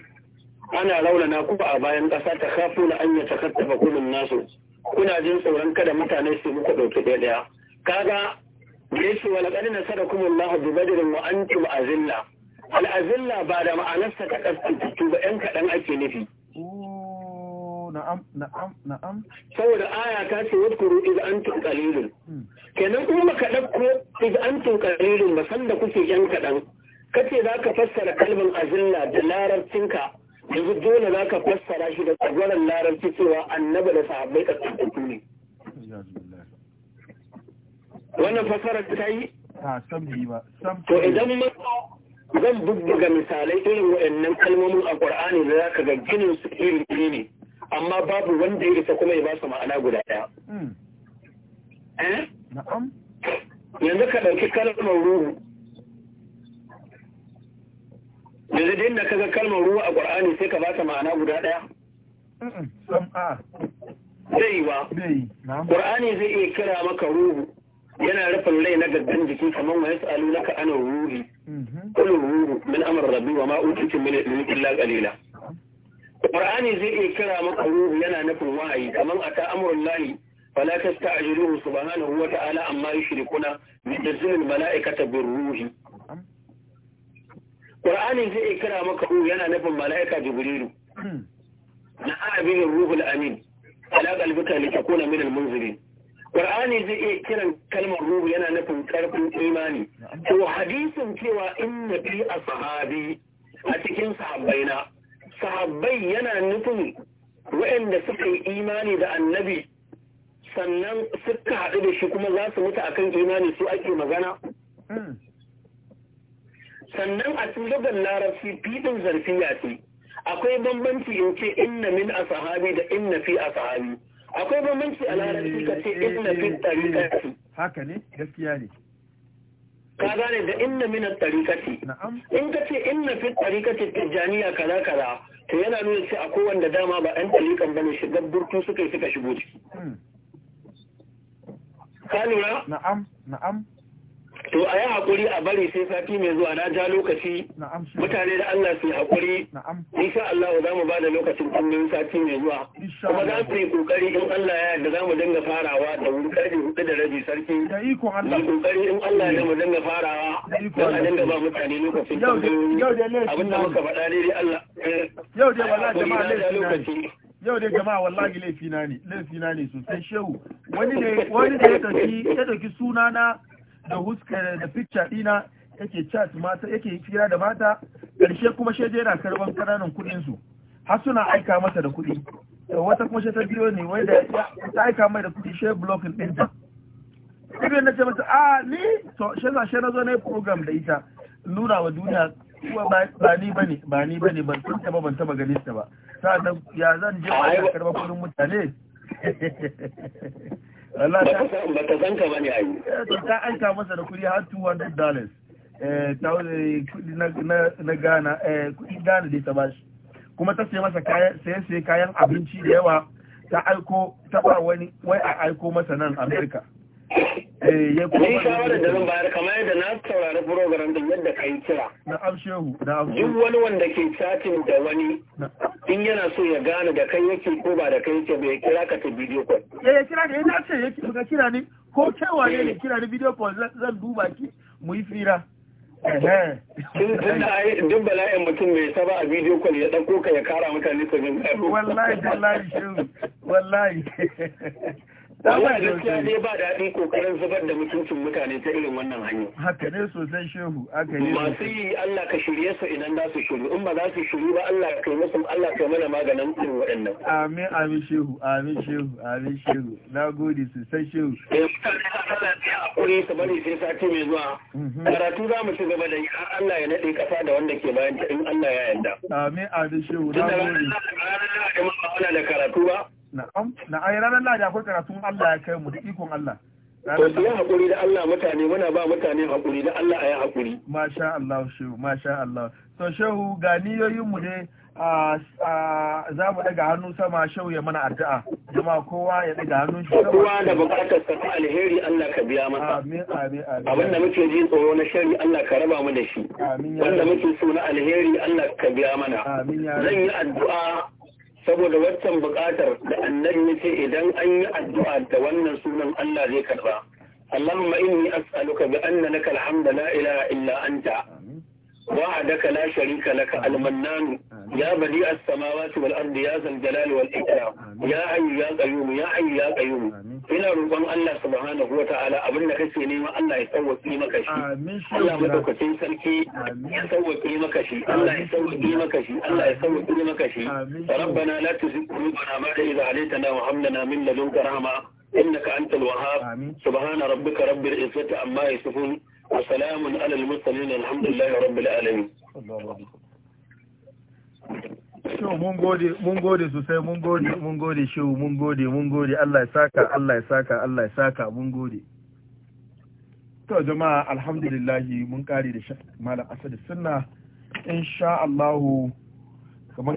ana raunana ku a bayan ƙasa ta kafuna an ta kattafa kulun nasu kuna jin tsoron kada mutane su muku ɗauki ɗaya ɗaya kaga da yake wa laƙari bi badrin wa antum azilla al'azilla ba da ma'anarsa ta kaskantattu ba ‘yan kaɗan ake nufi. Oh, na'am na'am saboda aya ta ce wadkuru iz antum qalilun hmm. kenan kuma ka dauko iz antum qalilun ba san da kuke yan kadan kace ka fassara kalmar azilla da larabcinka yanzu dole za ka fassara shi da tsagwaran larabci cewa Annaba da sahabbai ka tsantu ne wannan fassara ta yi ta ah, san ba to idan mun zan bubbuga misalai irin wa'annan kalmomin a ƙur'ani da ka ga ginin su irin iri ne amma babu wanda ya isa kuma ya ba su ma'ana guda ɗaya. Hmm. Eh? Yanzu ka ɗauki kalmar ruhu. Yanzu da yadda ka ga kalmar ruhu a ƙur'ani sai ka ba ta ma'ana guda ɗaya? Zai yi ba. Ƙur'ani zai iya kira maka ruhu. yana rufin rai na gaddan jiki kamar wa yasalu naka ana ruhi kul ruhu min amr rabbi wa ma utitu min ilmi illa qalila qur'ani zai iya kira maka ruhu yana nufin wahayi kamar ata amrullahi fala tasta'jiluhu subhanahu wa ta'ala amma yushrikuna bidzil malaikata ruhi. qur'ani zai iya kira maka ruhu yana nufin malaika jibrilu hmm. na arabiyin ruhul amin ala qalbika litakuna min al-munzirin Qur'ani zai iya kiran kalmar ruhu yana nufin karfin imani to hadisin cewa na fi sahabi a cikin sahabbaina sahabbai yana nufin waɗanda suka yi imani da annabi sannan suka haɗu da shi kuma za su mutu akan imani su ake magana sannan a cikin larabci fiɗin zarfiya ce akwai bambanci in ce inna min sahabi da inna fi asahabi akwai bambanci a larabci ka ce eh, inna fi eh, tariqati eh. haka ne gaskiya ne ka gane da inna min tariqati in ka ce inna fi tariqati tijaniya kaza kaza to yana nuna cewa akwai wanda dama ba ɗan tariqan bane shigar burtu suka suka shigo ciki hmm. ka lura na'am na'am to a yi haƙuri a bari sai sati mai zuwa na ja lokaci mutane da Allah su yi haƙuri insha Allah za mu ba da lokacin kullum sati mai zuwa kuma za su yi ƙoƙari in Allah ya yarda za mu dinga farawa da wuri karfe hudu da rabi sarki da ikon Allah ƙoƙari in Allah ya mu dinga farawa don a dinga ba mutane lokacin kullum abin da muka faɗa daidai Allah eh. yau dai wallahi jama'a lokaci yau dai jama'a wallahi laifi na ne laifi na ne sosai shehu wani ne wani da ya dauki ya suna na da huska da picture dina yake chat mata yake kira da mata karshe kuma shi yana karban kananan kudin su har suna aika mata da kudi wata kuma she ta biyo ne wai da ta aika mai da kudi she block din ta irin na ce mata ah ni to she za she na zo na program da ita nuna wa duniya kuma ba ni bane ba ni bane ban san ta ba ban taba ganin ta ba sa'an ya zan je ba kudin mutane Eh, ta aika masa da kudi har 200 dollars kuma ta sai masa kayan kayan abinci da yawa ta aiko ta ba wani wai a aiko masa nan America Eh, ya kuma ni shawara da zan bayar kamar yadda na saurari program din yadda kai kira na'am shehu na'am duk wani wanda ke chatting da wani in yana so ya gane da kai yake ko ba da kai yake bai kira ka ta video call eh ya kira ne eh, na ce yake ka kira ni ko cewa wani ne kira ni video call zan duba ki mu yi fira duk bala'in mutum mai saba a bidiyo kwal ya ɗauko ka ya kara mutane su jin wallahi wallahi wallahi Dama gaskiya dai ba daɗin kokarin zubar da mutuncin mutane ta irin wannan hanya. Haka ne sosai shehu, haka ne. Masu yi Allah ka shirye su idan za su shiru, in ba za su shiru ba Allah ka musu Allah ka mana maganin irin waɗannan. Amin amin shehu, amin shehu, amin shehu. Na gode sosai shehu. Eh mutane Allah ya hakuri su bari sai sati mai zuwa. Mhm. Karatu za mu ci gaba da Allah ya naɗe ƙasa da wanda ke bayan ta in Allah ya yarda. Amin amin shehu, na gode. Tunda ranar da karatu ba. na'am na ai ranar ladi akwai karatun Allah ya kai mu da ikon Allah to su yi hakuri da Allah mutane muna ba mutane hakuri da Allah ayi hakuri masha Allah shehu masha Allah to shehu ga niyoyin mu a za mu daga hannu sama shehu ya mana addu'a jama'a kowa ya daga hannun shi kowa da bukatar sa alheri Allah ka biya masa amin amin amin da muke ji tsoro na shari Allah ka raba mu da shi amin ya wanda muke so na alheri Allah ka biya mana amin ya zan yi addu'a saboda waccan buƙatar da annabi ya ce idan an yi addu'a da wannan sunan Allah zai karba Allahumma inni as'aluka bi anna laka alhamdu la ilaha illa anta وعدك لا شريك لك المنان يا بديع السماوات والأرض يا ذا الجلال والإكرام يا حي يا قيوم يا حي يا قيوم ina roƙon Allah subhanahu wa ta'ala abin da kace nema Allah ya sauwaƙe maka shi Allah madaukakin sarki ya sauwaƙe maka shi Allah ya sauwaƙe maka shi Allah ya sauwaƙe maka shi rabbana la tuzigh qulubana ba'da idh hadaytana wa hab lana min ladunka rahma innaka antal wahhab subhana rabbika rabbil izzati amma yasifun وسلام على المرسلين الحمد لله رب العالمين Shehu mun gode, mun gode sosai, mun gode, mun gode shehu, mun gode, mun gode, Allah ya saka, Allah ya saka, Allah ya saka, mun gode. To jama'a alhamdulillahi mun kare da Malam Asad Sunna, insha Allahu